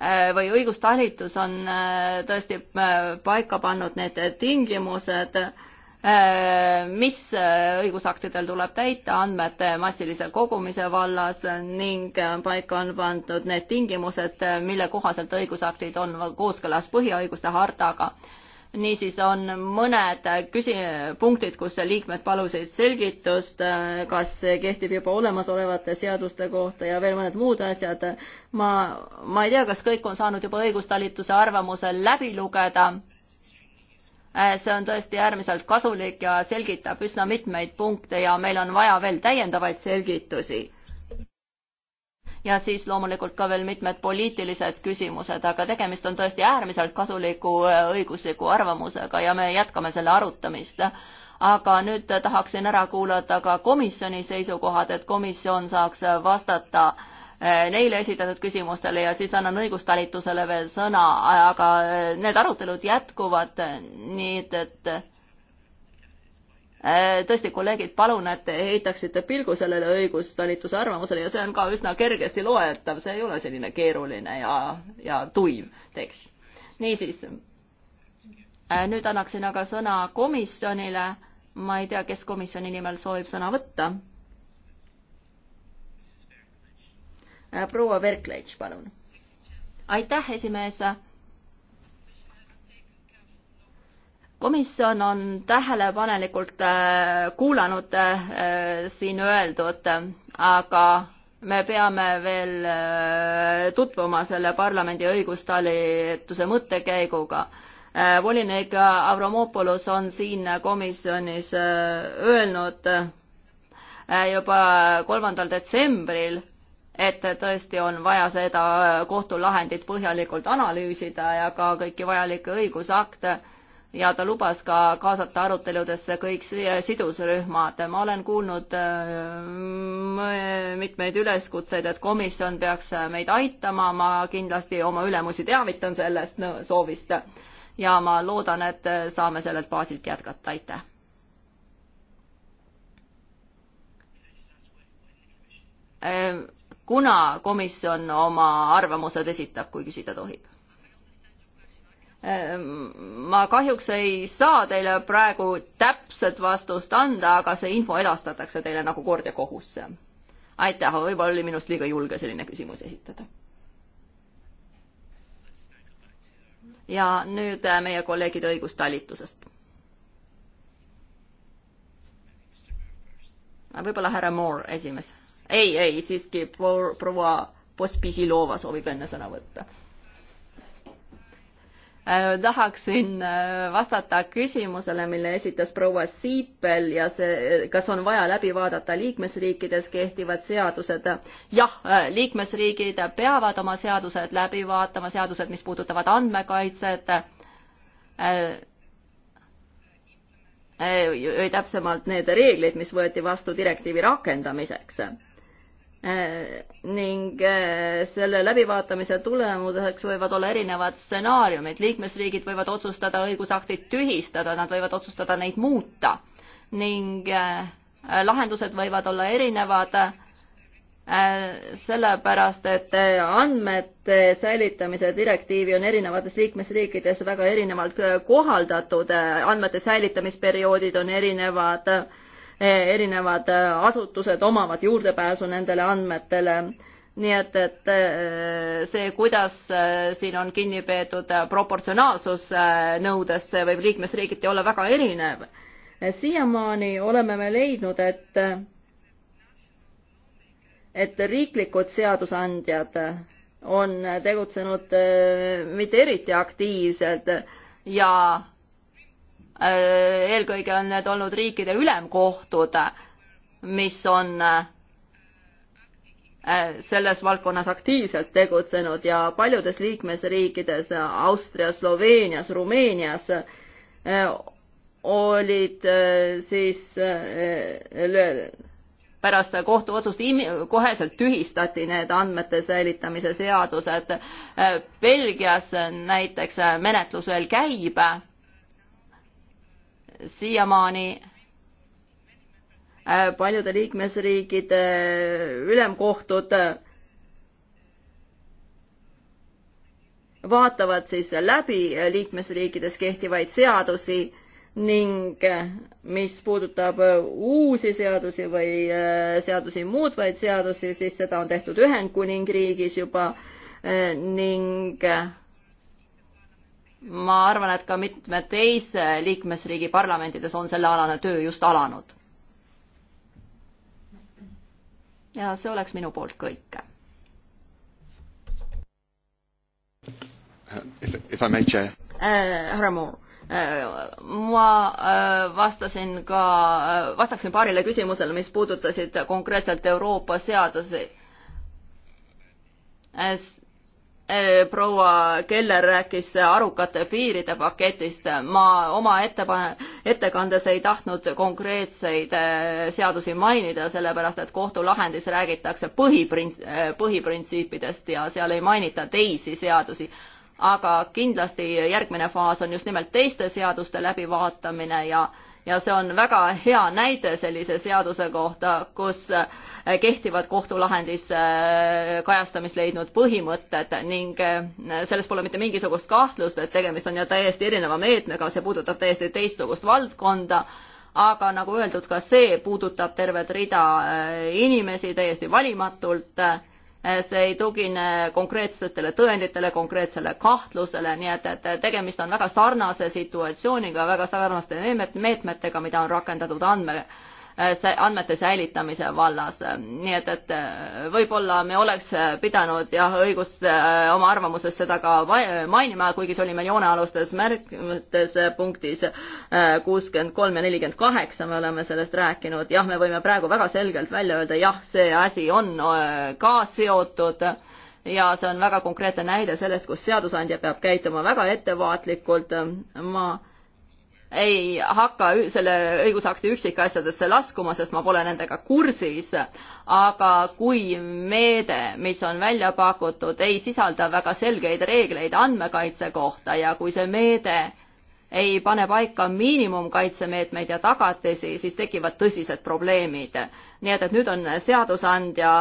[SPEAKER 2] eh, või õigustalitus on tõesti paika pannud need tingimused Äh, mis äh, õigusaktidel tuleb täita andmete massilise kogumise vallas ning äh, paika on pandud need tingimused, mille kohaselt õigusaktid on kooskõlas põhiõiguste hartaga. niisiis on mõned küsi-, punktid, kus liikmed palusid selgitust, kas see kehtib juba olemasolevate seaduste kohta ja veel mõned muud asjad. ma, ma ei tea, kas kõik on saanud juba õigustalituse arvamuse läbi lugeda Äh, see on tõesti äärmiselt kasulik ja selgitab üsna mitmeid punkte ja meil on vaja veel täiendavaid selgitusi. ja siis loomulikult ka veel mitmed poliitilised küsimused, aga tegemist on tõesti äärmiselt kasuliku äh, õigusliku arvamusega ja me jätkame selle arutamist aga nüüd tahaksin ära kuulata ka komisjoni seisukohad, et komisjon saaks vastata äh, Äh, neile esitatud küsimustele ja siis annan õigustalitusele veel sõna, aga äh, need arutelud jätkuvad, äh, nii et, et tõesti, kolleegid, palun, et te heitaksite pilgu sellele õigustalituse arvamusele ja see on ka üsna kergesti loetav, see ei ole selline keeruline ja, ja tuim tekst. niisiis, nüüd annaksin aga sõna komisjonile, ma ei tea, kes komisjoni nimel soovib sõna võtta Äh, proua Verkleitš, palun. aitäh, esimees. komisjon on tähelepanelikult äh, kuulanud äh, siin öeldut, aga me peame veel tutvuma selle parlamendi õigustalituse mõttekäiguga volinik Avramopoulos on siin komisjonis öelnud juba kolmandal detsembril, et tõesti on vaja seda kohtulahendit põhjalikult analüüsida ja ka kõiki vajalikke õigusakte ja ta lubas ka kaasata aruteludesse kõik sidusrühmad. ma olen kuulnud äh, mitmeid üleskutseid, et komisjon peaks meid aitama, ma kindlasti oma ülemusi teavitan sellest soovist ja ma loodan, et saame sellelt baasilt jätkata, aitäh. Äh, kuna komisjon oma arvamused esitab, kui küsida tohib? Ehm, ma kahjuks ei saa teile praegu täpset vastust anda, aga see info edastatakse teile nagu kord ja kohus. aitäh, võib-olla oli minust liiga julge selline küsimus esitada. ja nüüd äh, meie kolleegide õigustalitusest. võib-olla härra Moore esimees ei, ei, siiski proua Pospisilova soovib enne sõna võtta äh, tahaksin äh, vastata küsimusele, mille esitas proua Siipel ja see, kas on vaja läbi vaadata liikmesriikides kehtivad seadused. jah, äh, liikmesriigid peavad oma seadused läbi vaatama, seadused, mis puudutavad andmekaitset. või täpsemalt need reeglid, mis võeti vastu direktiivi rakendamiseks Äh, ning äh, selle läbivaatamise tulemuseks võivad olla erinevad stsenaariumid. liikmesriigid võivad otsustada õigusaktid tühistada, nad võivad otsustada neid muuta ning äh, lahendused võivad olla erinevad, sellepärast et andmete säilitamise direktiivi on erinevates liikmesriikides väga erinevalt kohaldatud, andmete säilitamisperioodid on erinevad Eh, erinevad eh, asutused omavad juurdepääsu nendele andmetele. nii et, et eh, see, kuidas siin on kinni peetud proportsionaalsusnõudesse, võib liikmesriigiti olla väga erinev. siiamaani oleme me leidnud, et et riiklikud seadusandjad on tegutsenud mitte eriti aktiivselt ja Äh, eelkõige on need olnud riikide ülemkohtud, mis on äh, selles valdkonnas aktiivselt tegutsenud ja paljudes liikmesriikides, Austrias, Sloveenias, Rumeenias äh, olid siis pärast kohtuotsust koheselt tühistati need andmete säilitamise seadused. Belgias näiteks menetlus veel käib siiamaani äh, paljude liikmesriikide äh, ülemkohtud äh, vaatavad siis läbi liikmesriikides kehtivaid seadusi ning mis puudutab uusi seadusi või seadusi muutvaid seadusi, siis seda on tehtud Ühendkuningriigis juba ning ma arvan, et ka mitme teise liikmesriigi parlamentides on sellealane töö just alanud. ja see oleks minu poolt kõik. Äh, härra Moore äh, ma äh, vastasin ka, vastaksin paarile küsimusele, mis puudutasid konkreetselt Euroopa seadusi. Eh, proua Keller rääkis arukate piiride paketist. ma oma ettepa-, ettekandes ei tahtnud konkreetseid eh, seadusi mainida, sellepärast et kohtulahendis räägitakse põhiprin-, eh, põhiprintsiipidest ja seal ei mainita teisi seadusi. aga kindlasti järgmine faas on just nimelt teiste seaduste läbivaatamine ja äh, ja see on väga hea näide sellise seaduse kohta, kus eh, kehtivad kohtulahendis eh, kajastamist leidnud põhimõtted ning eh, selles pole mitte mingisugust kahtlust, et tegemist on ju täiesti erineva meetmega, see puudutab täiesti teistsugust valdkonda aga nagu öeldud, ka see puudutab tervet rida inimesi täiesti valimatult Eh, see ei tugine konkreetsetele tõenditele, konkreetsele kahtlusele, nii et, et tegemist on väga sarnase situatsiooniga, väga sarnaste meetmetega, mida on rakendatud andme Äh, andmete säilitamise vallas. nii et, et äh, võib-olla me oleks pidanud jah, õigus äh, oma arvamuses seda ka mainima, kuigi see oli meil joonealustes märkmetes punktis kuuskümmend kolm ja nelikümmend kaheksa, me oleme sellest rääkinud, jah, me võime praegu väga selgelt välja öelda, jah, see asi on ka seotud ja see on väga konkreetne näide sellest, kus seadusandja peab käituma väga ettevaatlikult, ma ei hakka selle õigusakti üksikasjadesse laskuma, sest ma pole nendega kursis, aga kui meede, mis on välja pakutud, ei sisalda väga selgeid reegleid andmekaitse kohta ja kui see meede ei pane paika miinimumkaitsemeetmeid ja tagatisi, siis tekivad tõsised probleemid. nii et, et nüüd on seadusandja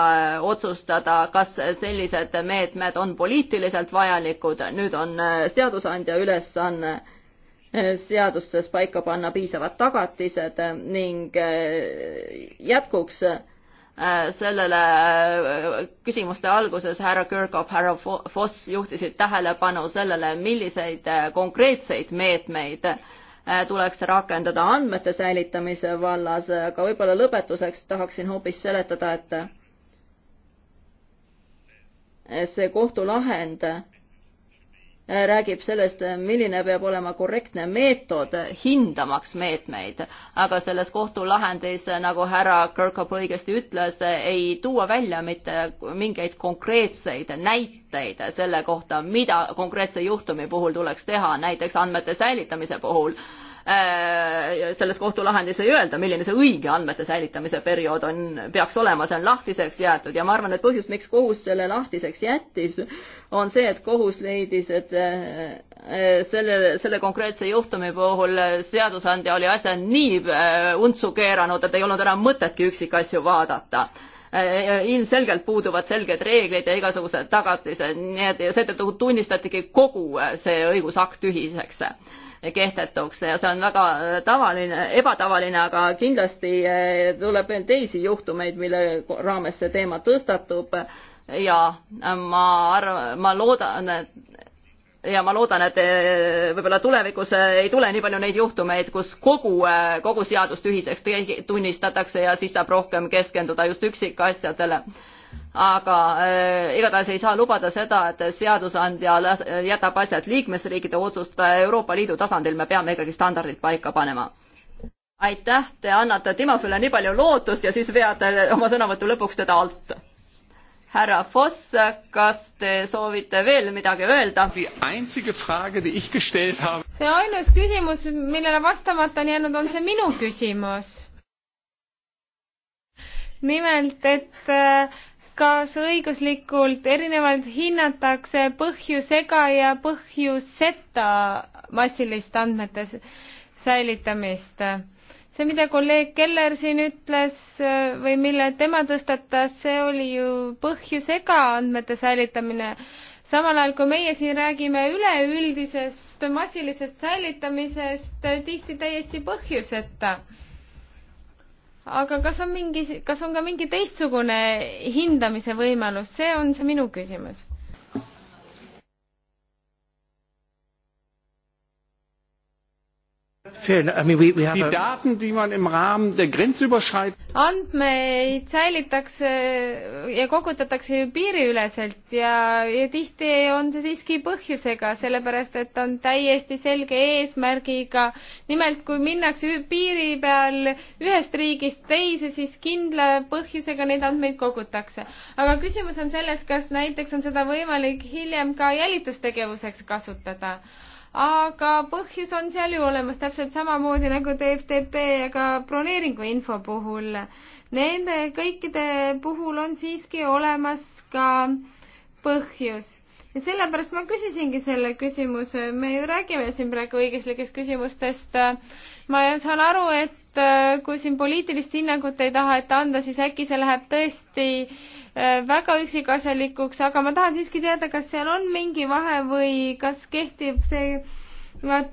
[SPEAKER 2] otsustada, kas sellised meetmed on poliitiliselt vajalikud, nüüd on seadusandja ülesanne seadustes paika panna piisavad tagatised ning eh, jätkuks eh, sellele eh, küsimuste alguses härra Kirkop, härra Foss juhtisid tähelepanu sellele, milliseid konkreetseid meetmeid tuleks rakendada andmete säilitamise vallas, aga võib-olla lõpetuseks tahaksin hoopis seletada, et see kohtulahend Äh, räägib sellest, äh, milline peab olema korrektne meetod hindamaks meetmeid, aga selles kohtulahendis, äh, nagu härra Kõrkop õigesti ütles, ei tuua välja mitte mingeid konkreetseid näiteid selle kohta, mida konkreetse juhtumi puhul tuleks teha, näiteks andmete säilitamise puhul Äh, selles kohtulahendis ei öelda, milline see õige andmete säilitamise periood on, peaks olema, see on lahtiseks jäetud ja ma arvan, et põhjus, miks kohus selle lahtiseks jättis, on see, et kohus leidis, et äh, selle, selle konkreetse juhtumi puhul seadusandja oli asja nii äh, untsu keeranud, et ei olnud enam mõtetki üksikasju vaadata ilmselgelt puuduvad selged reeglid ja igasugused tagatised, nii et seetõttu tunnistatigi kogu see õigusakt tühiseks kehtetuks ja see on väga äh, tavaline, ebatavaline, aga kindlasti äh, tuleb veel teisi juhtumeid, mille raames see teema tõstatub ja äh, ma arvan, ma loodan, et ja ma loodan, et võib-olla tulevikus ei tule nii palju neid juhtumeid, kus kogu, kogu seadus tühiseks tunnistatakse ja siis saab rohkem keskenduda just üksikasjadele aga äh, igatahes ei saa lubada seda, et seadusandja jätab asjad liikmesriikide otsustada, äh, Euroopa Liidu tasandil me peame ikkagi standardid paika panema. aitäh, te annate Timofile nii palju lootust ja siis veate oma sõnavõtu lõpuks teda alt.
[SPEAKER 3] härra Foss, kas te soovite veel midagi öelda? see ainus küsimus, millele vastamata on jäänud, on see minu küsimus. nimelt, et äh, kas õiguslikult erinevalt hinnatakse põhjusega ja põhjuseta massilist andmete säilitamist? see, mida kolleeg Keller siin ütles või mille tema tõstatas, see oli ju põhjusega andmete säilitamine. samal ajal, kui meie siin räägime üleüldisest massilisest säilitamisest, tihti täiesti põhjuseta aga kas on mingi, kas on ka mingi teistsugune hindamise võimalus, see on see minu küsimus
[SPEAKER 2] die
[SPEAKER 3] Daten, die man im
[SPEAKER 2] Rahmen der grenzüberschreitenden
[SPEAKER 3] andmeid säilitakse ja kogutatakse ju piiriüleselt ja, ja tihti on see siiski põhjusega, sellepärast et on täiesti selge eesmärgiga. nimelt, kui minnakse piiri peal ühest riigist teise, siis kindla põhjusega neid andmeid kogutakse. aga küsimus on selles, kas näiteks on seda võimalik hiljem ka jälitustegevuseks kasutada aga põhjus on seal ju olemas täpselt samamoodi nagu DFDP ja ka broneeringuinfo puhul. Nende kõikide puhul on siiski olemas ka põhjus ja sellepärast ma küsisingi selle küsimuse, me ju räägime siin praegu õiguslikest küsimustest. ma saan aru, et äh, kui siin poliitilist hinnangut ei taha, et anda, siis äkki see läheb tõesti äh, Äh, väga üksikasjalikuks, aga ma tahan siiski teada, kas seal on mingi vahe või kas kehtib see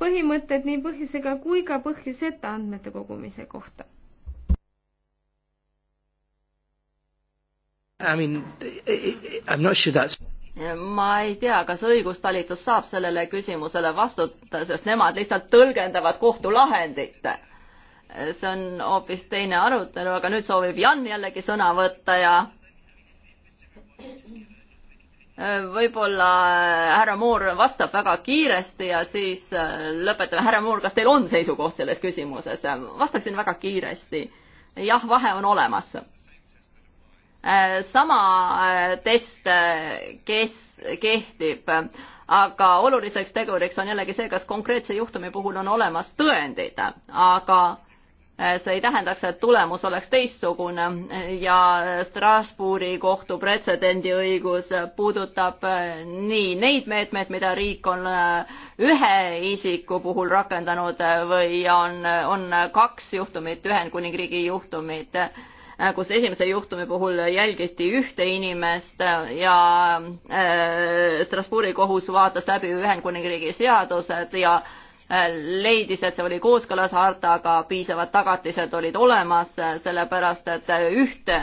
[SPEAKER 3] põhimõtted nii põhjusega kui ka põhjuseta andmete kogumise kohta? I mean,
[SPEAKER 2] I m not sure that's ma ei tea, kas õigustalitus saab sellele küsimusele vastutada, sest nemad lihtsalt tõlgendavad kohtulahendit. see on hoopis teine arutelu, aga nüüd soovib Jan jällegi sõna võtta ja võib-olla äh, härra Moor vastab väga kiiresti ja siis äh, lõpetame. härra Moor, kas teil on seisukoht selles küsimuses? vastaksin väga kiiresti. jah, vahe on olemas. Äh, sama test, kes kehtib, aga oluliseks teguriks on jällegi see, kas konkreetse juhtumi puhul on olemas tõendid, aga Äh, see ei tähendaks, et tulemus oleks teistsugune ja Strasbourgi kohtu pretsedendiõigus puudutab äh, nii neid meetmeid, mida riik on äh, ühe isiku puhul rakendanud või on, on kaks juhtumit, Ühendkuningriigi juhtumid, kus esimese juhtumi puhul jälgiti ühte inimest ja Strasbourgi kohus vaatas läbi Ühendkuningriigi seadused ja Äh, leidis, et see oli kooskõlas hartaga, piisavad tagatised olid olemas, äh, sellepärast et äh, ühte,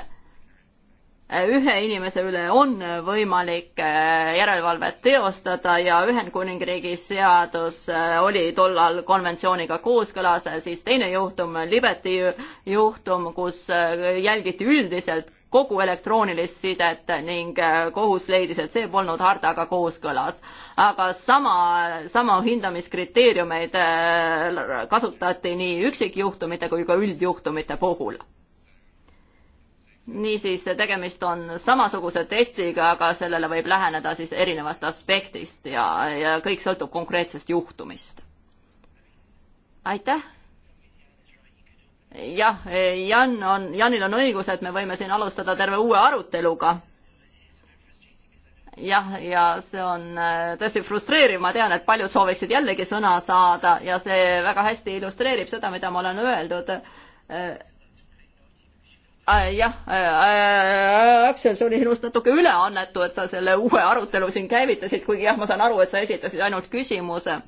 [SPEAKER 2] ühe inimese üle on võimalik järelevalvet teostada ja Ühendkuningriigi seadus oli tollal konventsiooniga kooskõlas, siis teine juhtum, Liberty juhtum, kus jälgiti üldiselt kogu elektroonilist sidet ning äh, kohus leidis, et see polnud hardaga kooskõlas. aga sama, sama hindamiskriteeriumeid äh, kasutati nii üksikjuhtumite kui ka üldjuhtumite puhul niisiis, tegemist on samasuguse testiga, aga sellele võib läheneda siis erinevast aspektist ja, ja kõik sõltub konkreetsest juhtumist. aitäh jah, eh, Jan on, Janil on õigus, et me võime siin alustada terve uue aruteluga. jah, ja see on eh, tõesti frustreeriv, ma tean, et paljud sooviksid jällegi sõna saada ja see väga hästi illustreerib seda, mida ma olen öeldud eh, jah äh,, Aksel, see oli sinust natuke üleannetu, et sa selle uue arutelu siin käivitasid, kuigi jah, ma saan aru, et sa esitasid ainult küsimuse äh,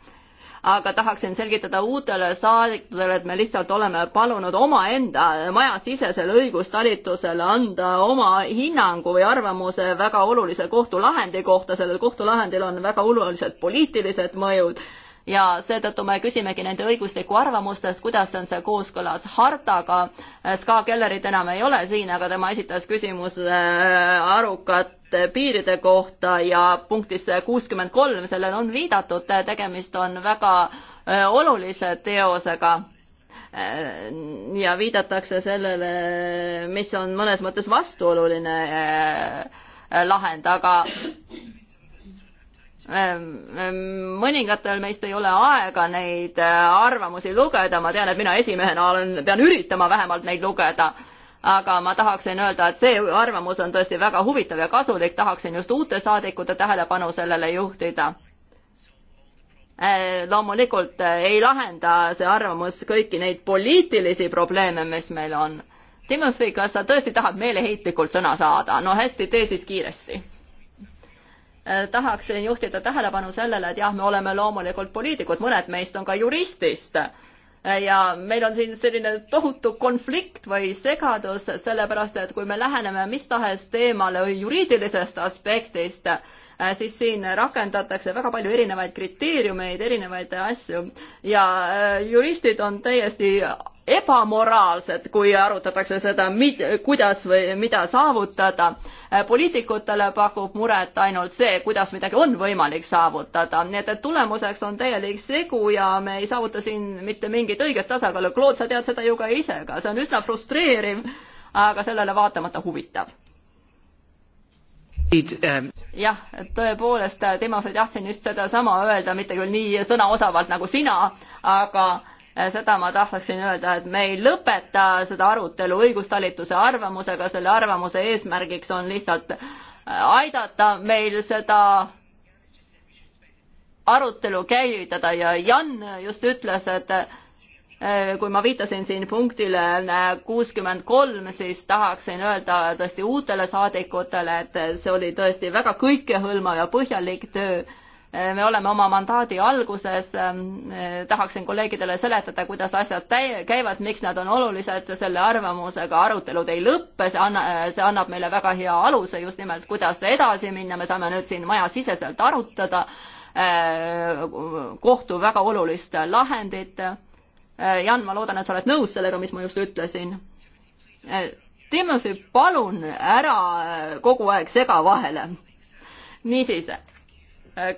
[SPEAKER 2] aga tahaksin selgitada uutele saadikutele, et me lihtsalt oleme palunud omaenda majasisesele õigustalitusele anda oma hinnangu või arvamuse väga olulise kohtulahendi kohta, sellel kohtulahendil on väga olulised poliitilised mõjud ja seetõttu me küsimegi nende õiguslikku arvamust, et kuidas on see kooskõlas hartaga. Ska Kellerit enam ei ole siin, aga tema esitas küsimuse äh, arukat piiride kohta ja punktis kuuskümmend kolm, sellele on viidatud, tegemist on väga äh, olulise teosega. Äh, ja viidatakse sellele, mis on mõnes mõttes vastuoluline äh, lahend, aga ähm, ähm, mõningatel meist ei ole aega neid arvamusi lugeda, ma tean, et mina esimehena olen, pean üritama vähemalt neid lugeda aga ma tahaksin öelda, et see arvamus on tõesti väga huvitav ja kasulik, tahaksin just uute saadikute tähelepanu sellele juhtida. Äh, loomulikult äh, ei lahenda see arvamus kõiki neid poliitilisi probleeme, mis meil on. Timothy, kas sa tõesti tahad meeleheitlikult sõna saada? no hästi, tee siis kiiresti äh, tahaksin juhtida tähelepanu sellele, et jah, me oleme loomulikult poliitikud, mõned meist on ka juristist ja meil on siin selline tohutu konflikt või segadus, sellepärast et kui me läheneme mis tahes teemale juriidilisest aspektist, äh, siis siin rakendatakse väga palju erinevaid kriteeriumeid, erinevaid asju ja äh, juristid on täiesti ebamoraalsed, kui arutatakse seda, kuidas või mida saavutada. poliitikutele pakub muret ainult see, kuidas midagi on võimalik saavutada, nii et, et tulemuseks on täielik segu ja me ei saavuta siin mitte mingit õiget tasakaalu. Claude, sa tead seda ju ka ise, aga see on üsna frustreeriv, aga sellele vaatamata huvitav
[SPEAKER 3] ähm,
[SPEAKER 2] jah, tõepoolest, Timofei, tahtsin just sedasama öelda, mitte küll nii sõnaosavalt nagu sina, aga Äh, seda ma tahaksin öelda, et me ei lõpeta seda arutelu õigustalituse arvamusega, selle arvamuse eesmärgiks on lihtsalt äh, aidata meil seda arutelu käivitada ja Jan just ütles, et äh, kui ma viitasin siin punktile kuuskümmend kolm, siis tahaksin öelda tõesti uutele saadikutele, et see oli tõesti väga kõikehõlmav ja põhjalik töö me oleme oma mandaadi alguses, ehm, eh, tahaksin kolleegidele seletada, kuidas asjad täi-, käivad, miks nad on olulised, selle arvamusega arutelud ei lõppe, see anna-, eh, see annab meile väga hea aluse just nimelt, kuidas edasi minna, me saame nüüd siin majasiseselt arutada eh, kohtu väga olulist lahendit. Jan, ma loodan, et sa oled nõus sellega, mis ma just ütlesin. Timothy, palun ära kogu aeg sega vahele. niisiis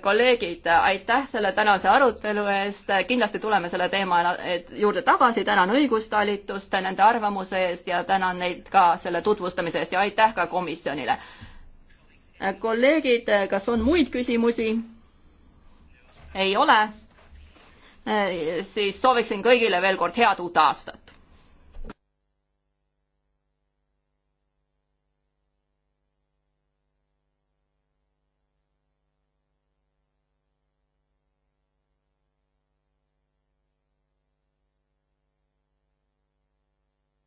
[SPEAKER 2] kolleegid, aitäh selle tänase arutelu eest, kindlasti tuleme selle teema juurde tagasi, tänan õigustalitust nende arvamuse eest ja tänan neid ka selle tutvustamise eest ja aitäh ka komisjonile. kolleegid, kas on muid küsimusi? ei ole? siis sooviksin kõigile veel kord head uut aastat!